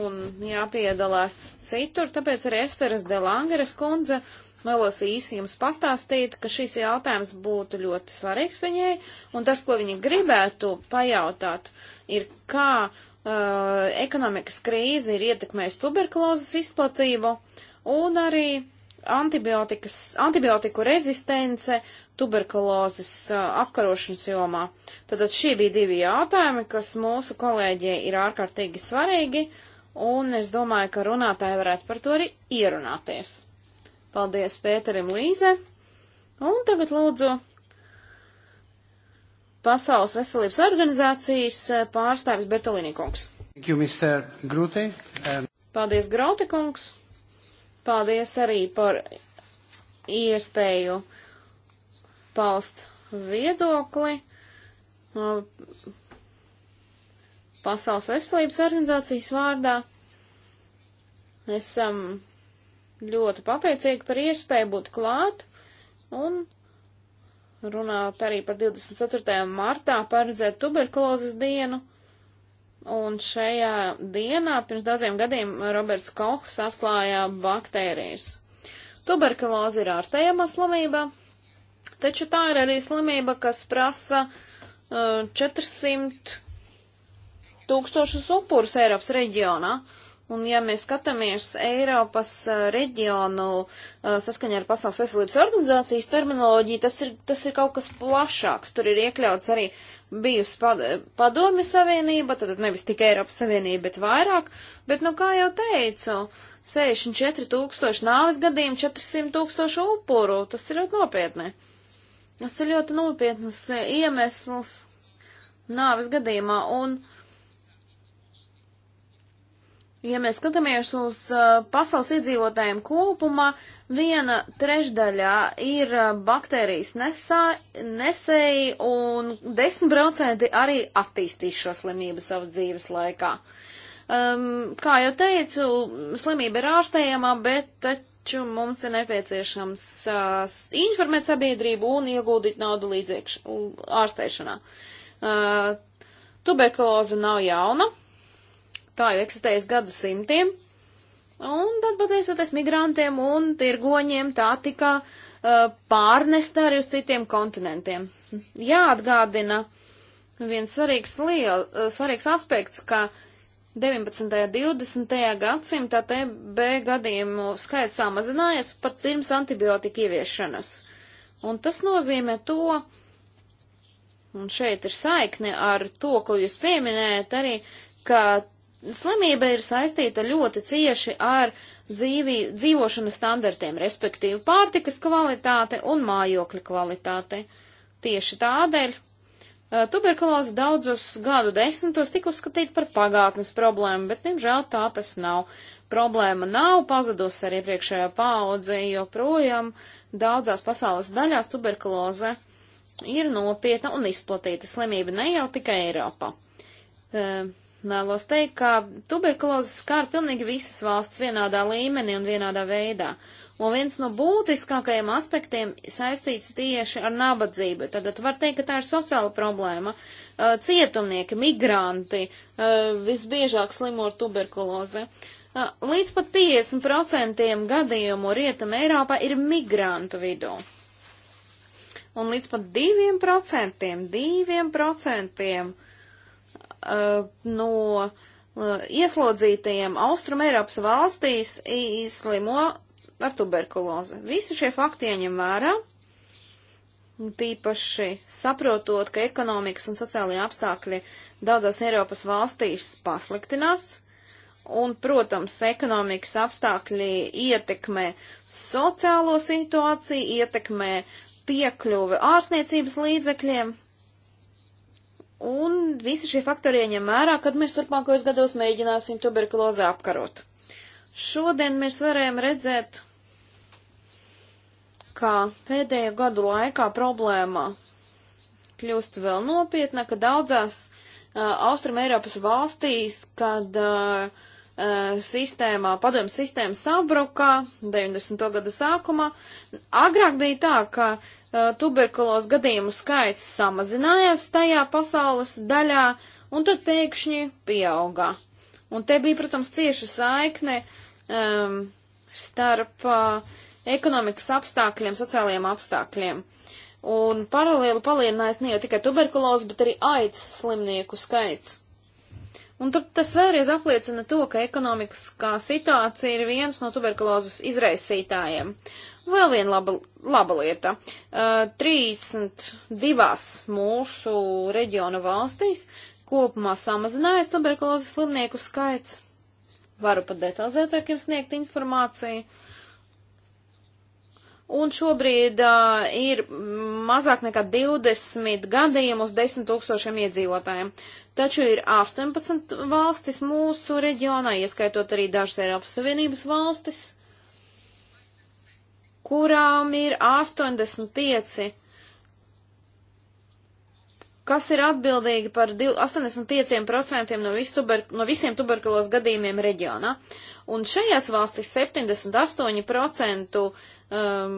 un jāpiedalās citur, tāpēc arī Esteras de Langaras kundze vēlos īsi jums pastāstīt, ka šis jautājums būtu ļoti svarīgs viņai, un tas, ko viņa gribētu pajautāt, ir kā uh, ekonomikas krīze ir ietekmējusi tuberkulozes izplatību. Uh, un arī antibiotiku rezistence tuberkulozes uh, apkarošanas jomā. Tātad šie bija divi jautājumi, kas mūsu kolēģiem ir ārkārtīgi svarīgi, un es domāju, ka runātāji varētu par to arī ierunāties. Paldies Pēterim Līze, un tagad lūdzu Pasaules veselības organizācijas uh, pārstāvis Bertolini kungs. Thank you, Mr. Grūti. Um... Paldies, Grūti kungs. Paldies arī par iespēju paust viedokli. Pasaules veselības organizācijas vārdā esam ļoti pateicīgi par iespēju būt klāt un runāt arī par 24. martā paredzēt tuberkulozes dienu. Un šajā dienā pirms daudziem gadiem Roberts Kochs atklāja baktērijas. Tuberkuloze ir ārstējama slimība, taču tā ir arī slimība, kas prasa uh, 400 tūkstošus upurus Eiropas reģionā. Un ja mēs skatāmies Eiropas uh, reģionu uh, saskaņā ar Pasaules veselības organizācijas terminoloģiju, tas ir, tas ir kaut kas plašāks. Tur ir iekļauts arī bijusi padomju savienība, tad nevis tikai Eiropas savienība, bet vairāk, bet, nu, kā jau teicu, 64 tūkstoši nāves gadījumu, 400 tūkstoši upuru, tas ir ļoti nopietni. Tas ir ļoti nopietnas eh, iemesls nāves gadījumā, un uh, Ja mēs skatāmies uz uh, pasaules iedzīvotājiem kopumā, viena trešdaļā ir uh, baktērijas nesā, nesēji un 10% arī attīstīs šo slimību savas dzīves laikā. Um, kā jau teicu, slimība ir ārstējama, bet taču mums ir nepieciešams uh, informēt sabiedrību un ieguldīt naudu līdzekš, ārstēšanā. Uh, tuberkuloze nav jauna, Tā jau eksistējas gadu simtiem. Un tad, pateicoties migrantiem un tirgoņiem, tā tika uh, pārnesta arī uz citiem kontinentiem. Jāatgādina viens svarīgs, liel, uh, svarīgs aspekts, ka 19. un 20. gadsimta TB gadījumu skaits samazinājās pat pirms antibiotika ieviešanas. Un tas nozīmē to, un šeit ir saikne ar to, ko jūs pieminējat arī, ka Slimība ir saistīta ļoti cieši ar dzīvi, dzīvošanas standartiem, respektīvi pārtikas kvalitāte un mājokļa kvalitāte. Tieši tādēļ eh, tuberkuloze daudzus gadu desmitos tika uzskatīta par pagātnes problēmu, bet, diemžēl, tā tas nav. Problēma nav pazudusi ar iepriekšējā paudze, joprojām daudzās pasaules daļās tuberkuloze ir nopietna un izplatīta slimība ne jau tikai Eiropā. Uh, Vēlos teikt, ka tuberkulozes skar pilnīgi visas valsts vienādā līmenī un vienādā veidā. Un viens no būtiskākajiem aspektiem saistīts tieši ar nabadzību. Tad var teikt, ka tā ir sociāla problēma. Uh, cietumnieki, migranti uh, visbiežāk slimo ar tuberkulozi. Uh, līdz pat 50% gadījumu rietuma Eiropā ir migrantu vidū. Un līdz pat 2%, 2% Uh, no uh, ieslodzītajiem Austrum Eiropas valstīs slimo ar tuberkulozi. Visi šie fakti ieņem vērā, tīpaši saprotot, ka ekonomikas un sociālajie apstākļi daudzās Eiropas valstīs pasliktinās, un, protams, ekonomikas apstākļi ietekmē sociālo situāciju, ietekmē piekļuvi ārstniecības līdzekļiem, Un visi šie faktori ieņem vērā, kad mēs turpmākajos gados mēģināsim tuberkulozi apkarot. Šodien mēs varējām redzēt, kā pēdējo gadu laikā problēma kļūst vēl nopietna, ka daudzās uh, Austrum Eiropas valstīs, kad uh, sistēmā, padomju sistēma sabruka 90. gada sākumā. Agrāk bija tā, ka Uh, tuberkulos gadījumu skaits samazinājās tajā pasaules daļā, un tad pēkšņi pieaugā. Un te bija, protams, cieša saikne um, starp uh, ekonomikas apstākļiem, sociālajiem apstākļiem. Un paralēli palielinājās ne jau tikai tuberkulos, bet arī aids slimnieku skaits. Un tas vēlreiz apliecina to, ka ekonomikas situācija ir viens no tuberkulozes izraisītājiem. Uh, Vēl viena laba, laba lieta. Uh, eh, 32 mūsu reģiona valstīs kopumā samazinājas tuberkulozes slimnieku skaits. Varu pat detalizētāk jums sniegt informāciju. Un šobrīd uh, ir mazāk nekā 20 gadījumu uz 10 tūkstošiem iedzīvotājiem. Taču ir 18 valstis mūsu reģionā, ieskaitot arī dažas Eiropas Savienības valstis, kurām ir 85, kas ir atbildīgi par 85% no, visu tuber, no visiem tuberkulos gadījumiem reģionā. Un šajās valstīs 78% um,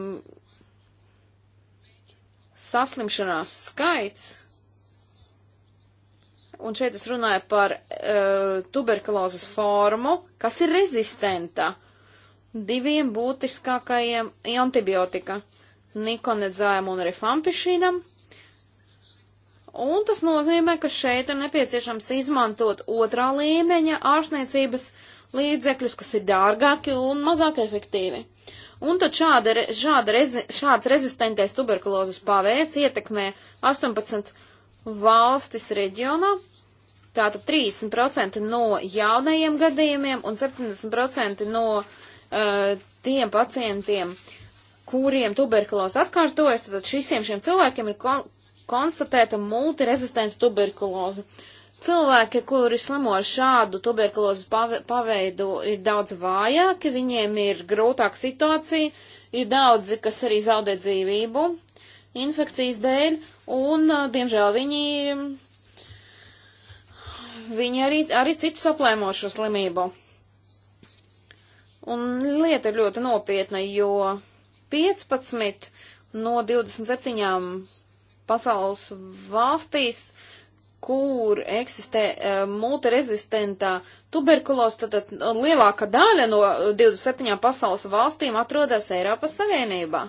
saslimšanās skaits, un šeit es runāju par uh, tuberkulozes formu, kas ir rezistenta. Uh, diviem būtiskākajiem antibiotika - nikonedzājam un rifampešīnam. Un tas nozīmē, ka šeit ir nepieciešams izmantot otrā līmeņa ārstniecības līdzekļus, kas ir dārgāki un mazāk efektīvi. Un tad šāda, šāda rezi, šāds rezistentais tuberkulozes paveids ietekmē 18 valstis reģionā, tātad 30% no jaunajiem gadījumiem un 70% no uh, Uh, tiem pacientiem, kuriem tuberkuloze atkārtojas, tad šisiem šiem cilvēkiem ir kon konstatēta multirezistenta tuberkuloze. Cilvēki, kuri slimo ar šādu tuberkulozes paveidu, ir daudz vājāki, viņiem ir grūtāka situācija, ir daudzi, kas arī zaudē dzīvību infekcijas dēļ, un, uh, diemžēl, viņi, viņi arī, arī citu saplēmošu slimību. Un lieta ir ļoti nopietna, jo 15 no 27 pasaules valstīs, kur eksistē uh, eh, multirezistentā tuberkulos, tad, tad nu, lielāka daļa no 27 pasaules valstīm atrodas Eiropas Savienībā.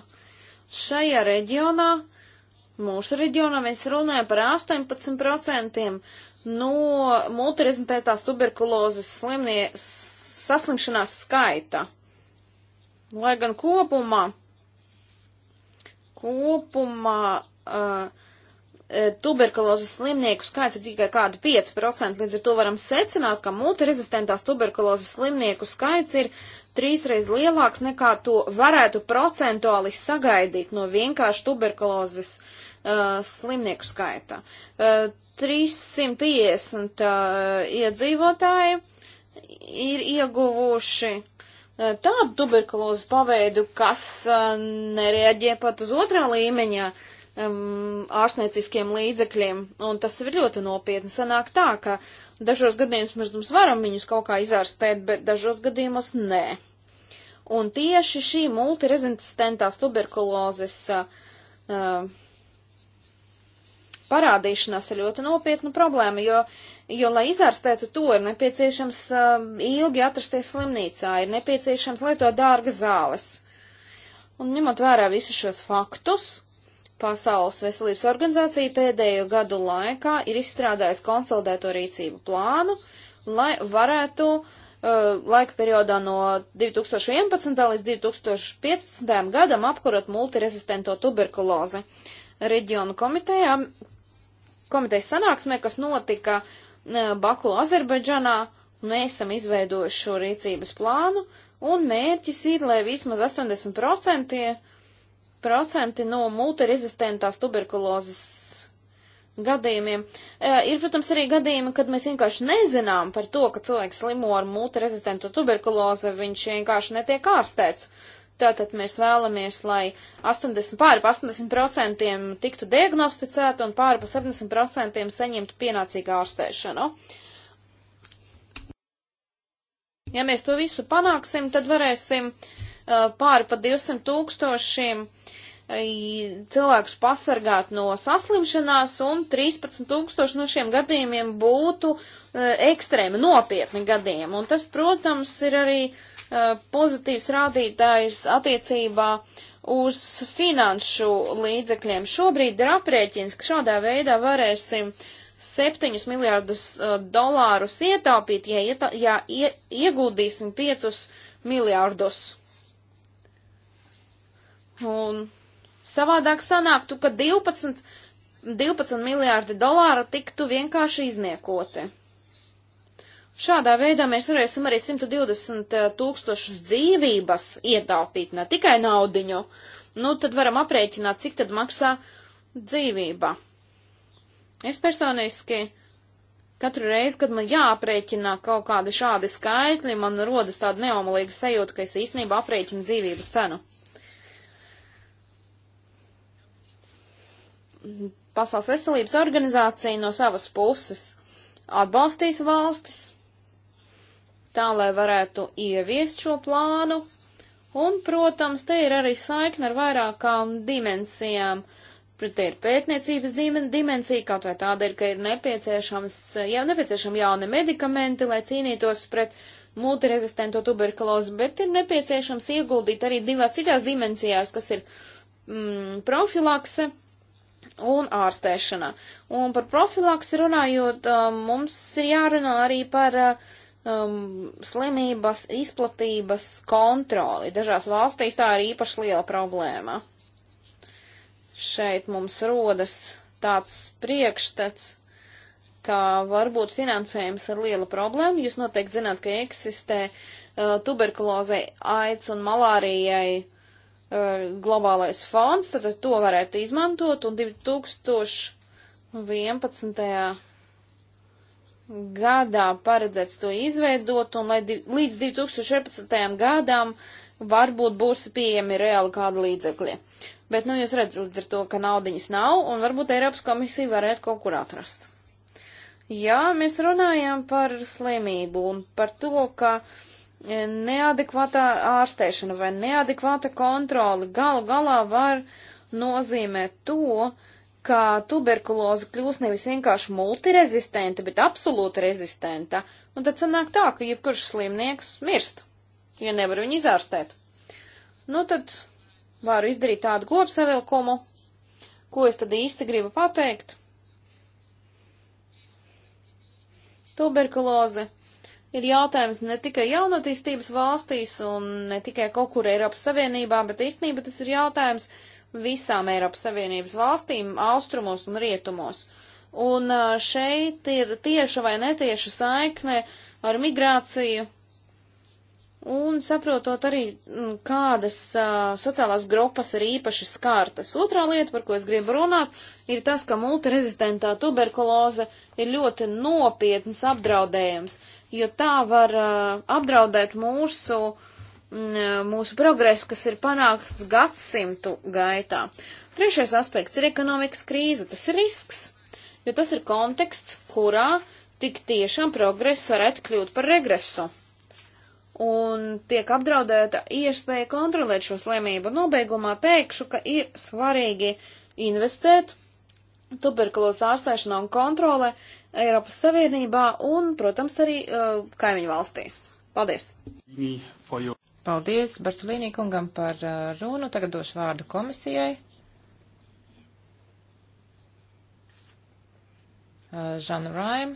Šajā reģionā, mūsu reģionā mēs runājam par 18% no multirezistentās tuberkulozes slimnieks saslimšanās skaita. Lai gan kopumā, kopumā uh, e, tuberkulozes slimnieku skaits ir tikai kādi 5%, līdz ar to varam secināt, ka multirezistentās tuberkulozes slimnieku skaits ir trīsreiz lielāks nekā to varētu procentuāli sagaidīt no vienkārši tuberkulozes uh, e, slimnieku skaita. Uh, 350 uh, iedzīvotāji ir ieguvuši e, tādu tuberkulozes paveidu, kas e, nereaģē pat uz otrā līmeņa um, ārstnieciskiem līdzekļiem, un tas ir ļoti nopietni. Sanāk tā, ka dažos gadījumos mēs mums varam viņus kaut kā izārstēt, bet dažos gadījumos nē. Un tieši šī multirezistentās tuberkulozes uh, parādīšanās ir ļoti nopietna problēma, jo Jo, lai izārstētu to, ir nepieciešams uh, ilgi atrasties slimnīcā, ir nepieciešams lietot dārga zāles. Un ņemot vērā visus šos faktus, Pasaules veselības organizācija pēdējo gadu laikā ir izstrādājusi konsolidēto rīcību plānu, lai varētu uh, laika periodā no 2011. līdz 2015. gadam apkurot multirezistento tuberkulozi. Reģionu komitejā, komitejas sanāksmē, kas notika uh, Baku Azerbaidžanā. Mēs esam izveidojuši šo rīcības plānu, un mērķis ir, lai vismaz 80% procenti no multirezistentās tuberkulozes gadījumiem. Ir, protams, arī gadījumi, kad mēs vienkārši nezinām par to, ka cilvēks slimo ar multirezistentu tuberkulozi, viņš vienkārši netiek ārstēts. Tātad mēs vēlamies, lai 80, pāri pa 80% tiktu diagnosticēti un pāri pa 70% saņemtu pienācīgu ārstēšanu. Ja mēs to visu panāksim, tad varēsim uh, pāri pa 200 tūkstošiem cilvēkus pasargāt no saslimšanās, un 13 tūkstoši no šiem gadījumiem būtu uh, ekstrēmi nopietni gadījumi. Un tas, protams, ir arī uh, Eh, pozitīvs rādītājs attiecībā uz finanšu līdzekļiem. Šobrīd ir aprēķins, ka šādā veidā varēsim 7 miljārdus eh, dolārus ietaupīt, ja, ieta, ja ie, ieguldīsim 5 miljārdus. Un savādāk sanāktu, ka 12, 12 miljārdi dolāru tiktu vienkārši izniekoti. Šādā veidā mēs varēsim arī 120 eh, tūkstošus dzīvības ietaupīt, ne tikai naudiņu. Nu, tad varam aprēķināt, cik tad maksā dzīvība. Es personiski katru reizi, kad man jāaprēķina kaut kādi šādi skaitļi, man rodas tāda neomalīga sajūta, ka es īstenībā aprēķinu dzīvības cenu. Pasaules veselības organizācija no savas puses atbalstīs valstis, tā lai varētu ieviest šo plānu. Un, protams, te ir arī saikna ar vairākām dimensijām. Te ir pētniecības dimensija, kaut vai tādēļ, ka ir nepieciešams, jā, nepieciešami jauni medikamenti, lai cīnītos pret multirezistento tuberkulozi, bet ir nepieciešams ieguldīt arī divās citās dimensijās, kas ir mm, profilakse un ārstēšana. Un par profilaksi runājot, um, mums ir jārunā arī par uh, um, slimības izplatības kontroli. Dažās valstīs tā ir īpaši liela problēma. Šeit mums rodas tāds priekšstats, ka varbūt finansējums ir liela problēma. Jūs noteikti zināt, ka eksistē uh, tuberkulozei, aids un malārijai uh, globālais fonds, tad to varētu izmantot un 2011 gadā paredzēts to izveidot, un lai di, līdz 2014. gadam varbūt būs pieejami reāli kādi līdzekļi. Bet, nu, jūs redzat līdz ar to, ka naudiņas nav, un varbūt Eiropas komisija varētu kaut kur atrast. Jā, mēs runājam par slimību un par to, ka e, neadekvātā ārstēšana vai neadekvāta kontroli galu galā var nozīmēt to, uh, ka tuberkuloze kļūst nevis vienkārši multirezistenta, bet absolūti rezistenta, un tad sanāk tā, ka jebkurš slimnieks mirst, ja nevar viņu izārstēt. Nu tad varu izdarīt tādu globsavilkumu, ko es tad īsti gribu pateikt. Tuberkuloze ir jautājums ne tikai jaunatīstības valstīs un ne tikai kaut kur Eiropas Savienībā, bet īstenībā tas ir jautājums, uh, visām Eiropas Savienības valstīm, austrumos un rietumos. Un šeit ir tieša vai netieša saikne ar migrāciju un saprotot arī, mm, kādas uh, sociālās grupas ir īpaši skārtas. Otrā lieta, par ko es gribu runāt, ir tas, ka multirezistentā tuberkuloze ir ļoti nopietns apdraudējums, jo tā var uh, apdraudēt mūsu uh, Mm, mūsu progresu, kas ir panākts gadsimtu gaitā. Trešais aspekts ir ekonomikas krīze. Tas ir risks, jo tas ir konteksts, kurā tik tiešām progress varētu kļūt par regresu. Un tiek apdraudēta iespēja kontrolēt šo slimību. Nobeigumā teikšu, ka ir svarīgi investēt tuberkulos ārstēšanā un kontrolē Eiropas Savienībā un, protams, arī uh, kaimiņu valstīs. Paldies! Paldies Bartulīnī kungam par uh, runu. Tagad došu vārdu komisijai. Uh, Žanu Raim uh,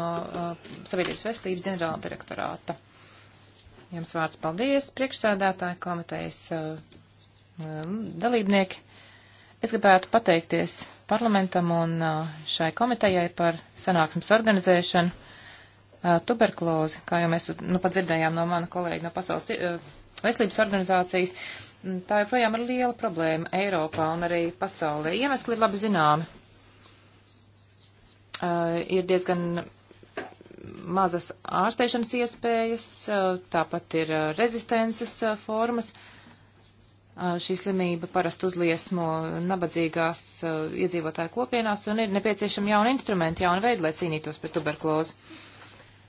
no Sabiedrības veselības ģenerāla direktorāta. Jums vārds paldies, priekšsēdētāji, komitejas um, dalībnieki. Es gribētu pateikties parlamentam un šai komitejai par sanāksmes organizēšanu tuberkulozi, kā jau mēs nu, pat dzirdējām no mana kolēģa no Pasaules veselības organizācijas, tā joprojām ir liela problēma Eiropā un arī pasaulē. Iemesli ir labi zināmi. Uh, ir diezgan mazas ārstēšanas iespējas, uh, tāpat ir uh, rezistences formas. Šī slimība parasti uzliesmo nabadzīgās iedzīvotāju kopienās un ir nepieciešama jauna instrumenta, jauna veida, lai cīnītos pret tuberkulozi.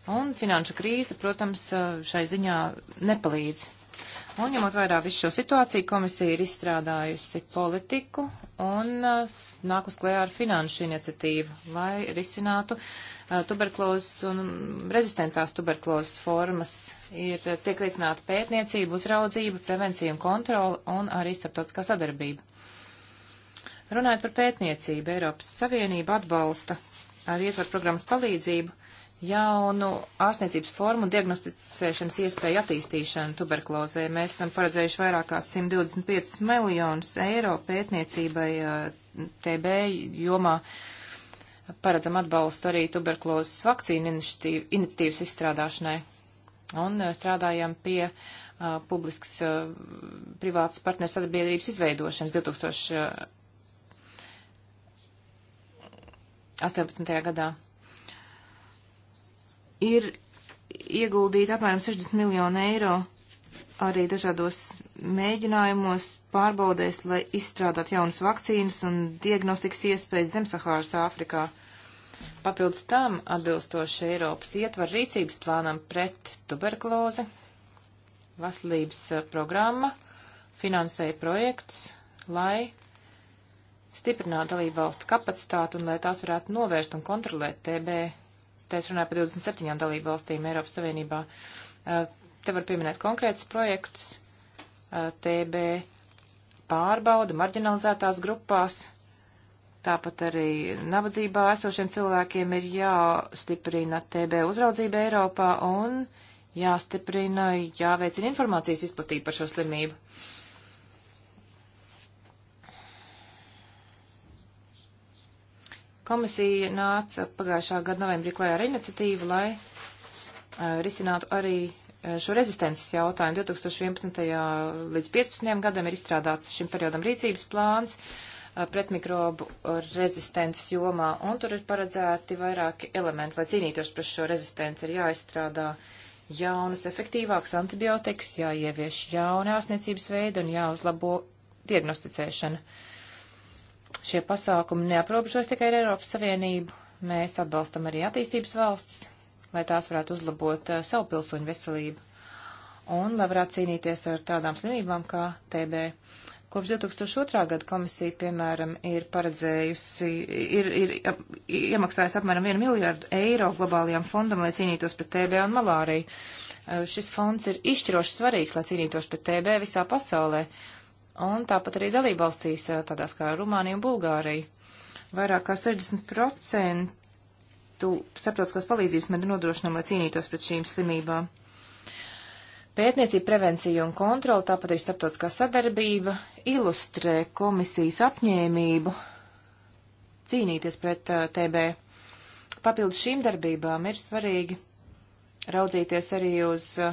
Un finanšu krīze, protams, šai ziņā nepalīdz. Un ņemot vairāk visu šo situāciju, komisija ir izstrādājusi politiku un nākus klējā ar finanšu iniciatīvu, lai risinātu tuberkulozes un rezistentās tuberkulozes formas. Ir tiek veicināta pētniecība, uzraudzība, prevencija un kontrola un arī starptautiskā sadarbība. Runājot par pētniecību, Eiropas Savienība atbalsta ar ietvaru programmas palīdzību jaunu ārstniecības formu un diagnosticēšanas iespēju attīstīšanu tuberkulozē. Mēs esam paredzējuši vairākās 125 miljonus eiro pētniecībai eh, TB jomā. Paredzam atbalstu arī tuberkulozes vakcīnu iniciatīvas izstrādāšanai. Un eh, strādājam pie uh, eh, publisks uh, privātas partneru sadarbiedrības izveidošanas 2018. gadā ir ieguldīti apmēram 60 miljonu eiro arī dažādos mēģinājumos, pārbaudēs, lai izstrādāt jaunas vakcīnas un diagnostikas iespējas Zemsahāras Āfrikā. Papildus tam, atbilstoši Eiropas ietvar rīcības plānam pret tuberkulozi, veselības eh, programma finansēja projektus, lai stiprinātu dalību valstu kapacitātu un lai tās varētu novērst un kontrolēt TB tā es runāju par 27 dalību valstīm Eiropas Savienībā. Te var pieminēt konkrētus projektus, TB pārbauda marginalizētās grupās, tāpat arī nabadzībā esošiem cilvēkiem ir jāstiprina TB uzraudzība Eiropā un jāstiprina, jāveicina informācijas izplatība par šo slimību. Uh, Komisija nāca pagājušā gada novembrī klajā ar iniciatīvu, lai uh, risinātu arī eh, šo rezistences jautājumu. 2011. līdz 2015. gadam ir izstrādāts šim periodam rīcības plāns uh, pretmikrobu rezistences jomā, un tur ir paredzēti vairāki elementi, lai cīnītos par šo rezistenci, ir jāizstrādā jaunas, efektīvākas antibiotikas, jāievieš jauni ārstniecības veidi un jāuzlabo diagnosticēšana. Uh, Šie pasākumi neaprobežojas tikai ar Eiropas Savienību. Mēs atbalstam arī attīstības valsts, lai tās varētu uzlabot uh, savu pilsoņu veselību un lai varētu cīnīties ar tādām slimībām kā TB. Kopš 2002. gada komisija, piemēram, ir paredzējusi, ir, ir iemaksājusi apmēram 1 miljārdu eiro globālajām fondam, lai cīnītos pret TB un malāriju. Eh, šis fonds ir izšķiroši svarīgs, lai cīnītos pret TB visā pasaulē. Uh, un tāpat arī dalībvalstīs, tādās kā Rumānija un Bulgārija. Vairāk kā 60% starptautiskās palīdzības mēs nodrošinām, lai cīnītos pret šīm slimībām. Pētniecība, prevencija un kontrola, tāpat arī starptautiskā sadarbība ilustrē komisijas apņēmību cīnīties pret uh, TB. Papildus šīm darbībām ir svarīgi raudzīties arī uz uh,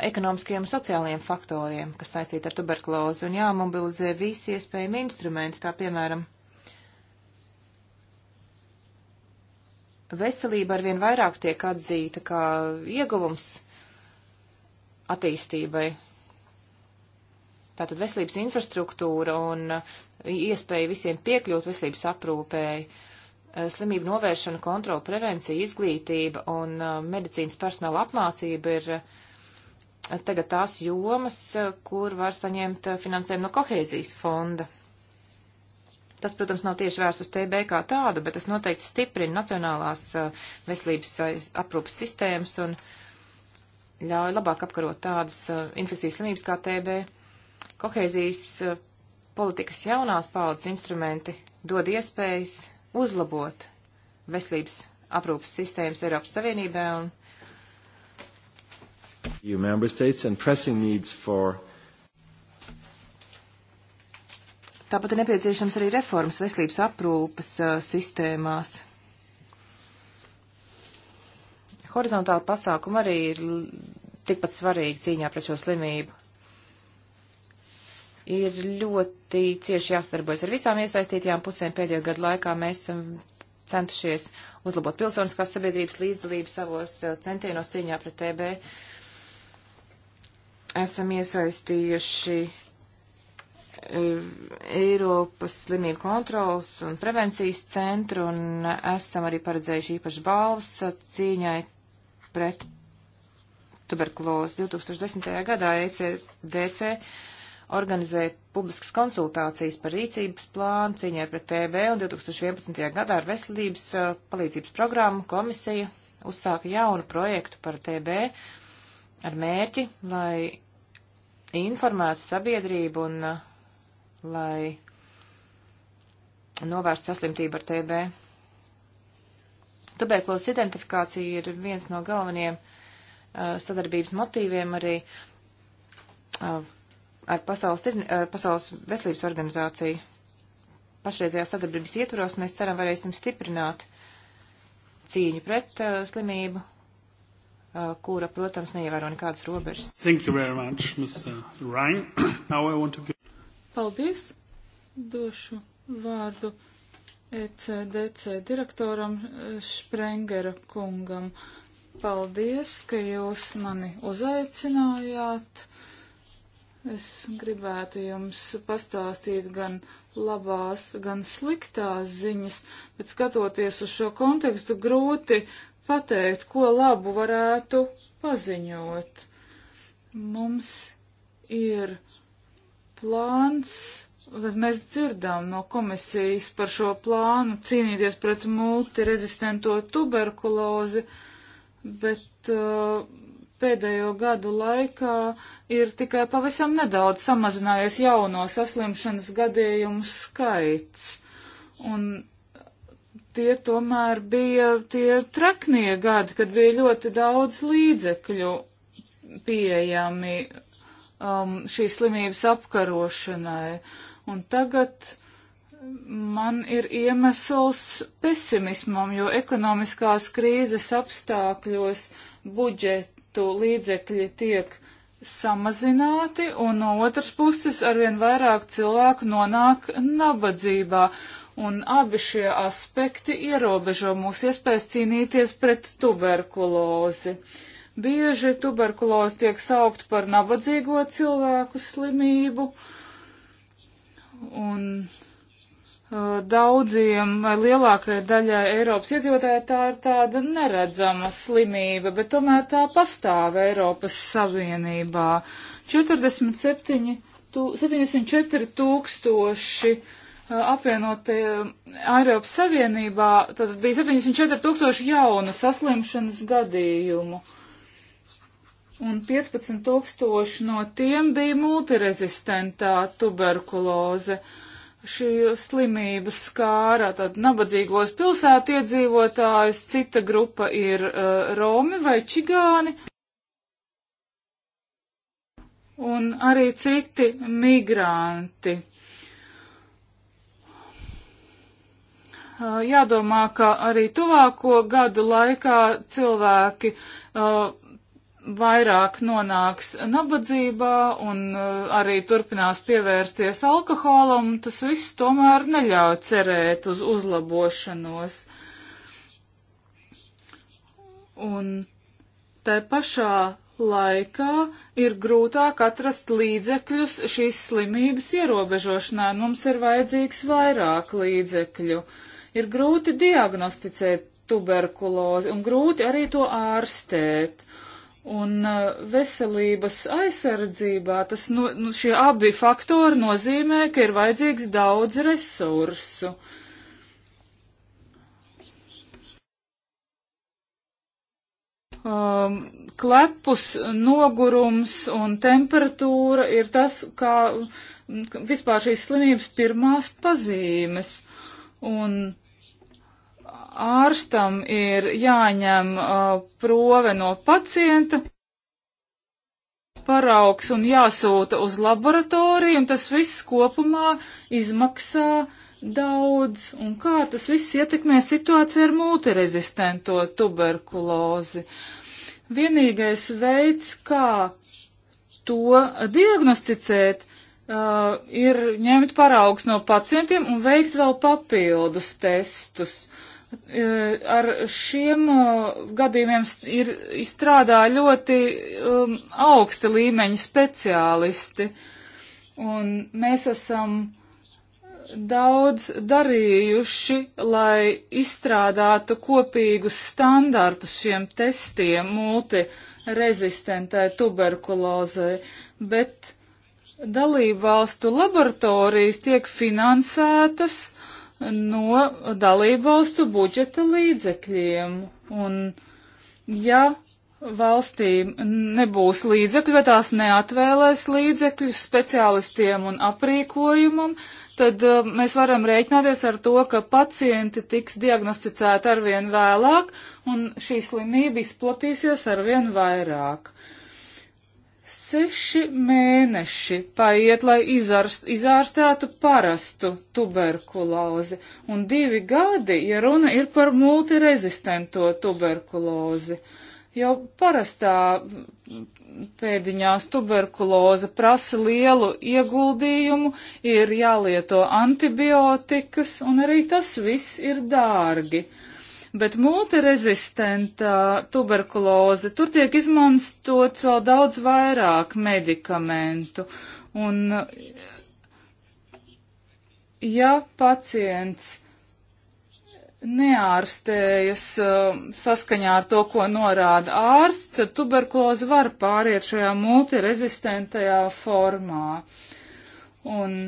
ekonomiskajiem un sociālajiem faktoriem, kas saistīti ar tuberkulozi, un jāmobilizē visi iespējami instrumenti, tā piemēram, veselība arvien vairāk tiek atzīta kā ieguvums attīstībai. Tātad veselības infrastruktūra un iespēja visiem piekļūt veselības aprūpēji, eh, slimību novēršana, kontrola, prevencija, izglītība un eh, medicīnas personāla apmācība ir uh, tagad tās jomas, eh, kur var saņemt eh, finansējumu no kohēzijas fonda. Tas, protams, nav tieši vērsts uz TB kā tādu, bet tas noteikti stiprina nacionālās eh, veselības aprūpas sistēmas un ļauj labāk apkarot tādas infekcijas slimības kā TB. Kohēzijas politikas jaunās paudzes instrumenti dod iespējas uzlabot veselības aprūpas sistēmas Eiropas Savienībā un EU member states and pressing needs for Tāpat ir nepieciešams arī reformas veselības aprūpas uh, sistēmās. Horizontāla pasākuma arī ir tikpat svarīga cīņā pret šo slimību. Ir ļoti cieši jāstarbojas ar visām iesaistītajām pusēm. Pēdējo gadu laikā mēs esam centušies uzlabot pilsoniskās sabiedrības līdzdalību savos centienos cīņā pret TB. Uh, esam iesaistījuši eh, Eiropas slimību kontrolas un prevencijas centru un esam arī paredzējuši īpašu balvas cīņai pret tuberkulozi. 2010. gadā ECDC organizēja publiskas konsultācijas par rīcības plānu cīņai pret TB un 2011. gadā ar veselības eh, palīdzības programmu komisija uzsāka jaunu projektu par TB ar mērķi, lai informētu sabiedrību un uh, lai novērstu saslimtību ar TB. Tuberkulos identifikācija ir viens no galvenajiem uh, sadarbības motīviem arī uh, ar Pasaules, uh, pasaules veselības organizāciju. Pašreizajā sadarbības ietvaros mēs ceram varēsim stiprināt cīņu pret uh, slimību Uh, kura, protams, neievēro nekādas robežas. Thank you very much, Mr. Ryan. [CLEARS THROAT] Now I want to give... Paldies. Došu vārdu ECDC direktoram eh, Sprengera kungam. Paldies, ka jūs mani uzaicinājāt. Es gribētu jums pastāstīt gan labās, gan sliktās ziņas, bet skatoties uz šo kontekstu, grūti pateikt, ko labu varētu paziņot. Mums ir plāns, kas mēs dzirdām no komisijas par šo plānu cīnīties pret multirezistento tuberkulozi, bet uh, pēdējo gadu laikā ir tikai pavisam nedaudz samazinājies jauno saslimšanas gadījumu skaits. Un tie tomēr bija tie traknie gadi, kad bija ļoti daudz līdzekļu pieejami um, šīs slimības apkarošanai. Un tagad man ir iemesls pesimismam, jo ekonomiskās krīzes apstākļos budžetu līdzekļi tiek samazināti, un no otras puses arvien vairāk cilvēku nonāk nabadzībā un abi šie aspekti ierobežo mūsu iespējas cīnīties pret tuberkulozi. Bieži tuberkulozi tiek saukt par nabadzīgo cilvēku slimību, un uh, daudziem vai lielākajai daļai Eiropas iedzīvotāji tā ir tāda neredzama slimība, bet tomēr tā pastāv Eiropas Savienībā. 47, tū, 74 tūkstoši Eh, apvienoti eh, Eiropas Savienībā, tad bija 74 tūkstoši jaunu saslimšanas gadījumu. Un 15 tūkstoši no tiem bija multirezistentā tuberkuloze. Šī slimība skāra tad nabadzīgos pilsētu iedzīvotājus, cita grupa ir uh, Romi vai Čigāni. Un arī citi migranti. Eh, jādomā, ka arī tuvāko gadu laikā cilvēki uh, vairāk nonāks nabadzībā un uh, arī turpinās pievērsties alkoholam, tas viss tomēr neļauj cerēt uz uzlabošanos. Un tai pašā laikā ir grūtāk atrast līdzekļus šīs slimības ierobežošanai, un mums ir vajadzīgs vairāk līdzekļu. Uh, Ir grūti diagnosticēt tuberkulozi un grūti arī to ārstēt. Un uh, veselības aizsardzībā tas, nu, nu, šie abi faktori nozīmē, ka ir vajadzīgs daudz resursu. um, klepus, nogurums un temperatūra ir tas, kā vispār šīs slimības pirmās pazīmes. Un ārstam ir jāņem uh, prove no pacienta, paraugs un jāsūta uz laboratoriju, un tas viss kopumā izmaksā daudz, un kā tas viss ietekmē situāciju ar multirezistento tuberkulozi. Vienīgais veids, kā to diagnosticēt, uh, ir ņemt paraugs no pacientiem un veikt vēl papildus testus. Uh, E, ar šiem gadījumiem ir izstrādā ļoti um, augsta līmeņa speciālisti, un mēs esam daudz darījuši, lai izstrādātu kopīgus standartus šiem testiem multirezistentai tuberkulozai, bet dalībvalstu laboratorijas tiek finansētas, no dalībvalstu budžeta līdzekļiem. Un ja valstīm nebūs līdzekļu, vai tās neatvēlēs līdzekļus speciālistiem un aprīkojumam, tad uh, mēs varam rēķināties ar to, ka pacienti tiks diagnosticēti arvien vēlāk un šī slimība izplatīsies arvien vairāk. Seši mēneši paiet, lai izarst, izārstētu parastu tuberkulozi, un divi gadi, ja runa ir par multirezistento tuberkulozi. Jau parastā pēdiņās tuberkuloze prasa lielu ieguldījumu, ir jālieto antibiotikas, un arī tas viss ir dārgi. Uh, bet multirezistenta tuberkuloze, tur tiek izmantots vēl daudz vairāk medikamentu. Un ja pacients neārstējas um, saskaņā ar to, ko norāda ārsts, tad tuberkuloze var pāriet šajā multirezistentajā formā. Un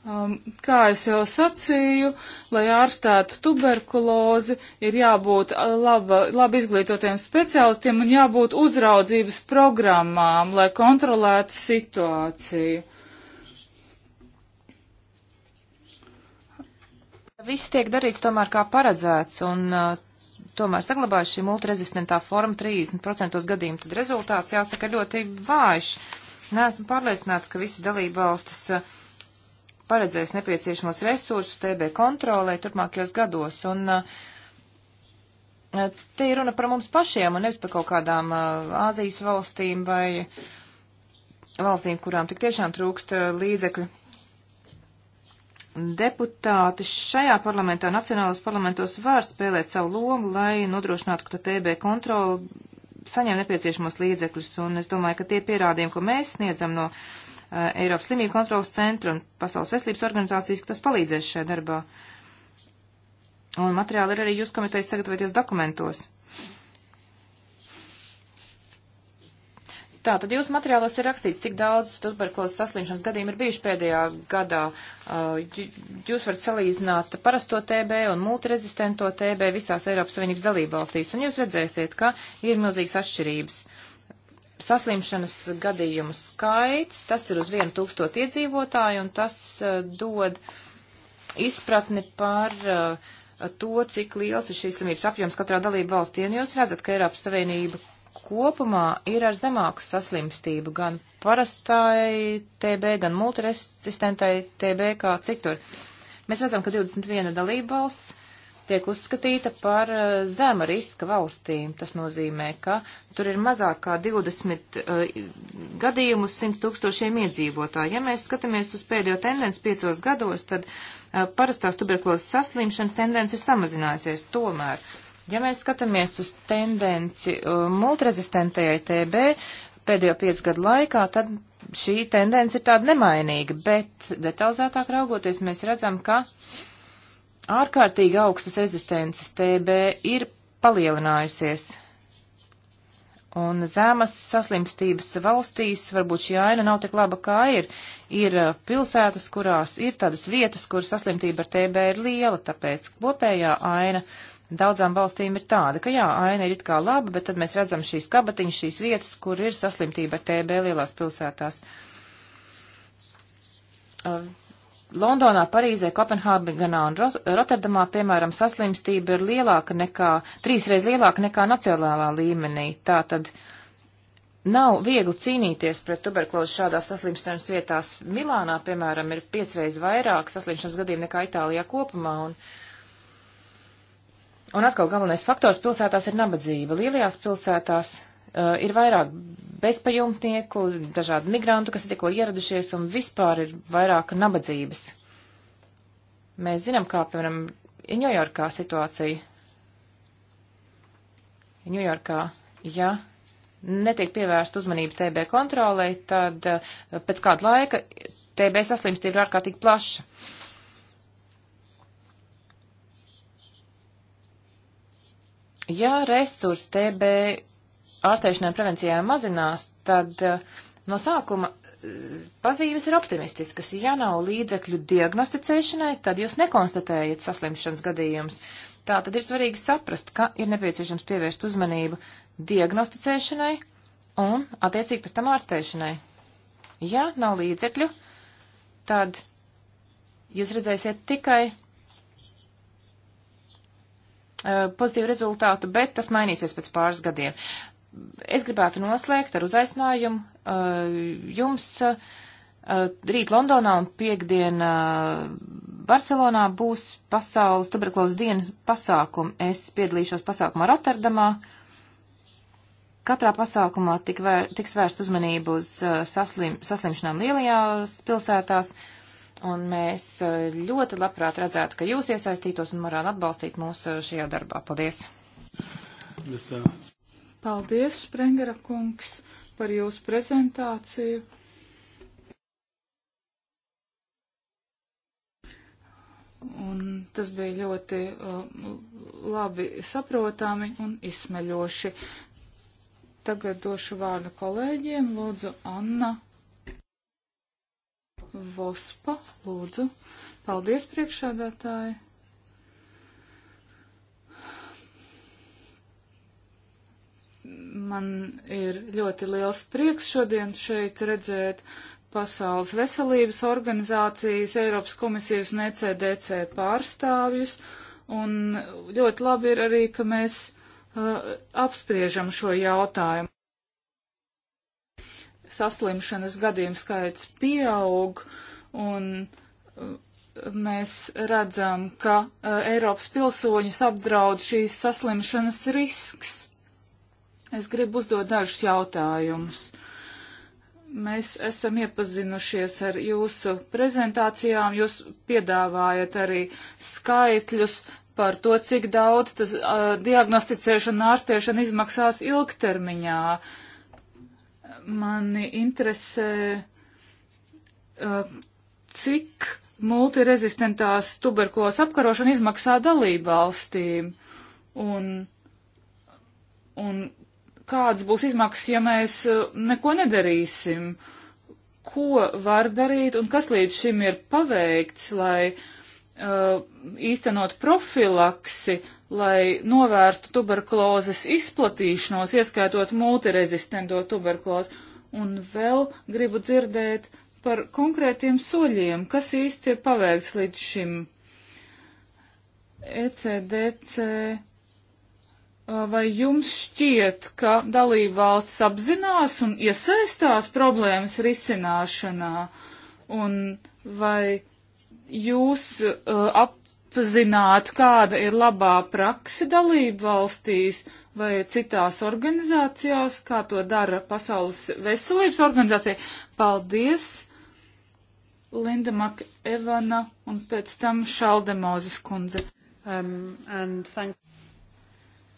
Um, kā es jau sacīju, lai ārstētu tuberkulozi, ir jābūt uh, laba, labi izglītotiem speciālistiem un jābūt uzraudzības programmām, lai kontrolētu situāciju. Viss tiek darīts tomēr kā paredzēts, un uh, tomēr saglabājas šī multirezistentā forma 30% gadījumu, tad rezultāts jāsaka ļoti vājš. Nē, esmu pārliecināts, ka visas dalībvalstis uh, paredzējis nepieciešamos resursus TB kontrolē turpmākajos gados. Un eh, te ir runa par mums pašiem un nevis par kaut kādām eh, Āzijas valstīm vai valstīm, kurām tik tiešām trūkst eh, līdzekļu. Deputāti šajā parlamentā, nacionālās parlamentos var spēlēt savu lomu, lai nodrošinātu, ka TB kontrola saņem nepieciešamos līdzekļus, un es domāju, ka tie pierādījumi, ko mēs sniedzam no uh, Eh, Eiropas slimību kontrolas centru un Pasaules veselības organizācijas, ka tas palīdzēs šajā darbā. Un materiāli ir arī jūs komitejas sagatavoties dokumentos. Tā, tad jūsu materiālos ir rakstīts, cik daudz tuberkulozes saslimšanas gadījumu ir bijuši pēdējā gadā. Eh, jūs varat salīdzināt parasto TB un multirezistento TB visās Eiropas Savienības dalībvalstīs, un jūs redzēsiet, ka ir milzīgas atšķirības saslimšanas gadījumu skaits, tas ir uz vienu tūkstotu iedzīvotāju, un tas uh, dod izpratni par uh, to, cik liels ir šīs slimības apjoms katrā dalība valstī. Un jūs redzat, ka Eiropas Savienība kopumā ir ar zemāku saslimstību gan parastai TB, gan multiresistentai TB kā citur. Mēs redzam, ka 21 dalība valsts tiek uzskatīta par uh, zema riska valstīm. Tas nozīmē, ka tur ir mazāk kā 20 uh, gadījumu uz 100 tūkstošiem iedzīvotāju. Ja mēs skatāmies uz pēdējo tendenci piecos gados, tad uh, parastās tuberkulozes saslimšanas tendence ir samazinājusies tomēr. Ja mēs skatāmies uz tendenci uh, multirezistentajai TB pēdējo piecu gadu laikā, tad šī tendence ir tāda nemainīga, bet detalizētāk raugoties mēs redzam, ka uh, ārkārtīgi augstas rezistences TB ir palielinājusies. Un zemas saslimstības valstīs varbūt šī aina nav tik laba, kā ir. Ir uh, pilsētas, kurās ir tādas vietas, kur saslimtība ar TB ir liela, tāpēc kopējā aina daudzām valstīm ir tāda, ka jā, aina ir it kā laba, bet tad mēs redzam šīs kabatiņas, šīs vietas, kur ir saslimtība ar TB lielās pilsētās. Uh, Londonā, Parīzē, Kopenhāgenā un Rotterdamā, piemēram, saslimstība ir lielāka nekā, trīsreiz lielāka nekā nacionālā līmenī. Tātad nav viegli cīnīties pret tuberkulozi šādās saslimšanas vietās. Milānā, piemēram, ir piecreiz vairāk saslimšanas gadījumu nekā Itālijā kopumā. Un, un atkal galvenais faktors pilsētās ir nabadzība. Lielajās pilsētās Eh, ir vairāk bezpajumtnieku, dažādu migrantu, kas ir tikko ieradušies, un vispār ir vairāk nabadzības. Mēs zinām, kā, piemēram, ir Ņujorkā situācija. Ņujorkā, ja netiek pievērsta uzmanība TB kontrolei, tad eh, pēc kāda laika TB saslimstība ir ārkārtīgi plaša. Ja resursi TB ārstēšanai un prevencijai mazinās, tad eh, no sākuma pazīmes ir optimistiskas. Ja nav līdzekļu diagnosticēšanai, tad jūs nekonstatējat saslimšanas gadījumus. Tā tad ir svarīgi saprast, ka ir nepieciešams pievērst uzmanību diagnosticēšanai un, attiecīgi, pēc tam ārstēšanai. Ja nav līdzekļu, tad jūs redzēsiet tikai uh, pozitīvu rezultātu, bet tas mainīsies pēc pāris gadiem es gribētu noslēgt ar uzaicinājumu uh, jums uh, rīt Londonā un piekdien uh, Barcelonā būs pasaules tuberkulozes dienas pasākumi. Es piedalīšos pasākumā Rotterdamā. Katrā pasākumā tik vēr, tiks vērst uzmanību uz uh, saslim, saslimšanām lielajās pilsētās, un mēs uh, ļoti labprāt redzētu, ka jūs iesaistītos un morāli atbalstītu mūs uh, šajā darbā. Paldies! Mr. Paldies, Sprengera kungs, par jūsu prezentāciju. Un tas bija ļoti uh, labi saprotami un izsmeļoši. Tagad došu vārdu kolēģiem. Lūdzu, Anna Vospa, lūdzu. Paldies, priekšādātāji! man ir ļoti liels prieks šodien šeit redzēt Pasaules veselības organizācijas, Eiropas komisijas un ECDC pārstāvjus. Un ļoti labi ir arī, ka mēs uh, apspriežam šo jautājumu. Saslimšanas gadījumu skaits pieaug un uh, mēs redzam, ka uh, Eiropas pilsoņus apdraud šīs saslimšanas risks Es gribu uzdot dažus jautājumus. Mēs esam iepazinušies ar jūsu prezentācijām. Jūs piedāvājat arī skaitļus par to, cik daudz tas uh, diagnosticēšana, ārstēšana izmaksās ilgtermiņā. Mani interesē, uh, cik multirezistentās tuberkulos apkarošana izmaksā dalībvalstīm un, un kādas būs izmaksas, ja mēs uh, neko nedarīsim, ko var darīt un kas līdz šim ir paveikts, lai uh, īstenot profilaksi, lai novērstu tuberkulozes izplatīšanos, ieskaitot multirezistento tuberkulozi. Un vēl gribu dzirdēt par konkrētiem soļiem, kas īsti ir paveikts līdz šim. ECDC Uh, vai jums šķiet, ka dalībvalsts apzinās un iesaistās problēmas risināšanā? Un vai jūs uh, apzināt, kāda ir labā praksa dalībvalstīs vai citās organizācijās, kā to dara Pasaules veselības organizācija? Paldies, Linda Mak Evana un pēc tam Šaldemozes kundze. Um,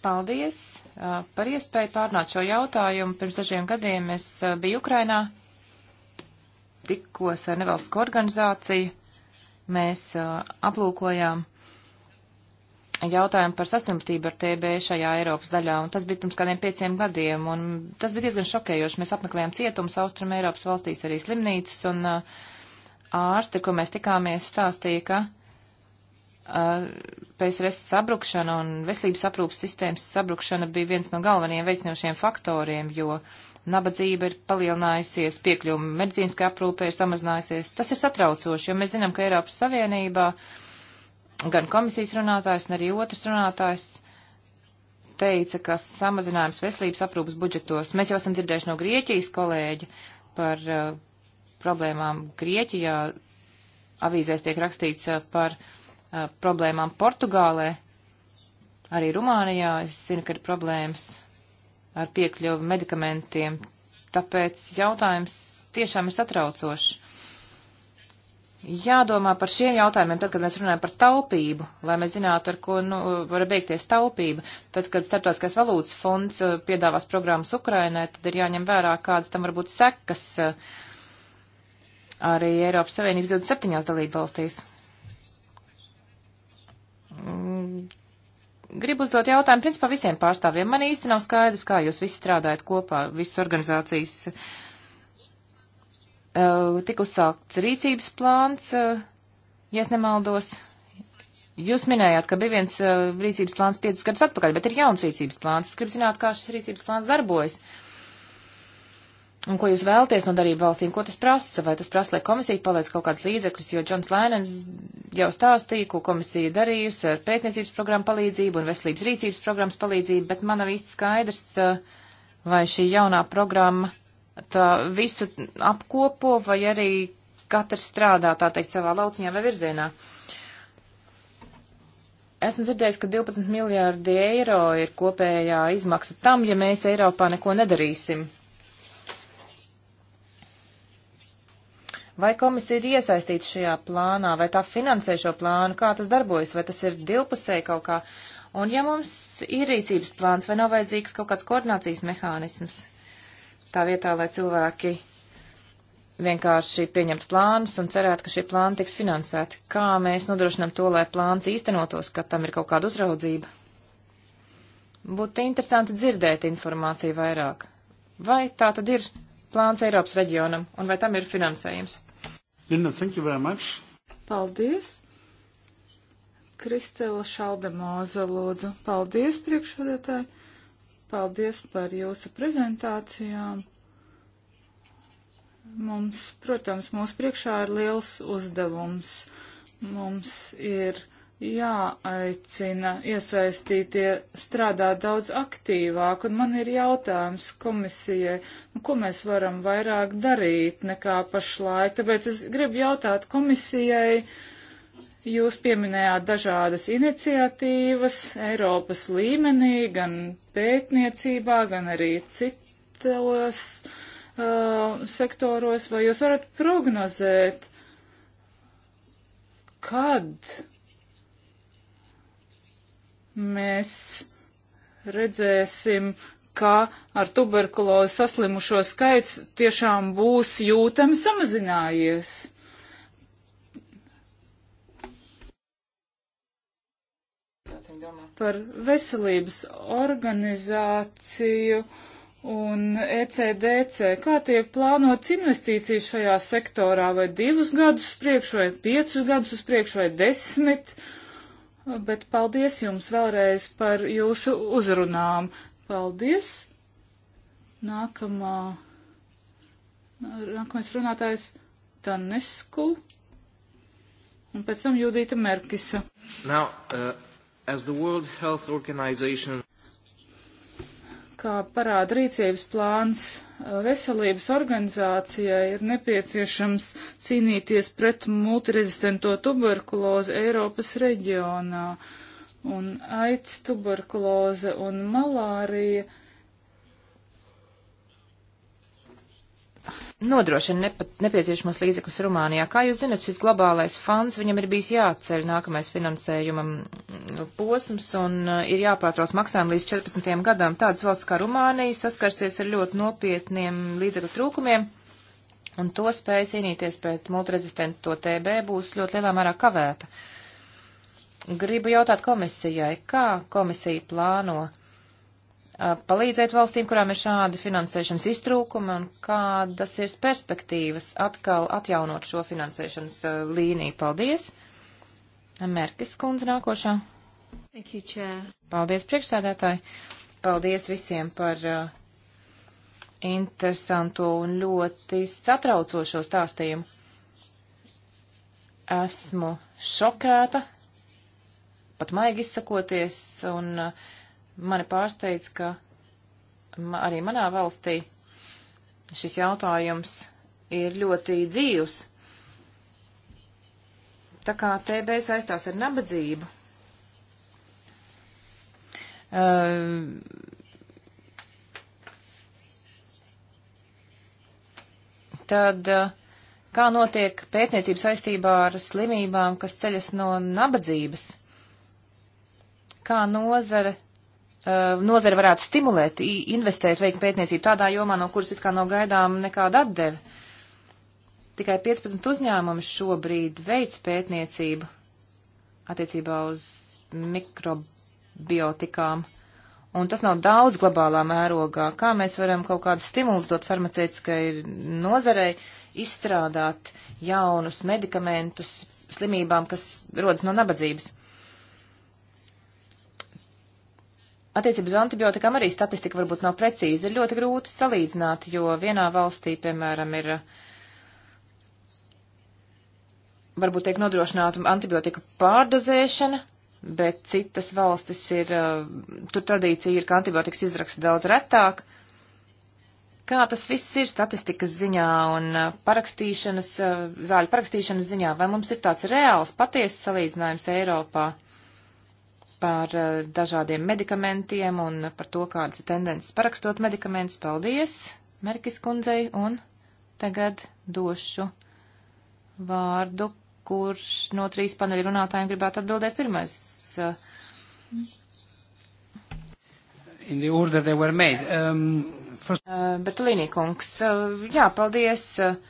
Paldies par iespēju pārnāt šo jautājumu. Pirms dažiem gadiem es biju Ukrainā, tikos ar nevalstisko organizāciju. Mēs aplūkojām jautājumu par saslimstību ar TB šajā Eiropas daļā, un tas bija pirms kādiem pieciem gadiem, un tas bija diezgan šokējoši. Mēs apmeklējām cietums Austrum Eiropas valstīs arī slimnīcas, un ārsti, ko mēs tikāmies, stāstīja, ka PSRS sabrukšana un veselības aprūpas sistēmas sabrukšana bija viens no galvenajiem veicinošiem faktoriem, jo nabadzība ir palielinājusies, piekļuma medicīniskai aprūpē ir samazinājusies. Tas ir satraucoši, jo mēs zinām, ka Eiropas Savienībā gan komisijas runātājs, gan arī otrs runātājs teica, ka samazinājums veselības aprūpas budžetos, mēs jau esam dzirdējuši no Grieķijas kolēģi par uh, problēmām Grieķijā, avīzēs tiek rakstīts uh, par uh, Uh, problēmām Portugālē, arī Rumānijā. Es zinu, ka ir problēmas ar piekļuvu medikamentiem, tāpēc jautājums tiešām ir satraucošs. Jādomā par šiem jautājumiem, tad, kad mēs runājam par taupību, lai mēs zinātu, ar ko nu, var beigties taupība. Tad, kad Startautiskais valūtas fonds uh, piedāvās programmas Ukrainai, tad ir jāņem vērā, kādas tam var būt sekas uh, arī Eiropas Savienības 27 dalību valstīs. Mm. Gribu uzdot jautājumu principā visiem pārstāvjiem. Man īsti nav skaidrs, kā jūs visi strādājat kopā, visas organizācijas. Uh, tik uzsākts rīcības plāns, uh, ja es nemaldos. Jūs minējāt, ka bija viens uh, rīcības plāns piecus gadus atpakaļ, bet ir jauns rīcības plāns. Es gribu zināt, kā šis rīcības plāns darbojas. Uh, un ko jūs vēlties no darību valstīm, ko tas prasa, vai tas prasa, lai komisija paliec kaut kādas līdzekļus, jo Džons Lēnens jau stāstīja, ko komisija darījusi ar pētniecības programmu palīdzību un veselības rīcības programmas palīdzību, bet man nav īsti skaidrs, vai šī jaunā programma tā visu apkopo, vai arī katrs strādā, tā teikt, savā lauciņā vai virzienā. Esmu dzirdējis, ka 12 miljārdi eiro ir kopējā izmaksa tam, ja mēs Eiropā neko nedarīsim. Vai komisija ir iesaistīta šajā plānā, vai tā finansē šo plānu, kā tas darbojas, vai tas ir divpusēji kaut kā? Un ja mums ir rīcības plāns, vai nav vajadzīgs kaut kāds koordinācijas mehānisms? Tā vietā, lai cilvēki vienkārši pieņemtu plānus un cerētu, ka šie plāni tiks finansēti. Kā mēs nodrošinām to, lai plāns īstenotos, ka tam ir kaut kāda uzraudzība? Būtu interesanti dzirdēt informāciju vairāk. Vai tā tad ir plāns Eiropas reģionam un vai tam ir finansējums? Linda, thank you very much. Paldies. Kristela Šaldemoza, lūdzu. Paldies, priekšsēdētāji. Paldies par jūsu prezentācijām. Mums, protams, mūsu priekšā ir liels uzdevums. Mums ir jāaicina iesaistītie strādāt daudz aktīvāk, un man ir jautājums komisijai, nu, ko mēs varam vairāk darīt nekā pašlaik, tāpēc es gribu jautāt komisijai, jūs pieminējāt dažādas iniciatīvas Eiropas līmenī, gan pētniecībā, gan arī citos uh, sektoros, vai jūs varat prognozēt, kad mēs redzēsim, ka ar tuberkulozi saslimušo skaits tiešām būs jūtami samazinājies. Par veselības organizāciju un ECDC, kā tiek plānots investīcijas šajā sektorā, vai divus gadus priekš, vai piecus gadus priekš, vai desmit gadus bet paldies jums vēlreiz par jūsu uzrunām. Paldies! Nākamā, nākamais runātājs Tanesku un pēc tam Judīta Merkisa. Now, uh, as the World Health Organization kā parāda rīcības plāns veselības organizācijai, ir nepieciešams cīnīties pret multirezistento tuberkulozi Eiropas reģionā. Un aids, tuberkuloze un malārija nodrošina nepa, nepieciešamos līdzekļus Rumānijā. Kā jūs zinat, šis globālais fonds viņam ir bijis jāceļ nākamais finansējuma mm, posms un uh, ir jāpārtrauc maksājumi līdz 14. gadam. Tādas valsts kā Rumānija saskarsies ar ļoti nopietniem līdzekļu trūkumiem. Un to spēja cīnīties pret multirezistentu TB būs ļoti lielā mērā kavēta. Gribu jautāt komisijai, kā komisija plāno palīdzēt valstīm, kurām ir šādi finansēšanas iztrūkumi un kādas ir perspektīvas atkal atjaunot šo finansēšanas līniju. Paldies! Merkis kundze nākošā. Thank you, chair. Paldies priekšsēdētāji. Paldies visiem par uh, interesanto un ļoti satraucošo stāstījumu. Esmu šokēta, pat maigi izsakoties, un uh, Mani pārsteidz, ka ma, arī manā valstī šis jautājums ir ļoti dzīvs. Tā kā TB saistās ar nabadzību. Um, tad eh, kā notiek pētniecība saistībā ar slimībām, kas ceļas no nabadzības? Kā nozare Eh, nozara varētu stimulēt, investēt, veikt pētniecību tādā jomā, no kuras it kā nav gaidām nekāda atdeve. Tikai 15 uzņēmumi šobrīd veic pētniecību attiecībā uz mikrobiotikām, un tas nav daudz globālā mērogā. Kā mēs varam kaut kādus stimulus dot farmaceitiskai nozarei, izstrādāt jaunus medikamentus slimībām, kas rodas no nabadzības? Attiecībā uz antibiotikām arī statistika varbūt nav precīza, ir ļoti grūti salīdzināt, jo vienā valstī, piemēram, ir varbūt tiek nodrošināta antibiotika pārdozēšana, bet citas valstis ir, tur tradīcija ir, ka antibiotikas izraksta daudz retāk. Kā tas viss ir statistikas ziņā un uh, parakstīšanas, uh, zāļu parakstīšanas ziņā? Vai mums ir tāds reāls, patiesas salīdzinājums Eiropā? par eh, dažādiem medikamentiem un par to, kādas ir tendences parakstot medikamentus. Paldies Merkis kundzei un tagad došu vārdu, kurš no trīs paneļa runātājiem gribētu atbildēt pirmais. In the order they were made. Um, first... Uh, eh, Bertolīnī kungs, uh, jā, paldies. Uh,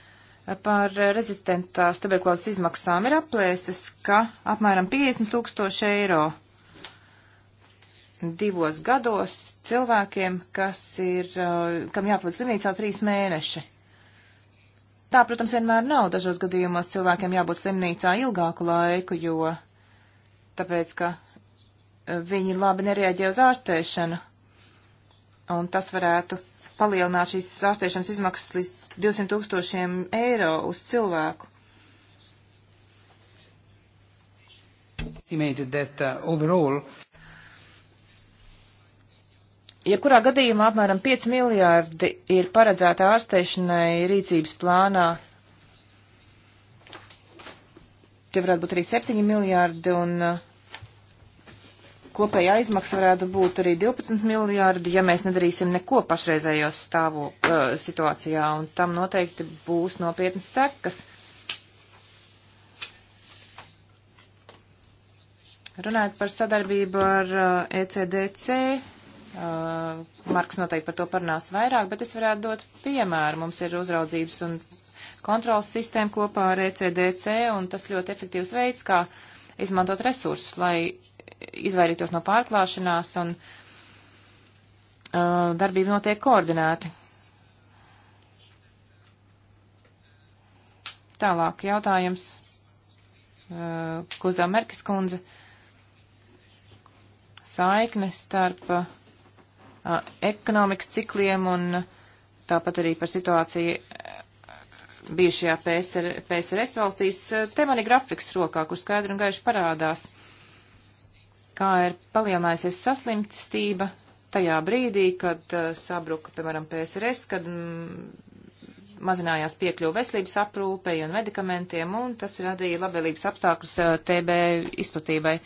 par rezistentās tuberkulozes izmaksām ir aplēses, ka apmēram 50 tūkstoši eiro divos gados cilvēkiem, kas ir, uh, kam jāpavada slimnīcā trīs mēneši. Tā, protams, vienmēr nav. Dažos gadījumos cilvēkiem jābūt slimnīcā ilgāku laiku, jo tāpēc, ka uh, viņi labi nereaģē uz ārstēšanu. Un tas varētu palielināt šīs ārstēšanas izmaksas līdz 200 tūkstošiem eiro uz cilvēku. Estimated that uh, overall uh, Jebkurā gadījumā apmēram 5 miljārdi ir paredzēta ārsteišanai rīcības plānā. Tie varētu būt arī 7 miljārdi un uh, kopējā izmaksa varētu būt arī 12 miljārdi, ja mēs nedarīsim neko pašreizējos stāvo uh, situācijā, un tam noteikti būs nopietnas sekas. Runājot par sadarbību ar uh, ECDC, Uh, Marks noteikti par to parunās vairāk, bet es varētu dot piemēru. Mums ir uzraudzības un kontrolas sistēma kopā ar ECDC, un tas ļoti efektīvs veids, kā izmantot resursus, lai izvairītos no pārklāšanās, un uh, darbība notiek koordinēti. Tālāk jautājums, uh, ko uzdeva Merkis kundze. Saikne starp uh, Uh, ekonomikas cikliem un tāpat arī par situāciju uh, bijušajā PSR, PSRS valstīs. Uh, te man ir grafiks rokā, kur skaidri un gaiši parādās, kā ir palielinājusies saslimstība tajā brīdī, kad uh, sabruka, piemēram, PSRS, kad mm, mazinājās piekļuva veselības aprūpei un medikamentiem, un tas radīja labvēlīgus apstākļus uh, TB izplatībai.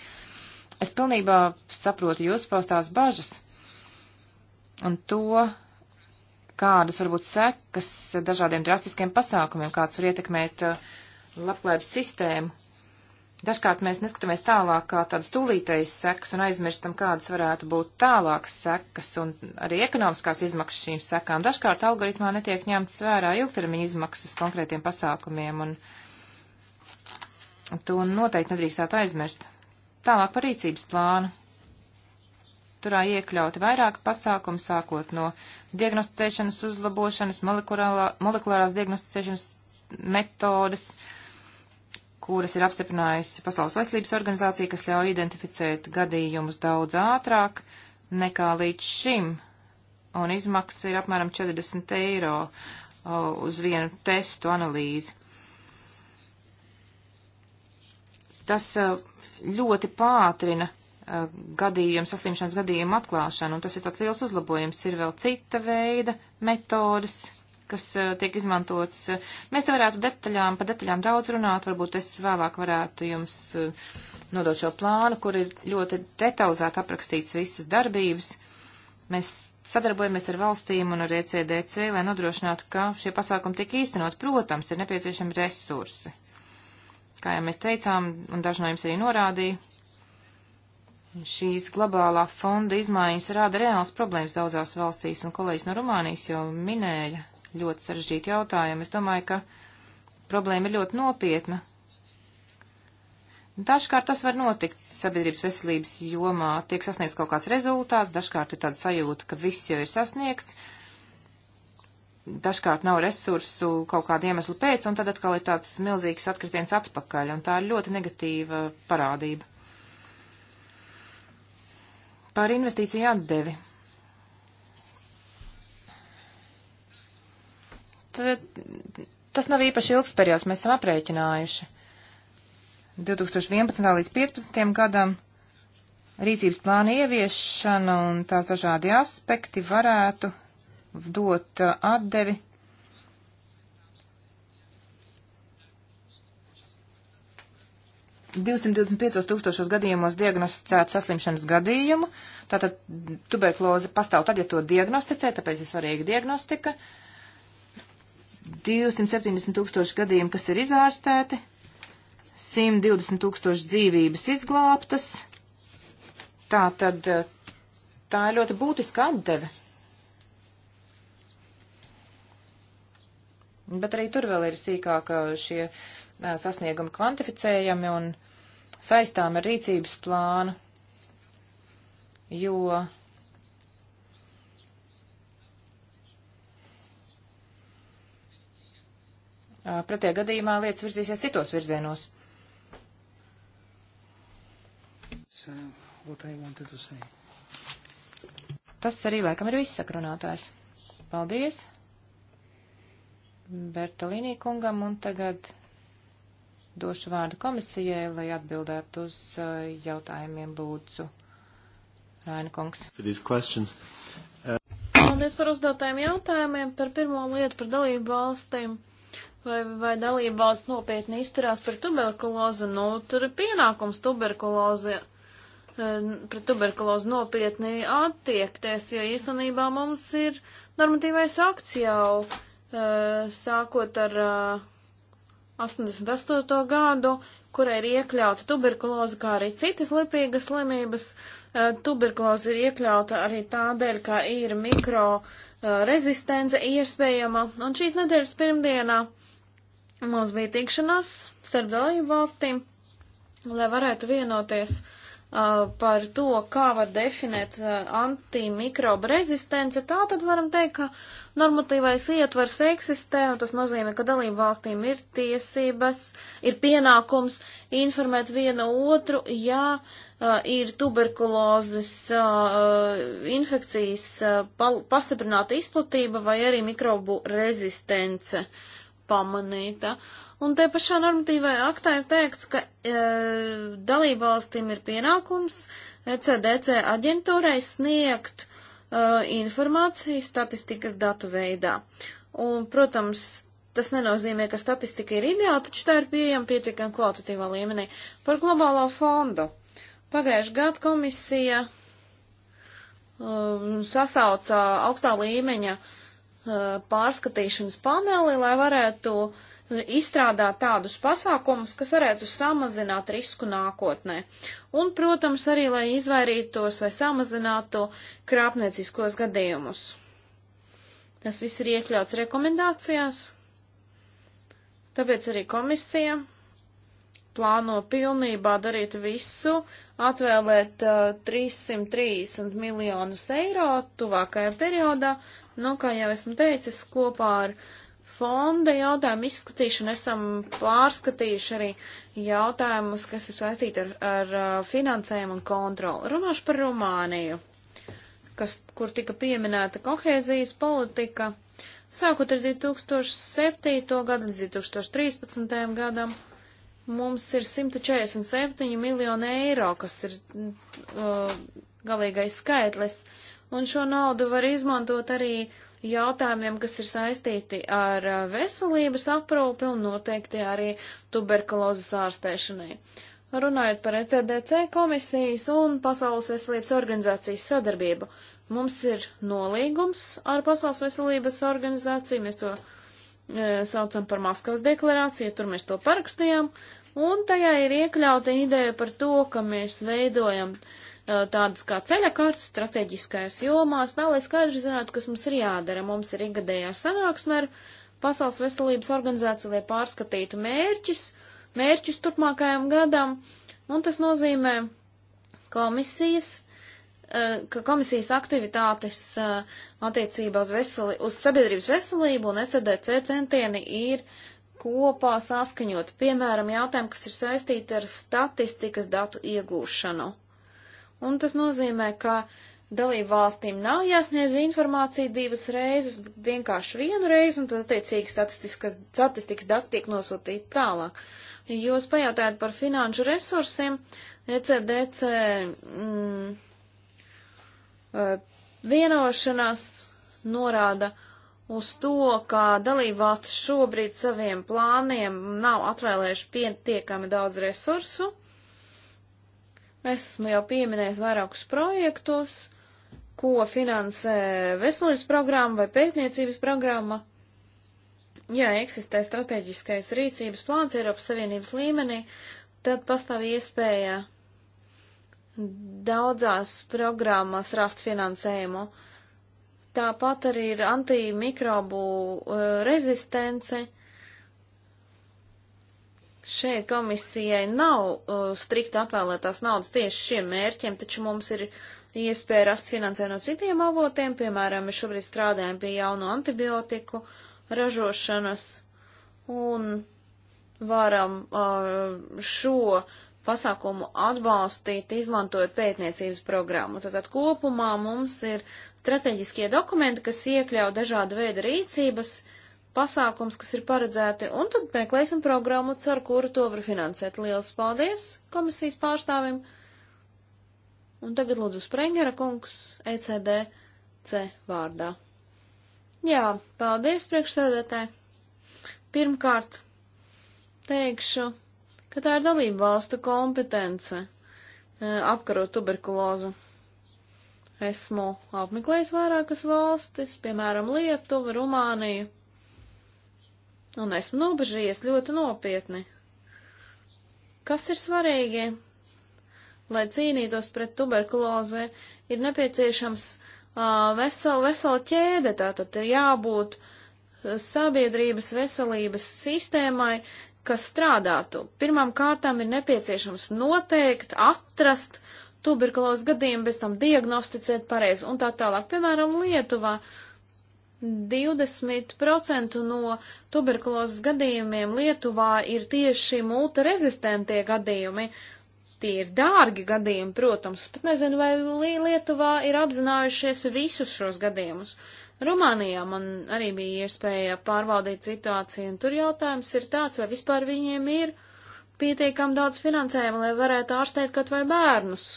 Es pilnībā saprotu jūsu paustās bažas un to, kādas varbūt sekas dažādiem drastiskiem pasākumiem, kāds var ietekmēt uh, labklājības sistēmu. Dažkārt mēs neskatāmies tālāk kā tādas tūlītējas sekas un aizmirstam, kādas varētu būt tālākas sekas un arī ekonomiskās izmaksas šīm sekām. Dažkārt algoritmā netiek ņemtas vērā ilgtermiņa izmaksas konkrētiem pasākumiem un to noteikti nedrīkstētu aizmirst. Tālāk par rīcības plānu turā iekļauti vairāki pasākumi, sākot no diagnosticēšanas uzlabošanas, molekulārās diagnosticēšanas metodas, kuras ir apstiprinājusi Pasaules veselības organizācija, kas ļauj identificēt gadījumus daudz ātrāk nekā līdz šim, un izmaksas ir apmēram 40 eiro uz vienu testu analīzi. Tas ļoti pātrina Eh, gadījumu, saslimšanas gadījumu atklāšanu, un tas ir tāds liels uzlabojums. Ir vēl cita veida metodas, kas uh, tiek izmantotas. Mēs te varētu detaļām, par detaļām daudz runāt, varbūt es vēlāk varētu jums uh, nodot šo plānu, kur ir ļoti detalizēti aprakstīts visas darbības. Mēs sadarbojamies ar valstīm un ar ECDC, lai nodrošinātu, ka šie pasākumi tiek īstenot. Protams, ir nepieciešami resursi. Kā jau mēs teicām, un daži no jums arī norādīja, Šīs globālā fonda izmaiņas rada reāls problēmas daudzās valstīs, un kolēģis no Rumānijas jau minēja ļoti sarežģīti jautājumi. Es domāju, ka problēma ir ļoti nopietna. Dažkārt tas var notikt sabiedrības veselības jomā, tiek sasniegts kaut kāds rezultāts, dažkārt ir tāda sajūta, ka viss jau ir sasniegts, dažkārt nav resursu kaut kādu iemeslu pēc, un tad atkal ir tāds milzīgs atkritiens atpakaļ, un tā ir ļoti negatīva parādība. Par investīciju atdevi. Tad, tas nav īpaši ilgs periods, mēs esam aprēķinājuši. 2011. līdz 2015. gadam rīcības plāna ieviešana un tās dažādi aspekti varētu dot atdevi 225 tūkstošos gadījumos diagnosticētu saslimšanas gadījumu. Tātad tuberkuloze pastāv tad, ja to diagnosticē, tāpēc ir svarīga diagnostika. 270 tūkstoši gadījumi, kas ir izārstēti, 120 tūkstoši dzīvības izglābtas. Tātad tā ir ļoti būtiska atdeve. Bet arī tur vēl ir sīkāk šie sasniegumi kvantificējami un saistām ar rīcības plānu, jo Pretējā gadījumā lietas virzīsies citos virzienos. Uh, Tas arī laikam ir viss sakrunātājs. Paldies Bertalīnī kungam un tagad Došu vārdu komisijai, lai atbildētu uz uh, jautājumiem lūdzu. Raina kungs. Paldies par uzdotajiem jautājumiem. Par pirmo lietu par dalību valstīm. Vai, vai dalība valsts nopietni izturās par tuberkulozi? Nu, tur ir pienākums tuberkulozi eh, pret tuberkulozi nopietni attiekties, jo īstenībā mums ir normatīvais akts jau eh, sākot ar eh, 88. gadu, kurai ir iekļauta tuberkuloze, kā arī citas lipīgas slimības. Eh, tuberkuloze ir iekļauta arī tādēļ, ka ir mikro eh, rezistence iespējama. Un šīs nedēļas pirmdienā mums bija tikšanās starp dalību valstīm, lai varētu vienoties uh, Uh, par to, kā var definēt uh, antimikrobu rezistenci, tā tad varam teikt, ka normatīvais ietvars eksistē, un tas nozīmē, ka dalību valstīm ir tiesības, ir pienākums informēt viena otru, ja uh, ir tuberkulozes uh, infekcijas uh, pastiprināta izplatība vai arī mikrobu rezistence pamanīta. Uh, Un te pašā normatīvajā aktā ir teikts, ka e, dalībvalstīm ir pienākums ECDC aģentūrai sniegt e, informāciju statistikas datu veidā. Un, protams, tas nenozīmē, ka statistika ir ideāla, taču tā ir pieejama pietiekami kvalitatīvā līmenī. Par globālo fondu. Pagājušajā gadā komisija um, sasauca augstā līmeņa uh, pārskatīšanas paneli, lai varētu uh, izstrādāt tādus pasākumus, kas varētu samazināt risku nākotnē. Un, protams, arī, lai izvairītos vai samazinātu krāpnieciskos gadījumus. Tas viss ir iekļauts rekomendācijās, tāpēc arī komisija plāno pilnībā darīt visu, atvēlēt uh, 330 miljonus eiro tuvākajā periodā, nu, kā jau esmu teicis, kopā ar uh, fonda jautājumu izskatīšanu esam pārskatījuši arī jautājumus, kas ir saistīti ar, ar uh, finansējumu un kontroli. Runāšu par Rumāniju, kas, kur tika pieminēta kohēzijas politika. Sākot ar 2007. gadu līdz 2013. gadam, mums ir 147 miljoni eiro, kas ir uh, galīgais skaitlis, un šo naudu var izmantot arī uh, jautājumiem, kas ir saistīti ar uh, veselības aprūpi un noteikti arī tuberkulozes ārstēšanai. Runājot par ECDC komisijas un Pasaules veselības organizācijas sadarbību, mums ir nolīgums ar Pasaules veselības organizāciju, mēs to e, saucam par Maskavas deklarāciju, tur mēs to parakstījām, un tajā ir iekļauta ideja par to, ka mēs veidojam uh, Uh, tādas kā ceļakārtas strateģiskajās jomās, nav, lai skaidri zinātu, kas mums ir jādara. Mums ir ikgadējā sanāksme ar Pasaules veselības organizāciju, lai pārskatītu mērķis, mērķus turpmākajam gadam, un tas nozīmē komisijas, uh, ka komisijas aktivitātes uh, attiecībā uz, veseli, uz sabiedrības veselību un ECDC centieni ir kopā saskaņot, piemēram, jautājumu, kas ir saistīti ar statistikas datu iegūšanu un tas nozīmē, ka dalību valstīm nav jāsniedz informācija divas reizes, bet vienkārši vienu reizi, un tad attiecīgi statistikas dati tiek nosūtīti tālāk. Jūs pajautājat par finanšu resursiem, ECDC mm, e, vienošanās norāda uz to, ka dalību valsts šobrīd saviem plāniem nav atvēlējuši pietiekami daudz resursu. Es esmu jau pieminējis vairākus projektus, ko finansē veselības programma vai pētniecības programma. Ja eksistē strateģiskais rīcības plāns Eiropas Savienības līmenī, tad pastāv iespēja daudzās programmās rast finansējumu. Tāpat arī ir antimikrobu uh, rezistence Šeit komisijai nav uh, strikti atvēlētās naudas tieši šiem mērķiem, taču mums ir iespēja rast finansējumu no citiem avotiem, piemēram, mēs šobrīd strādājam pie jauno antibiotiku ražošanas un varam uh, šo pasākumu atbalstīt, izmantojot pētniecības programmu. Tātad kopumā mums ir strateģiskie dokumenti, kas iekļauj dažādu veidu rīcības, uh, pasākums, kas ir paredzēti, un tad meklēsim programmu, ar kuru to var finansēt. Lielas paldies komisijas pārstāvim! Un tagad lūdzu Sprengera kungs ECDC vārdā. Jā, paldies priekšsēdētāji! Pirmkārt, teikšu, ka tā ir dalība valstu kompetence e, apkarot tuberkulozu. Esmu apmeklējis vairākas valstis, piemēram, Lietuvu, Rumāniju, un esmu nobežījies ļoti nopietni. Kas ir svarīgi? Lai cīnītos pret tuberkulozi, ir nepieciešams uh, vesela, vesela ķēde, tātad ir jābūt sabiedrības veselības sistēmai, kas strādātu. Pirmām kārtām ir nepieciešams noteikt, atrast tuberkulozes gadījumu, bez tam diagnosticēt pareizi un tā tālāk. Piemēram, Lietuvā uh, 20% no tuberkulozes gadījumiem Lietuvā ir tieši multirezistentie gadījumi. Tie ir dārgi gadījumi, protams, bet nezinu, vai Lietuvā ir apzinājušies visus šos gadījumus. Rumānijā man arī bija iespēja pārvaldīt situāciju, un tur jautājums ir tāds, vai vispār viņiem ir pietiekami daudz finansējuma, lai varētu ārstēt kaut vai bērnus.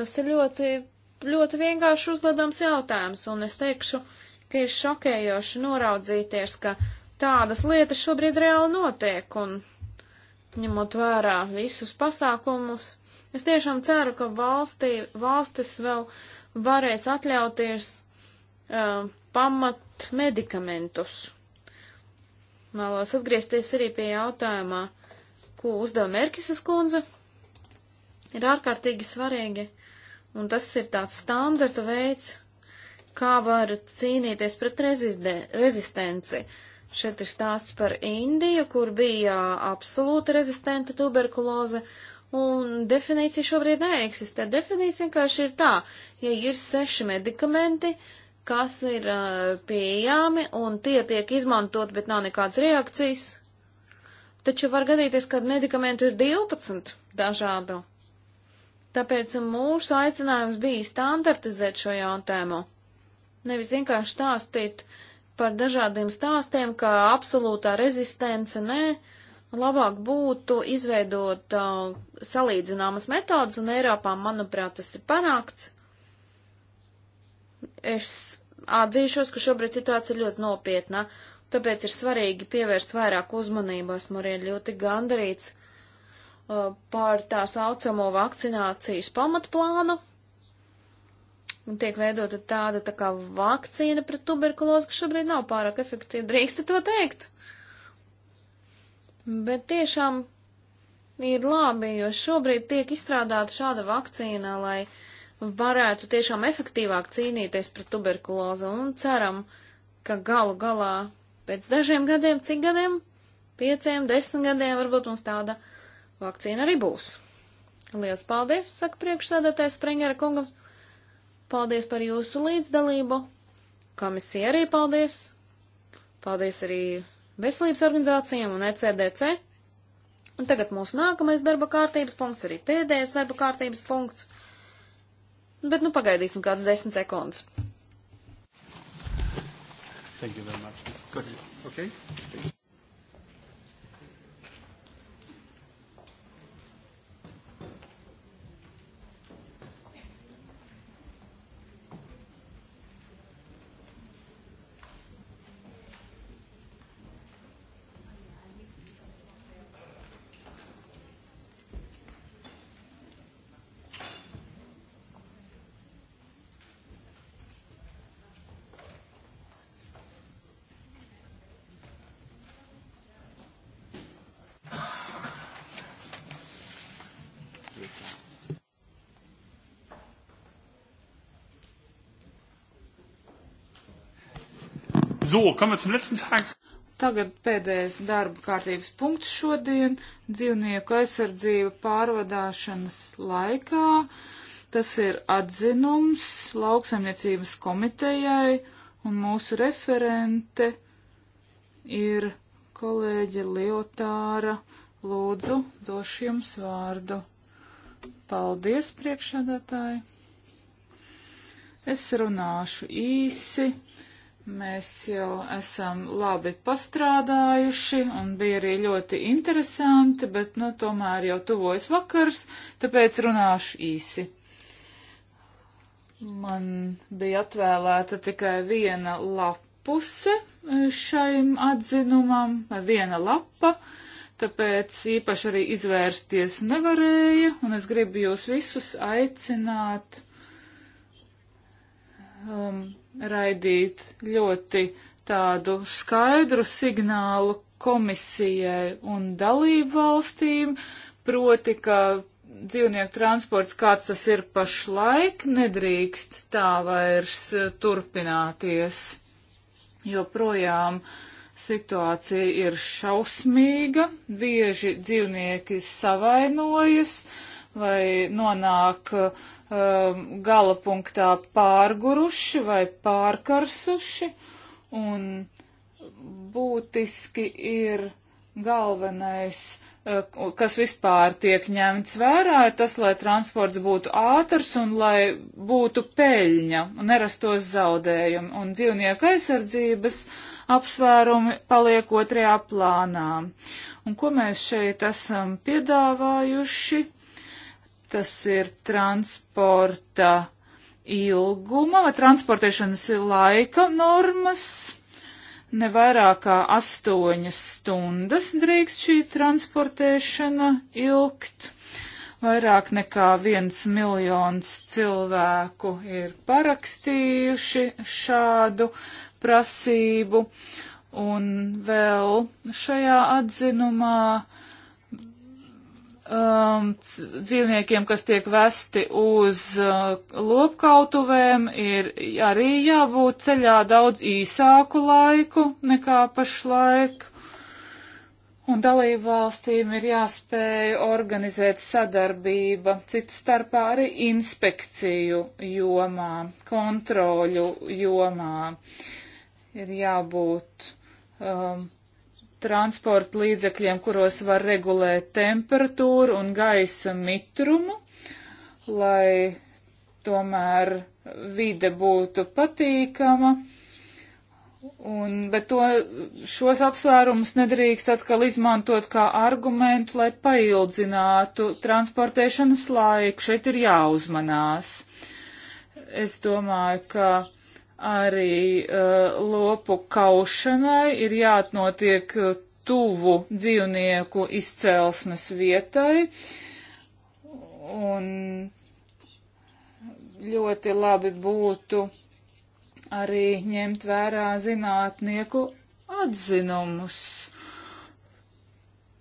Tas ir ļoti ļoti vienkārši uzvedams jautājums, un es teikšu, ka ir šokējoši noraudzīties, ka tādas lietas šobrīd reāli notiek, un ņemot vērā visus pasākumus, es tiešām ceru, ka valstī, valstis vēl varēs atļauties uh, pamat medikamentus. Vēlos atgriezties arī pie jautājumā, ko uzdeva Merkises kundze. Ir ārkārtīgi svarīgi Un tas ir tāds standarta veids, kā var cīnīties pret rezistenci. Šeit ir stāsts par Indiju, kur bija absolūta rezistenta tuberkuloze, un definīcija šobrīd neeksistē. Definīcija vienkārši ir tā, ja ir seši medikamenti, kas ir uh, pieejami, un tie tiek izmantot, bet nav nekādas reakcijas, taču var gadīties, ka medikamentu ir 12 dažādu Tāpēc mūsu aicinājums bija standartizēt šo jautājumu. Nevis vienkārši stāstīt par dažādiem stāstiem, kā absolūtā rezistence, nē, labāk būtu izveidot uh, salīdzināmas metodas, un Eiropā, manuprāt, tas ir panākts. Es atzīšos, ka šobrīd situācija ir ļoti nopietna, tāpēc ir svarīgi pievērst vairāk uzmanību. Esmu arī ļoti gandarīts Uh, par tā saucamo vakcinācijas pamatplānu. Un tiek veidota tāda tā kā vakcīna pret tuberkulozi, kas šobrīd nav pārāk efektīva, drīkst to teikt. Bet tiešām ir labi, jo šobrīd tiek izstrādāta šāda vakcīna, lai varētu tiešām efektīvāk cīnīties pret tuberkulozi un ceram, ka galu galā pēc dažiem gadiem, cik gadiem, pieciem, desmit gadiem varbūt mums tāda uh, vakcīna arī būs. Lielas paldies, saka priekšsēdētājs Sprengera kungams. Paldies par jūsu līdzdalību. Komisija arī paldies. Paldies arī veselības organizācijām un ECDC. Un tagad mūsu nākamais darba kārtības punkts, arī pēdējais darba kārtības punkts. Bet nu pagaidīsim kāds desmit sekundes. Thank you very much. Good. Okay. Thanks. So, kommen wir zum letzten Tags. Tagad pēdējais darba kārtības punkts šodien - dzīvnieku aizsardzība pārvadāšanas laikā. Tas ir atzinums lauksaimniecības komitejai, un mūsu referente ir kolēģe Liotāra. Lūdzu, došu jums vārdu. Paldies, priekšādātāji! Es runāšu īsi Mēs jau esam labi pastrādājuši un bija arī ļoti interesanti, bet, nu, tomēr jau tuvojas vakars, tāpēc runāšu īsi. Man bija atvēlēta tikai viena lapuse šaim atzinumam, viena lapa, tāpēc īpaši arī izvērsties nevarēja, un es gribu jūs visus aicināt um, raidīt ļoti tādu skaidru signālu komisijai un dalību valstīm, proti, ka dzīvnieku transports, kāds tas ir pašlaik, nedrīkst tā vairs uh, turpināties, jo projām situācija ir šausmīga, bieži dzīvnieki savainojas, uh, vai nonāk um, gala punktā pārguruši vai pārkarsuši, un būtiski ir galvenais, uh, kas vispār tiek ņemts vērā, ir tas, lai transports būtu ātrs un lai būtu peļņa un nerastos zaudējumi, un dzīvnieku aizsardzības apsvērumi paliek otrajā plānā. Un ko mēs šeit esam piedāvājuši? tas ir transporta ilguma vai transportēšanas laika normas. Nevairāk kā astoņas stundas drīkst šī transportēšana ilgt. Vairāk nekā viens miljons cilvēku ir parakstījuši šādu prasību. Un vēl šajā atzinumā uh, um, dzīvniekiem, kas tiek vesti uz uh, lopkautuvēm, ir arī jābūt ceļā daudz īsāku laiku nekā pašlaik. Un dalību valstīm ir jāspēj organizēt sadarbība, cita starpā arī inspekciju jomā, kontroļu jomā. Ir jābūt um, transporta līdzekļiem, kuros var regulēt temperatūru un gaisa mitrumu, lai tomēr vide būtu patīkama. Un, bet to, šos apsvērumus nedrīkst atkal izmantot kā argumentu, lai paildzinātu transportēšanas laiku. Šeit ir jāuzmanās. Es domāju, ka Arī uh, lopu kaušanai ir jāatnotiek eh, tuvu dzīvnieku izcelsmes vietai. Un ļoti labi būtu arī ņemt vērā zinātnieku atzinumus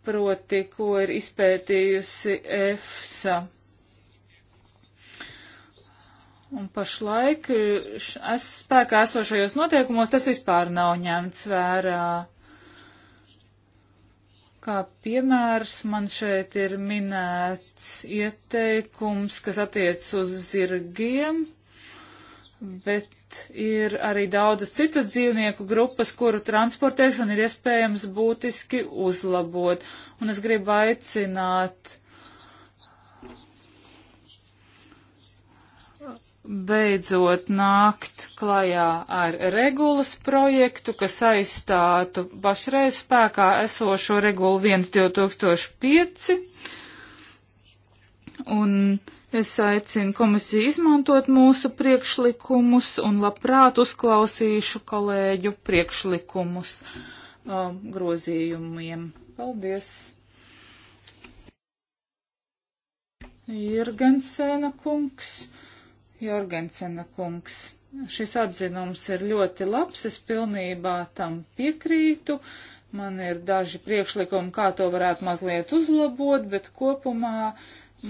proti, ko ir izpētījusi EFSA. Un pašlaik es spēkā esošajos noteikumos tas vispār nav ņemts vērā. Kā piemērs man šeit ir minēts ieteikums, kas attiec uz zirgiem, bet ir arī daudzas citas dzīvnieku grupas, kuru transportēšanu ir iespējams būtiski uzlabot. Un es gribu aicināt beidzot nākt klajā ar regulas projektu, kas aizstātu pašreiz spēkā esošo regulu 1.2005. Un es aicinu komisiju izmantot mūsu priekšlikumus un labprāt uzklausīšu kolēģu priekšlikumus um, grozījumiem. Paldies! Jirgensēna kungs. Jorgensena kungs. Šis atzinums ir ļoti labs, es pilnībā tam piekrītu. Man ir daži priekšlikumi, kā to varētu mazliet uzlabot, bet kopumā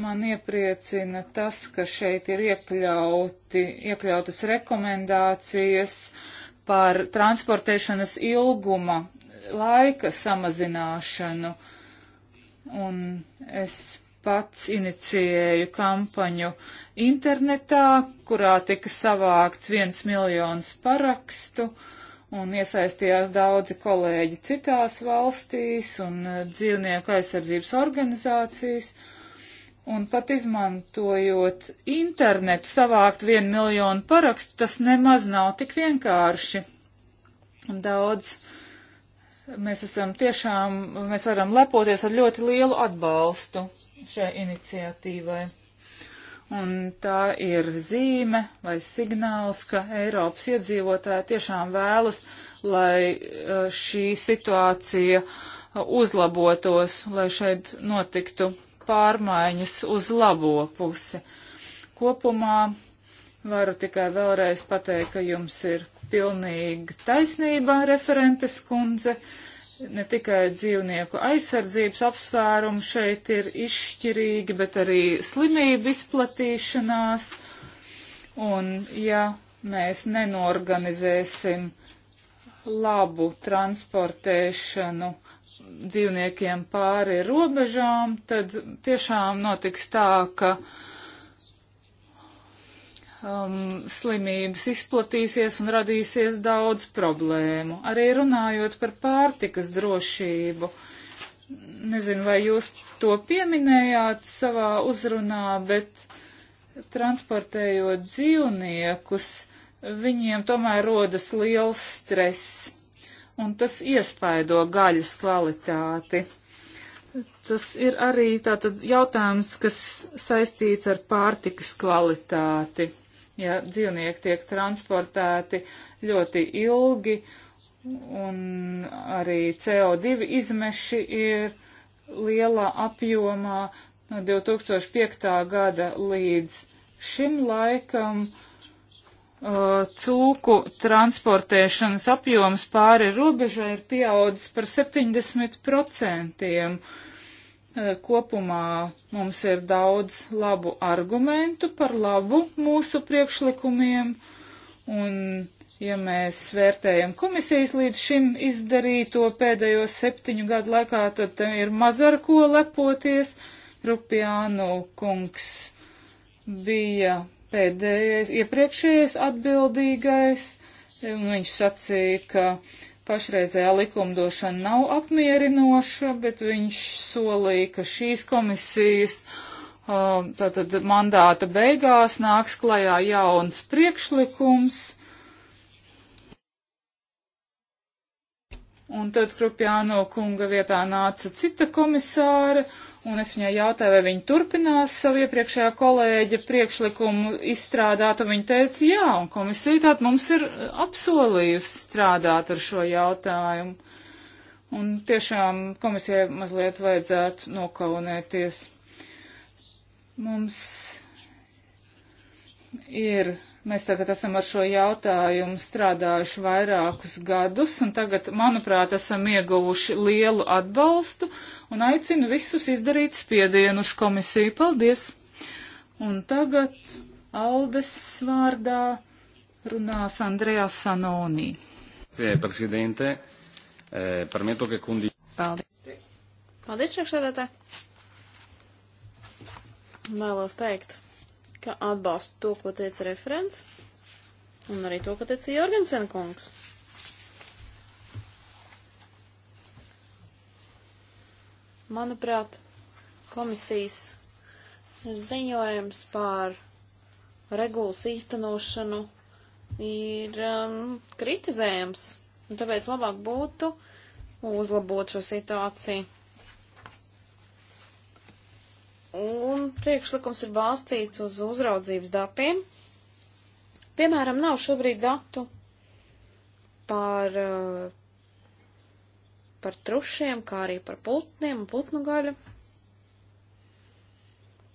man iepriecina tas, ka šeit ir iekļauti, iekļautas rekomendācijas par transportēšanas ilguma laika samazināšanu. Un es pats inicijēju kampaņu internetā, kurā tika savākts viens miljons parakstu un iesaistījās daudzi kolēģi citās valstīs un eh, dzīvnieku aizsardzības organizācijas. Un pat izmantojot internetu, savākt vienu miljonu parakstu, tas nemaz nav tik vienkārši. Daudz mēs esam tiešām, mēs varam lepoties ar ļoti lielu atbalstu šai iniciatīvai. Un tā ir zīme vai signāls, ka Eiropas iedzīvotāji tiešām vēlas, lai uh, šī situācija uh, uzlabotos, lai šeit notiktu pārmaiņas uz labo pusi. Kopumā varu tikai vēlreiz pateikt, ka jums ir pilnīgi taisnība, referentes kundze. Uh, Ne tikai dzīvnieku aizsardzības apsvērumi šeit ir izšķirīgi, bet arī slimību izplatīšanās. Un ja mēs nenorganizēsim labu transportēšanu dzīvniekiem pāri robežām, tad tiešām notiks tā, ka uh, um, slimības izplatīsies un radīsies daudz problēmu. Arī runājot par pārtikas drošību. Nezinu, vai jūs to pieminējāt savā uzrunā, bet transportējot dzīvniekus, viņiem tomēr rodas liels stress, un tas iespaido gaļas kvalitāti. Tas ir arī tātad jautājums, kas saistīts ar pārtikas kvalitāti ja dzīvnieki tiek transportēti ļoti ilgi, un arī CO2 izmeši ir lielā apjomā no 2005. gada līdz šim laikam. Uh, cūku transportēšanas apjoms pāri robežai ir pieaudzis par 70%. Eh, kopumā mums ir daudz labu argumentu par labu mūsu priekšlikumiem, un ja mēs vērtējam komisijas līdz šim izdarīto pēdējo septiņu gadu laikā, tad ir maz ar ko lepoties. Rupjānu kungs bija pēdējais, iepriekšējais atbildīgais, un viņš sacīja, ka pašreizējā likumdošana nav apmierinoša, bet viņš solīja, ka šīs komisijas um, tātad mandāta beigās nāks klajā jauns priekšlikums. Un tad Krupjāno kunga vietā nāca cita komisāra, un es viņai jautāju, vai viņa turpinās savu iepriekšējā kolēģa priekšlikumu izstrādāt, un viņa teica, jā, un komisija tātad mums ir eh, apsolījusi strādāt ar šo jautājumu. Un tiešām komisijai mazliet vajadzētu nokaunēties. Mums ir, mēs tagad esam ar šo jautājumu strādājuši vairākus gadus, un tagad, manuprāt, esam ieguvuši lielu atbalstu, un aicinu visus izdarīt spiedienu uz komisiju. Paldies! Un tagad Aldes vārdā runās Andrejā Sanonī. Eh, Paldies, priekšsēdētāji! Vēlos teikt, ka atbalstu to, ko teica referents, un arī to, ko teica Jorgensen kungs. Manuprāt, komisijas ziņojums par regulas īstenošanu ir um, kritizējams, un tāpēc labāk būtu uzlabot šo situāciju un priekšlikums ir balstīts uz uzraudzības datiem. Piemēram, nav šobrīd datu par, eh, par trušiem, kā arī par putniem un putnu gaļu,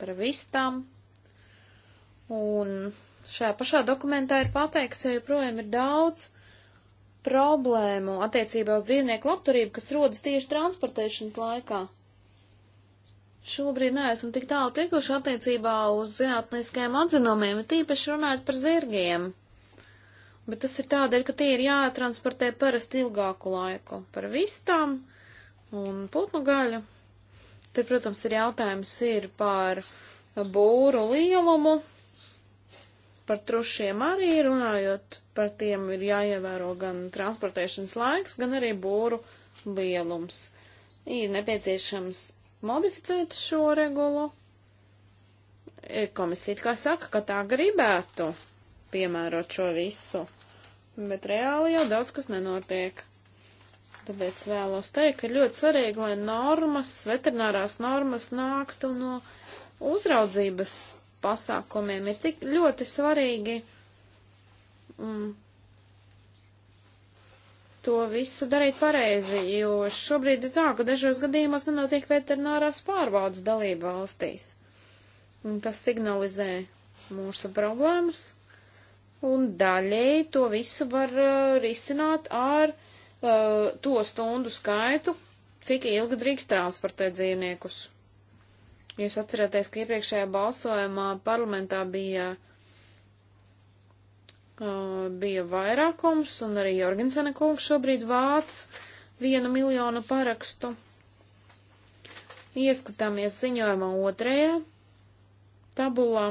par vistām. Un šajā pašā dokumentā ir pateikts, ka joprojām ir daudz problēmu attiecībā uz dzīvnieku labturību, kas rodas tieši transportēšanas laikā šobrīd neesam tik tālu tikuši attiecībā uz zinātniskajiem atzinumiem, tīpaši runājot par zirgiem. Bet tas ir tādēļ, ka tie ir jātransportē parasti ilgāku laiku par vistām un putnu gaļu. Te, protams, ir jautājums ir par būru lielumu, par trušiem arī runājot, par tiem ir jāievēro gan transportēšanas laiks, gan arī būru lielums. Ir nepieciešams modificēt šo regulu. E, komisija kā saka, ka tā gribētu piemērot šo visu, bet reāli jau daudz kas nenotiek. Tāpēc vēlos teikt, ka ļoti svarīgi, lai normas, veterinārās normas nāktu no uzraudzības pasākumiem. Ir tik ļoti svarīgi mm, to visu darīt pareizi, jo šobrīd ir tā, ka dažos gadījumos nenotiek veterinārās pārbaudas dalību valstīs. Un tas signalizē mūsu problēmas, un daļēji to visu var uh, risināt ar uh, to stundu skaitu, cik ilgi drīkst transportēt dzīvniekus. Jūs atcerieties, ka iepriekšējā balsojumā parlamentā bija uh, bija vairākums, un arī Jorgensena kungs šobrīd vāc vienu miljonu parakstu. Ieskatāmies ziņojuma otrajā tabulā.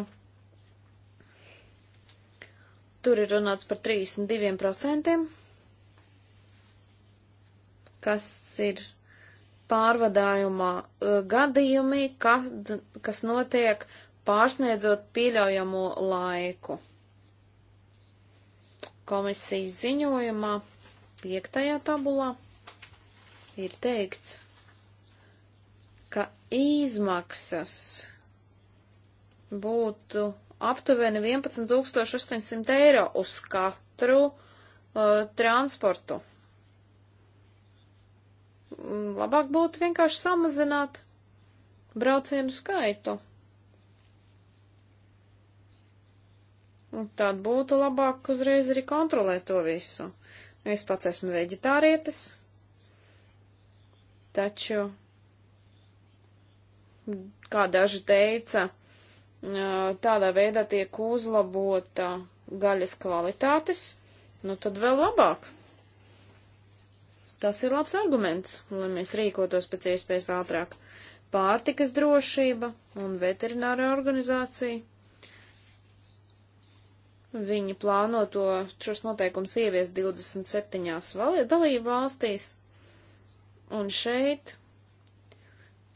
Tur ir runāts par 32%, kas ir pārvadājumā gadījumi, kad, kas notiek pārsniedzot pieļaujamo laiku. Komisijas ziņojumā piektajā tabulā ir teikts, ka izmaksas būtu aptuveni 11800 eiro uz katru uh, transportu. Mm, labāk būtu vienkārši samazināt braucienu skaitu. Un nu, tad būtu labāk uzreiz arī kontrolēt to visu. Es pats esmu veģetārietis, taču, kā daži teica, tādā veidā tiek uzlabota gaļas kvalitātes, nu tad vēl labāk. Tas ir labs arguments, lai mēs rīkotos pēc iespējas ātrāk. Pārtikas drošība un veterinārā organizācija Viņi plāno to, šos noteikumus ievies 27 dalību valstīs, un šeit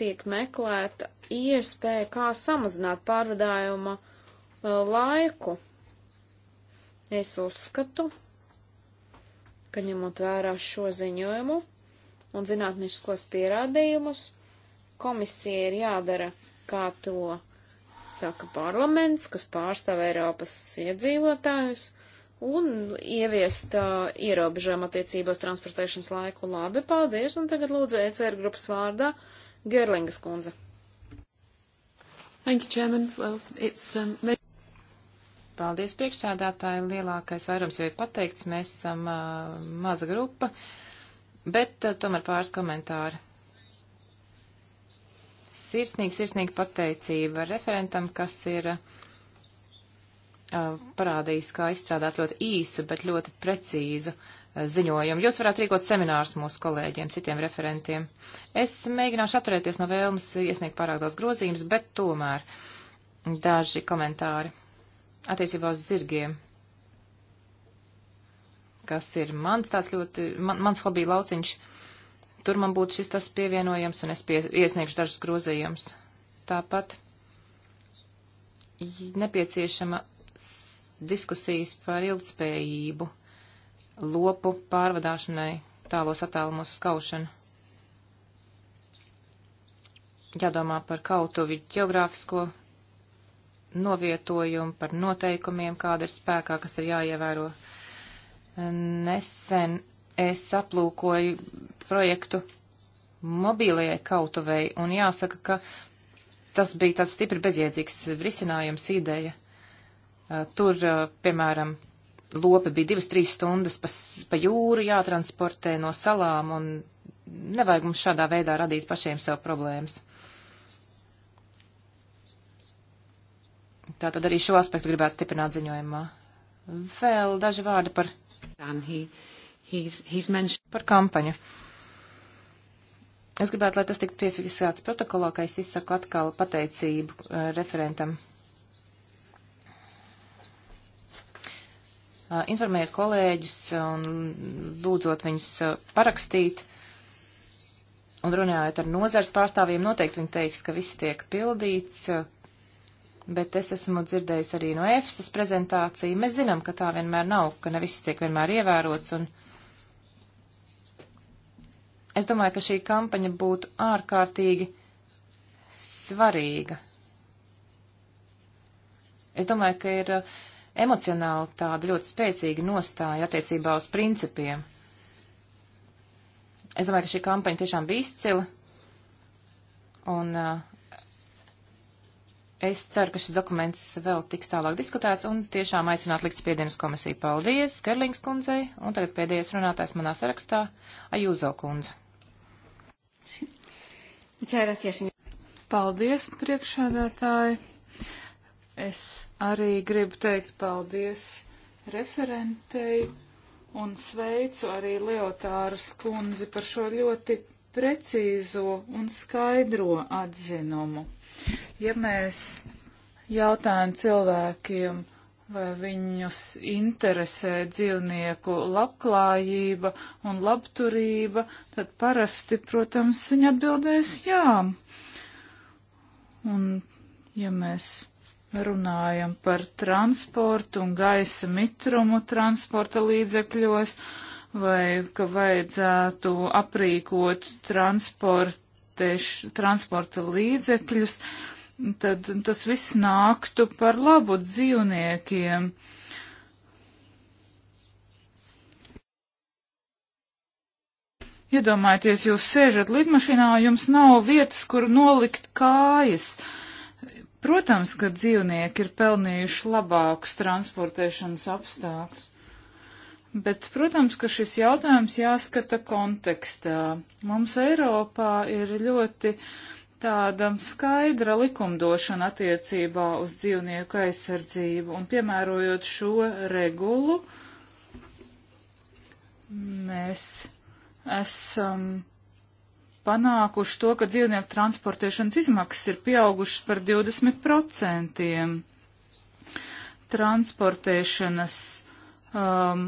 tiek meklēta iespēja, kā samazināt pārvadājuma e, laiku. Es uzskatu, ka ņemot vērā šo ziņojumu un zinātniskos pierādījumus, komisija ir jādara, kā to saka parlaments, kas pārstāv Eiropas iedzīvotājus, un ieviest uh, ierobežojumu attiecībos transportēšanas laiku. Labi, paldies, un tagad lūdzu ECR grupas vārdā Gerlingas kundze. Thank you, Chairman. Well, it's, um, Paldies priekšsēdātāji, lielākais vairums jau ir pateikts, mēs esam uh, maza grupa, bet uh, tomēr pāris komentāri sirsnīgi, sirsnīgi pateicība referentam, kas ir uh, parādījis, kā izstrādāt ļoti īsu, bet ļoti precīzu uh, ziņojumu. Jūs varētu rīkot seminārus mūsu kolēģiem, citiem referentiem. Es mēģināšu atturēties no vēlmes iesniegt pārāk daudz grozījumus, bet tomēr daži komentāri attiecībā uz zirgiem kas ir mans tāds ļoti, man, mans hobija lauciņš. Uh, Tur man būtu šis tas pievienojams, un es pie, iesniegšu dažus grozījumus. Tāpat nepieciešama diskusijas par ilgspējību, lopu pārvadāšanai, tālos attālumos uz kaušanu. Jādomā par kautuvi ģeogrāfisko novietojumu, par noteikumiem, kāda ir spēkā, kas ir jāievēro. Nesen es aplūkoju projektu mobīlajai kautuvei, un jāsaka, ka tas bija tāds stipri bezjēdzīgs risinājums ideja. Uh, tur, uh, piemēram, lopi bija divas, trīs stundas pa, pa jūru jātransportē no salām, un nevajag mums šādā veidā radīt pašiem sev problēmas. Tātad arī šo aspektu gribētu stiprināt ziņojumā. Vēl daži vādi par. Tanhi. Uh, he's, he's mentioned... Par kampaņu. Es gribētu, lai tas tiktu piefiksēts protokolā, ka es izsaku atkal pateicību uh, referentam. Uh, informējot kolēģus un lūdzot viņus uh, parakstīt un runājot ar nozars pārstāvjiem, noteikti viņi teiks, ka viss tiek pildīts, uh, bet es esmu dzirdējis arī no EFSAS prezentāciju. Mēs zinām, ka tā vienmēr nav, ka ne viss tiek vienmēr ievērots un. Uh, Es domāju, ka šī kampaņa būtu ārkārtīgi svarīga. Es domāju, ka ir uh, emocionāli tāda ļoti spēcīga nostāja attiecībā uz principiem. Es domāju, ka šī kampaņa tiešām bija izcila. Un uh, es ceru, ka šis dokuments vēl tiks tālāk diskutēts un tiešām aicināt likt spiedienas komisiju. Paldies, Gerlings kundzei, un tagad pēdējais runātājs manā sarakstā - Ajūzo kundze. Paldies, priekšādātāji. Es arī gribu teikt paldies referentei un sveicu arī Leotāras kundzi par šo ļoti precīzo un skaidro atzinumu. Ja mēs jautājam cilvēkiem, vai viņus interesē dzīvnieku labklājība un labturība, tad parasti, protams, viņi atbildēs jā. Un, ja mēs runājam par transportu un gaisa mitrumu transporta līdzekļos, vai ka vajadzētu aprīkot transporta līdzekļus, tad tas viss nāktu par labu dzīvniekiem. Iedomājieties, jūs sēžat lidmašīnā, jums nav vietas, kur nolikt kājas. Protams, ka dzīvnieki ir pelnījuši labākus transportēšanas apstākļus. Bet, protams, ka šis jautājums jāskata kontekstā. Mums Eiropā ir ļoti tāda skaidra likumdošana attiecībā uz dzīvnieku aizsardzību un piemērojot šo regulu, mēs esam panākuši to, ka dzīvnieku transportēšanas izmaksas ir pieaugušas par 20%. Transportēšanas um,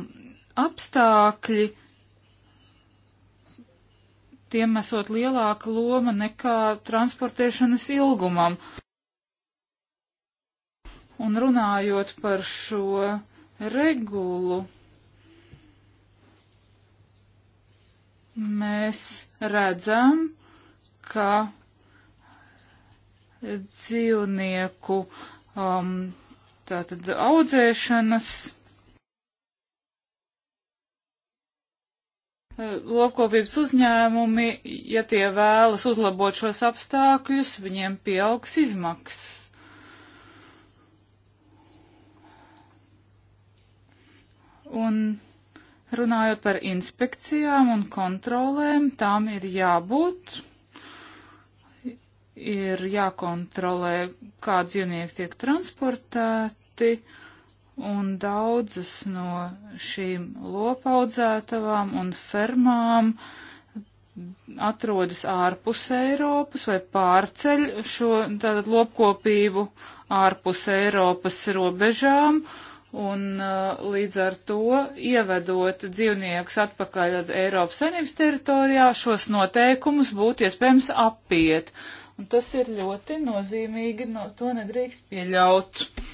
apstākļi tiem esot lielāka loma nekā transportēšanas ilgumam. Un runājot par šo regulu, mēs redzam, ka dzīvnieku um, tātad audzēšanas lopkopības uzņēmumi, ja tie vēlas uzlabot šos apstākļus, viņiem pieaugs izmaksas. Un runājot par inspekcijām un kontrolēm, tām ir jābūt. Ir jākontrolē, kā dzīvnieki tiek transportēti. Uh, un daudzas no šīm lopaudzētavām un fermām atrodas ārpus Eiropas vai pārceļ šo tātad lopkopību ārpus Eiropas robežām un uh, līdz ar to ievedot dzīvniekus atpakaļ Eiropas saimnības teritorijā šos noteikumus būtu iespējams apiet. Un tas ir ļoti nozīmīgi, no, to nedrīkst pieļaut. Uh,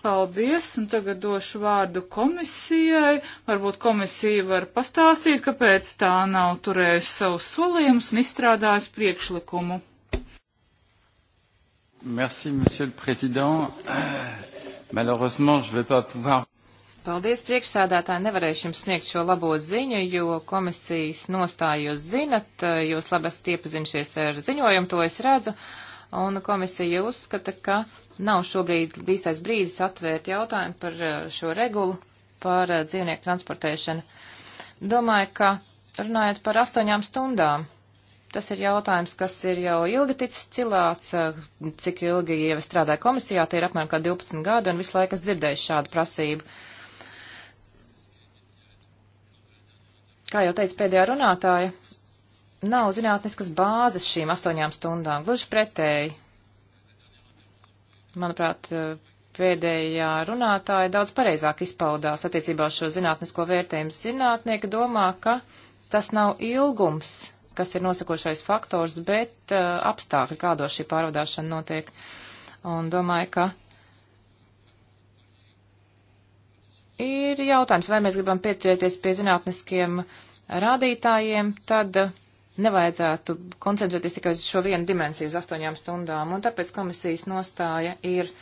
Paldies, un tagad došu vārdu komisijai. Varbūt komisija var pastāstīt, kāpēc tā nav turējusi savus solījumus un izstrādājusi priekšlikumu. Merci, monsieur le président. Malheureusement, je vais pas pouvoir. Paldies, priekšsādātāji, nevarēšu jums sniegt šo labo ziņu, jo komisijas nostāju jūs zinat, jūs labi esat iepazinušies ar ziņojumu, to es redzu. Uh, un komisija uzskata, ka nav šobrīd bīstais brīdis atvērt jautājumu par eh, šo regulu par eh, dzīvnieku transportēšanu. Domāju, ka runājot par astoņām stundām, tas ir jautājums, kas ir jau ilgi ticis cilāts, eh, cik ilgi jau strādāja komisijā, tie ir apmēram kā 12 gadi, un visu laiku es dzirdēju šādu prasību. Kā jau teica pēdējā runātāja, nav zinātniskas bāzes šīm astoņām stundām, gluži pretēji. Manuprāt, pēdējā runātāja daudz pareizāk izpaudās attiecībā uz šo zinātnisko vērtējumu. Zinātnieki domā, ka tas nav ilgums, kas ir nosakošais faktors, bet uh, apstākļi, kādos šī pārvadāšana notiek. Un domāju, ka ir jautājums, vai mēs gribam pieturēties pie zinātniskiem rādītājiem, tad. Uh, nevajadzētu koncentrēties tikai uz šo vienu dimensiju, uz astoņām stundām, un tāpēc komisijas nostāja ir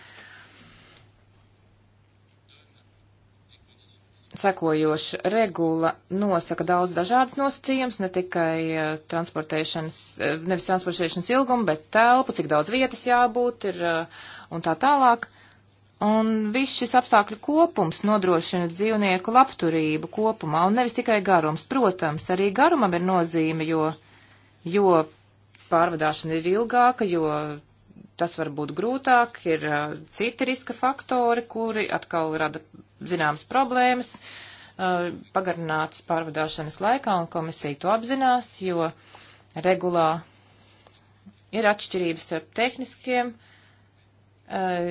sekojoša regula nosaka daudz dažādas nosacījums, ne tikai uh, transportēšanas, eh, nevis transportēšanas ilgumu, bet telpu, cik daudz vietas jābūt ir uh, un tā tālāk. Un viss šis apstākļu kopums nodrošina dzīvnieku labturību kopumā, un nevis tikai garums. Protams, arī garumam ir nozīme, jo uh, jo pārvadāšana ir ilgāka, jo tas var būt grūtāk, ir uh, citi riska faktori, kuri atkal rada zināmas problēmas uh, pagarinātas pārvadāšanas laikā, un komisija to apzinās, jo regulā ir atšķirības starp tehniskiem uh,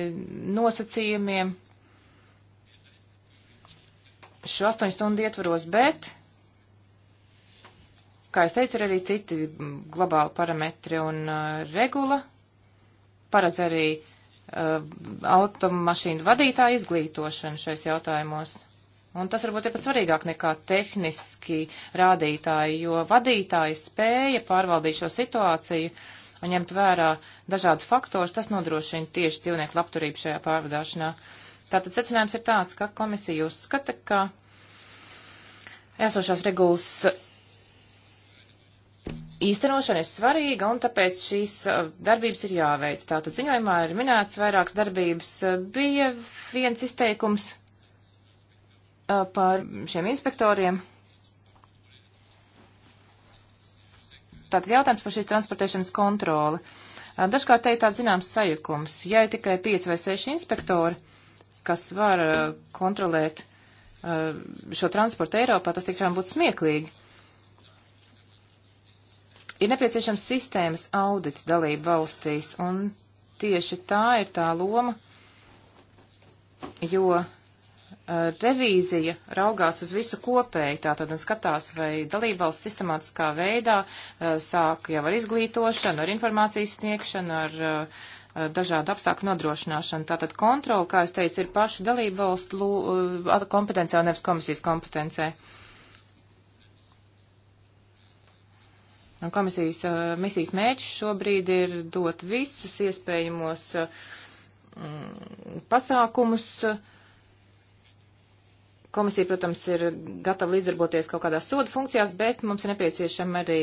nosacījumiem šo astoņu stundu ietvaros, bet Kā es teicu, ir arī citi globāli parametri un uh, regula paredz arī uh, automašīnu vadītāju izglītošanu šais jautājumos. Un tas varbūt ir pat svarīgāk nekā tehniski rādītāji, jo vadītāji spēja pārvaldīt šo situāciju un ņemt vērā dažādas faktors, tas nodrošina tieši dzīvnieku labturību šajā pārvadāšanā. Tātad secinājums ir tāds, ka komisija uzskata, ka esošās regulas īstenošana ir svarīga, un tāpēc šīs uh, darbības ir jāveic. Tātad ziņojumā ir minēts vairākas darbības. Uh, bija viens izteikums uh, par šiem inspektoriem. Tātad jautājums par šīs transportēšanas kontroli. Dažkārt te ir tāds zināms sajukums. Ja ir tikai 5 vai 6 inspektori, kas var kontrolēt šo transportu Eiropā, tas tiešām būtu smieklīgi. Ir nepieciešams sistēmas audits dalību valstīs, un tieši tā ir tā loma, jo uh, revīzija raugās uz visu kopēju, tātad un skatās, vai dalībvalsts sistemātiskā veidā uh, sāk jau ar izglītošanu, ar informācijas sniegšanu, ar uh, dažādu apstākļu nodrošināšanu. Tātad kontrola, kā es teicu, ir paša dalībvalstu kompetencijā, nevis komisijas kompetencijā. Un komisijas uh, misijas mērķis šobrīd ir dot visus iespējamos uh, mm, pasākumus. Komisija, protams, ir gatava līdzdarboties kaut kādās sodu funkcijās, bet mums ir nepieciešama arī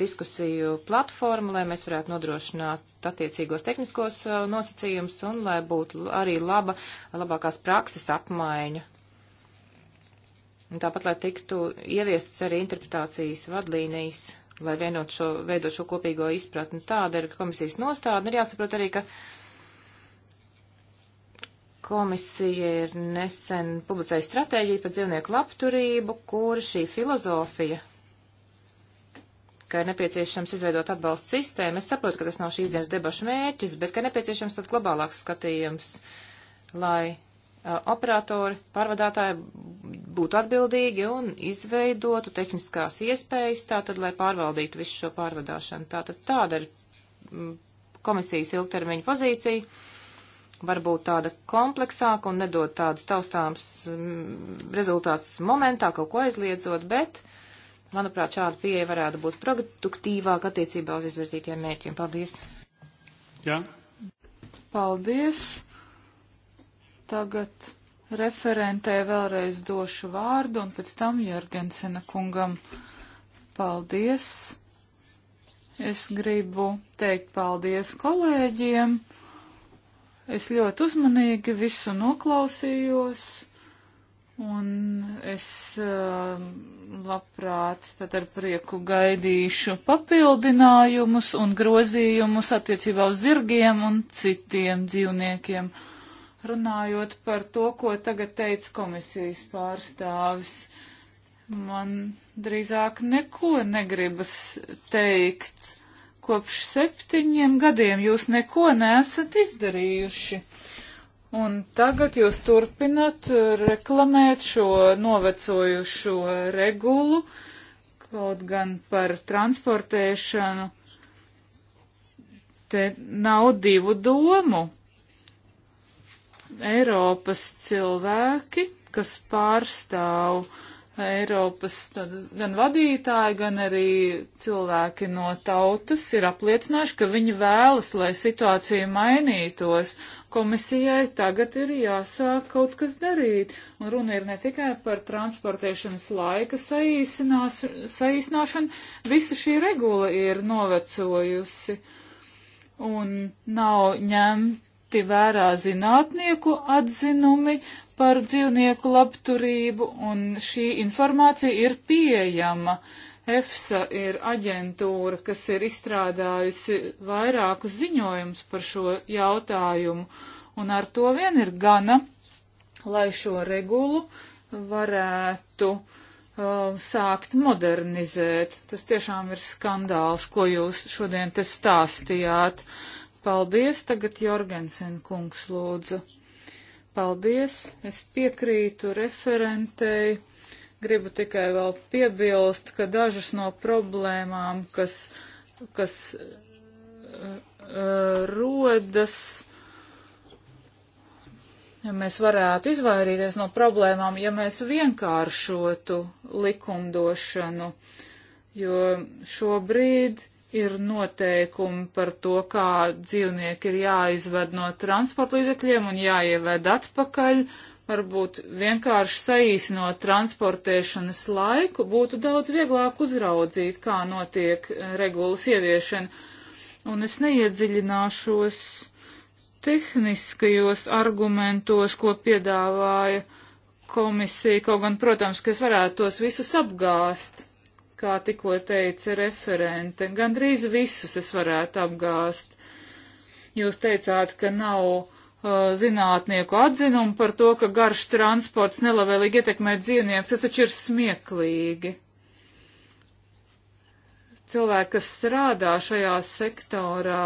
diskusiju platforma, lai mēs varētu nodrošināt attiecīgos tehniskos uh, nosacījumus un lai būtu arī laba, labākās prakses apmaiņa. Un tāpat, lai tiktu ieviests arī interpretācijas vadlīnijas lai vienot šo, veidot šo kopīgo izpratni. Tāda ir komisijas nostāda. Ir jāsaprot arī, ka komisija ir nesen publicējusi stratēģiju par dzīvnieku labturību, kur šī filozofija ka ir nepieciešams izveidot atbalstu sistēmu. Es saprotu, ka tas nav šīs dienas debašu mērķis, bet ka nepieciešams tāds globālāks skatījums, lai operatori, pārvadātāji būtu atbildīgi un izveidotu tehniskās iespējas, tātad, lai pārvaldītu visu šo pārvadāšanu. Tātad tāda ir mm, komisijas ilgtermiņa pozīcija, varbūt tāda kompleksāka un nedod tādas taustāms mm, rezultāts momentā, kaut ko aizliedzot, bet, manuprāt, šāda pieeja varētu būt produktīvāka attiecībā uz izvirzītiem mērķiem. Paldies! Jā. Paldies! Tagad referentē vēlreiz došu vārdu un pēc tam Jorgensena kungam paldies. Es gribu teikt paldies kolēģiem. Es ļoti uzmanīgi visu noklausījos, un es uh, labprāt tad ar prieku gaidīšu papildinājumus un grozījumus attiecībā uz zirgiem un citiem dzīvniekiem. Uh, Runājot par to, ko tagad teica komisijas pārstāvis, man drīzāk neko negribas teikt. Kopš septiņiem gadiem jūs neko neesat izdarījuši. Un tagad jūs turpinat reklamēt šo novecojušo regulu, kaut gan par transportēšanu te nav divu domu. Eiropas cilvēki, kas pārstāv Eiropas tad, gan vadītāji, gan arī cilvēki no tautas ir apliecinājuši, ka viņi vēlas, lai situācija mainītos. Komisijai tagad ir jāsāk kaut kas darīt. Un runa ir ne tikai par transportēšanas laika saīsināšanu, visa šī regula ir novecojusi un nav ņemt ņemti vērā zinātnieku atzinumi par dzīvnieku labturību, un šī informācija ir pieejama. EFSA ir aģentūra, kas ir izstrādājusi vairākus ziņojumus par šo jautājumu, un ar to vien ir gana, lai šo regulu varētu uh, sākt modernizēt. Tas tiešām ir skandāls, ko jūs šodien te stāstījāt. Uh, Paldies, tagad Jorgensen kungs lūdzu. Paldies, es piekrītu referentei. Gribu tikai vēl piebilst, ka dažas no problēmām, kas, kas uh, uh rodas, ja mēs varētu izvairīties no problēmām, ja mēs vienkāršotu likumdošanu, jo šobrīd ir noteikumi par to, kā dzīvnieki ir jāizved no transporta līdzekļiem un jāieved atpakaļ. Varbūt vienkārši saīsinot transportēšanas laiku būtu daudz vieglāk uzraudzīt, kā notiek regulas ieviešana. Un es neiedziļināšos tehniskajos argumentos, ko piedāvāja komisija, kaut gan, protams, ka es varētu tos visus apgāst kā tikko teica referente. Gan drīz visus es varētu apgāst. Jūs teicāt, ka nav uh, zinātnieku atzinumu par to, ka garš transports nelabvēlīgi ietekmē dzīvniekus. Tas taču ir smieklīgi. Cilvēki, kas strādā šajā sektorā,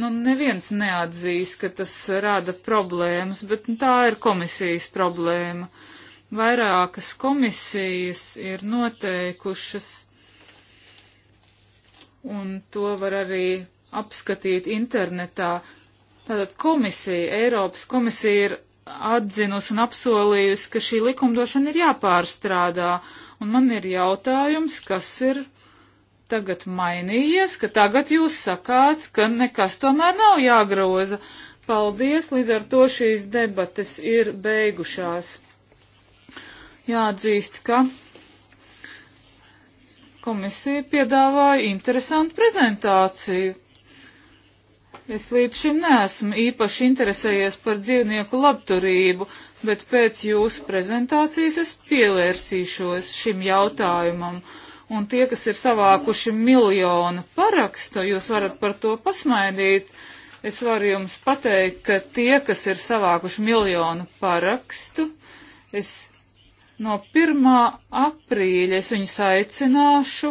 nu neviens neatzīs, ka tas rada problēmas, bet nu, tā ir komisijas problēma. Vairākas komisijas ir noteikušas, un to var arī apskatīt internetā. Tātad komisija, Eiropas komisija ir atzinusi un apsolījusi, ka šī likumdošana ir jāpārstrādā, un man ir jautājums, kas ir tagad mainījies, ka tagad jūs sakāt, ka nekas tomēr nav jāgroza. Paldies, līdz ar to šīs debates ir beigušās jāatzīst, ka komisija piedāvāja interesantu prezentāciju. Es līdz šim neesmu īpaši interesējies par dzīvnieku labturību, bet pēc jūsu prezentācijas es pievērsīšos šim jautājumam. Un tie, kas ir savākuši miljonu parakstu, jūs varat par to pasmaidīt. Es varu jums pateikt, ka tie, kas ir savākuši miljonu parakstu, es No 1. aprīļa es viņus aicināšu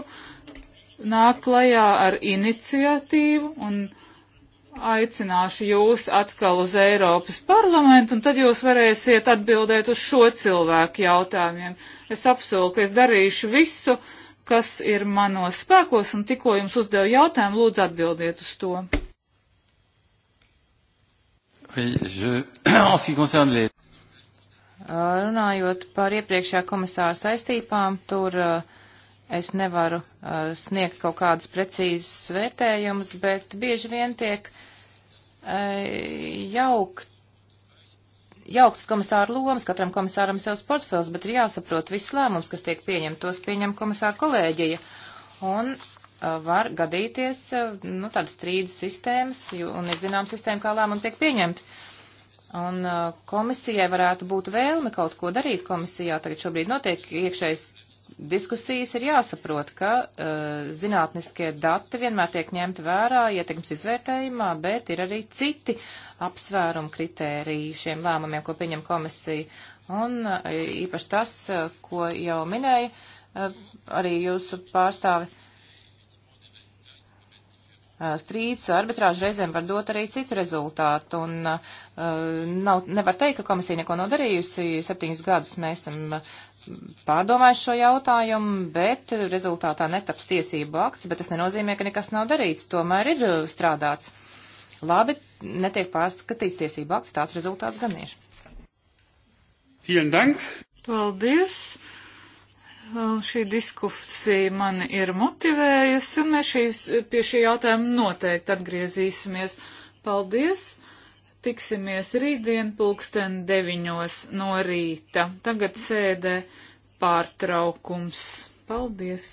nāk klajā ar iniciatīvu un aicināšu jūs atkal uz Eiropas parlamentu, un tad jūs varēsiet atbildēt uz šo cilvēku jautājumiem. Es apsolu, ka es darīšu visu, kas ir manos spēkos, un tikko jums uzdevu jautājumu, lūdzu atbildiet uz to. Oui, je... [CLEARS THROAT] Eh, runājot par iepriekšējā komisāra saistībām, tur eh, es nevaru eh, sniegt kaut kādus precīzus vērtējumus, bet bieži vien tiek jaukt, jauktas komisāra lomas, katram komisāram savs portfels, bet ir jāsaprot visus lēmumus, kas tiek pieņemti, tos pieņem komisāra kolēģija. Un var gadīties, nu, tādas strīdu sistēmas, un ir zinām sistēma, kā lēmumi tiek pieņemti. Uh, Un uh, komisijai varētu būt vēlme kaut ko darīt komisijā. Tagad šobrīd notiek iekšējas diskusijas ir jāsaprot, ka uh, zinātniskie dati vienmēr tiek ņemti vērā ietekmes izvērtējumā, bet ir arī citi apsvērumu kritēriji šiem lēmumiem, ko pieņem komisija. Un uh, īpaši tas, uh, ko jau minēja uh, arī jūsu pārstāvi. Uh, Eh, strīds arbitrāžu reizēm var dot arī citu rezultātu, un eh, nav, nevar teikt, ka komisija neko nav darījusi. Septiņus gadus mēs esam eh, pārdomājuši šo jautājumu, bet rezultātā netaps tiesību akts, bet tas nenozīmē, ka nekas nav darīts, tomēr ir strādāts. Labi, netiek pārskatīts tiesību akts, tāds rezultāts gan ir. Vielen Dank! Paldies! Šī diskusija mani ir motivējusi, un mēs šīs, pie šī jautājuma noteikti atgriezīsimies. Paldies! Tiksimies rītdien pulksten deviņos no rīta. Tagad sēdē pārtraukums. Paldies!